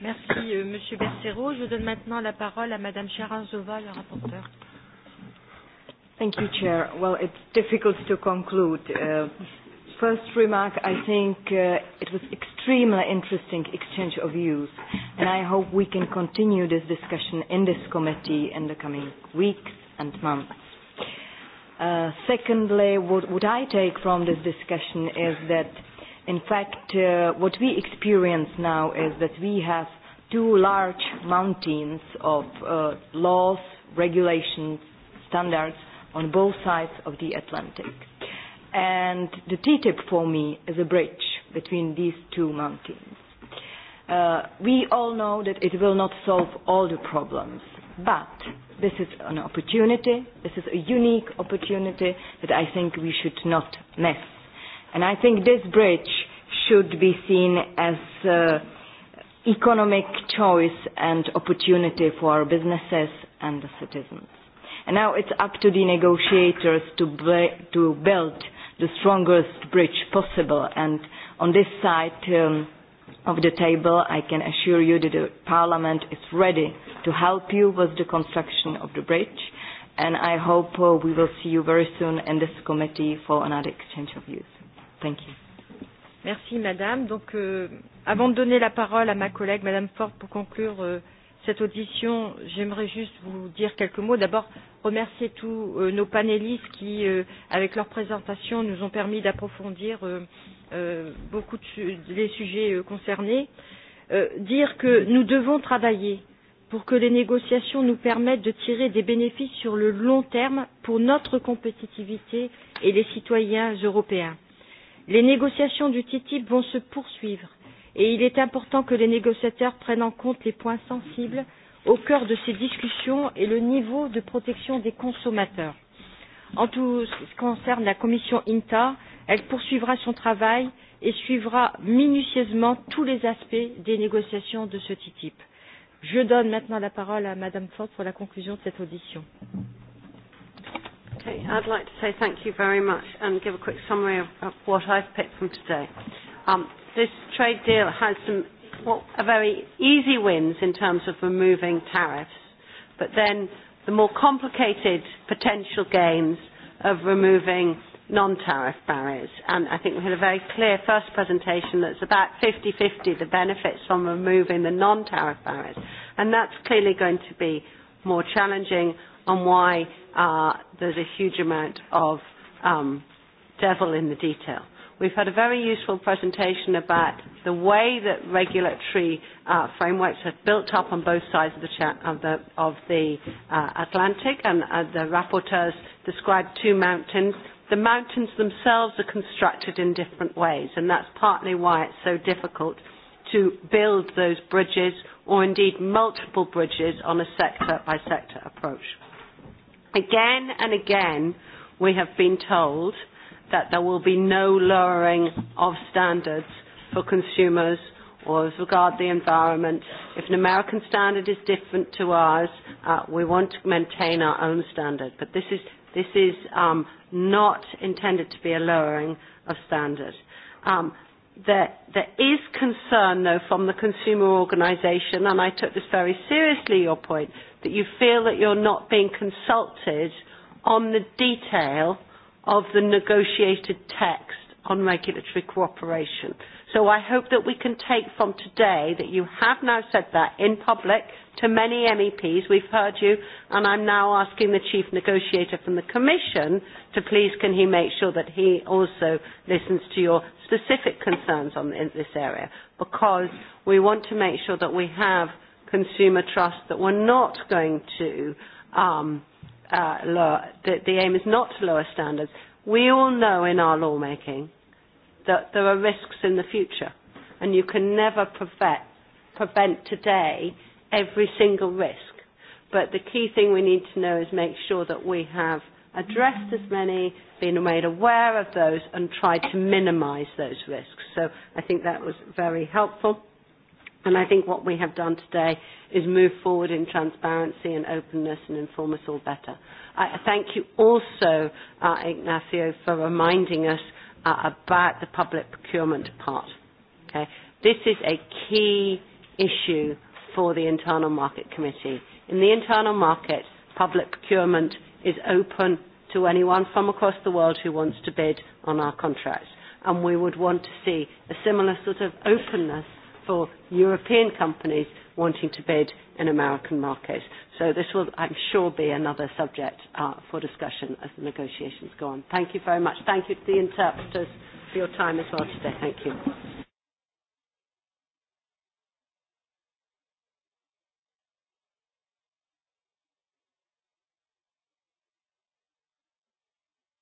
Merci, euh, Monsieur Bercerot. Je donne maintenant la parole à Madame Sharon Zovah, la rapporteure. Thank you, Chair. Well, it's difficult to conclude uh, first remark, I think uh, it was extremely interesting exchange of views, and I hope we can continue this discussion in this committee in the coming weeks and months. Uh, secondly, what, what I take from this discussion is that, in fact, uh, what we experience now is that we have two large mountains of uh, laws, regulations, standards on both sides of the Atlantic and the TTIP for me is a bridge between these two mountains. Uh, we all know that it will not solve all the problems, but this is an opportunity, this is a unique opportunity that I think we should not miss. And I think this bridge should be seen as an uh, economic choice and opportunity for our businesses and the citizens. And now it's up to the negotiators to, bl- to build the strongest bridge possible. And on this side um, of the table, I can assure you that the Parliament is ready to help you with the construction of the bridge. And I hope uh, we will see you very soon in this committee for another exchange of views. Thank you. Merci, Madame. Donc, euh, avant de donner la parole à ma collègue, Madame Ford, pour conclure. Euh cette audition, j'aimerais juste vous dire quelques mots. D'abord, remercier tous euh, nos panélistes qui, euh, avec leur présentation, nous ont permis d'approfondir euh, euh, beaucoup de su les sujets euh, concernés. Euh, dire que nous devons travailler pour que les négociations nous permettent de tirer des bénéfices sur le long terme pour notre compétitivité et les citoyens européens. Les négociations du TTIP vont se poursuivre et il est important que les négociateurs prennent en compte les points sensibles au cœur de ces discussions et le niveau de protection des consommateurs. En tout ce qui concerne la commission INTA, elle poursuivra son travail et suivra minutieusement tous les aspects des négociations de ce TTIP. Je donne maintenant la parole à Madame Ford pour la conclusion de cette audition. Okay, I'd like to say thank you very much and give a quick summary of, of what I've picked from today um, this trade deal has some well, a very easy wins in terms of removing tariffs, but then the more complicated potential gains of removing non tariff barriers. And I think we had a very clear first presentation that's about 50 50 the benefits from removing the non tariff barriers. And that's clearly going to be more challenging and why uh, there's a huge amount of um, devil in the detail. We've had a very useful presentation about the way that regulatory uh, frameworks have built up on both sides of the, cha- of the, of the uh, Atlantic, and uh, the rapporteurs described two mountains. The mountains themselves are constructed in different ways, and that's partly why it's so difficult to build those bridges, or indeed multiple bridges, on a sector by sector approach. Again and again, we have been told that there will be no lowering of standards for consumers or as regard the environment. If an American standard is different to ours, uh, we want to maintain our own standard. This is um, not intended to be a lowering of standard. Um, there is concern, though, from the consumer organization, and I took this very seriously, your point, that you feel that you're not being consulted on the detail of the negotiated text on regulatory cooperation. So I hope that we can take from today that you have now said that in public to many MEPs. We've heard you, and I'm now asking the chief negotiator from the Commission to please can he make sure that he also listens to your specific concerns on in this area, because we want to make sure that we have consumer trust, that we're not going to um, uh, uh, lower, the, the aim is not to lower standards. We all know in our lawmaking that there are risks in the future, and you can never prevent, prevent today every single risk. But the key thing we need to know is make sure that we have addressed as many, been made aware of those, and tried to minimize those risks. So I think that was very helpful. And I think what we have done today is move forward in transparency and openness and inform us all better. I thank you also, uh, Ignacio, for reminding us uh, about the public procurement part. Okay? This is a key issue for the Internal Market Committee. In the Internal Market, public procurement is open to anyone from across the world who wants to bid on our contracts. And we would want to see a similar sort of openness for European companies wanting to bid in American markets. This will, I'm sure, be another subject uh, for discussion as the negotiations go on. Thank you very much. Thank you to the interpreters for your time as well today. Thank you.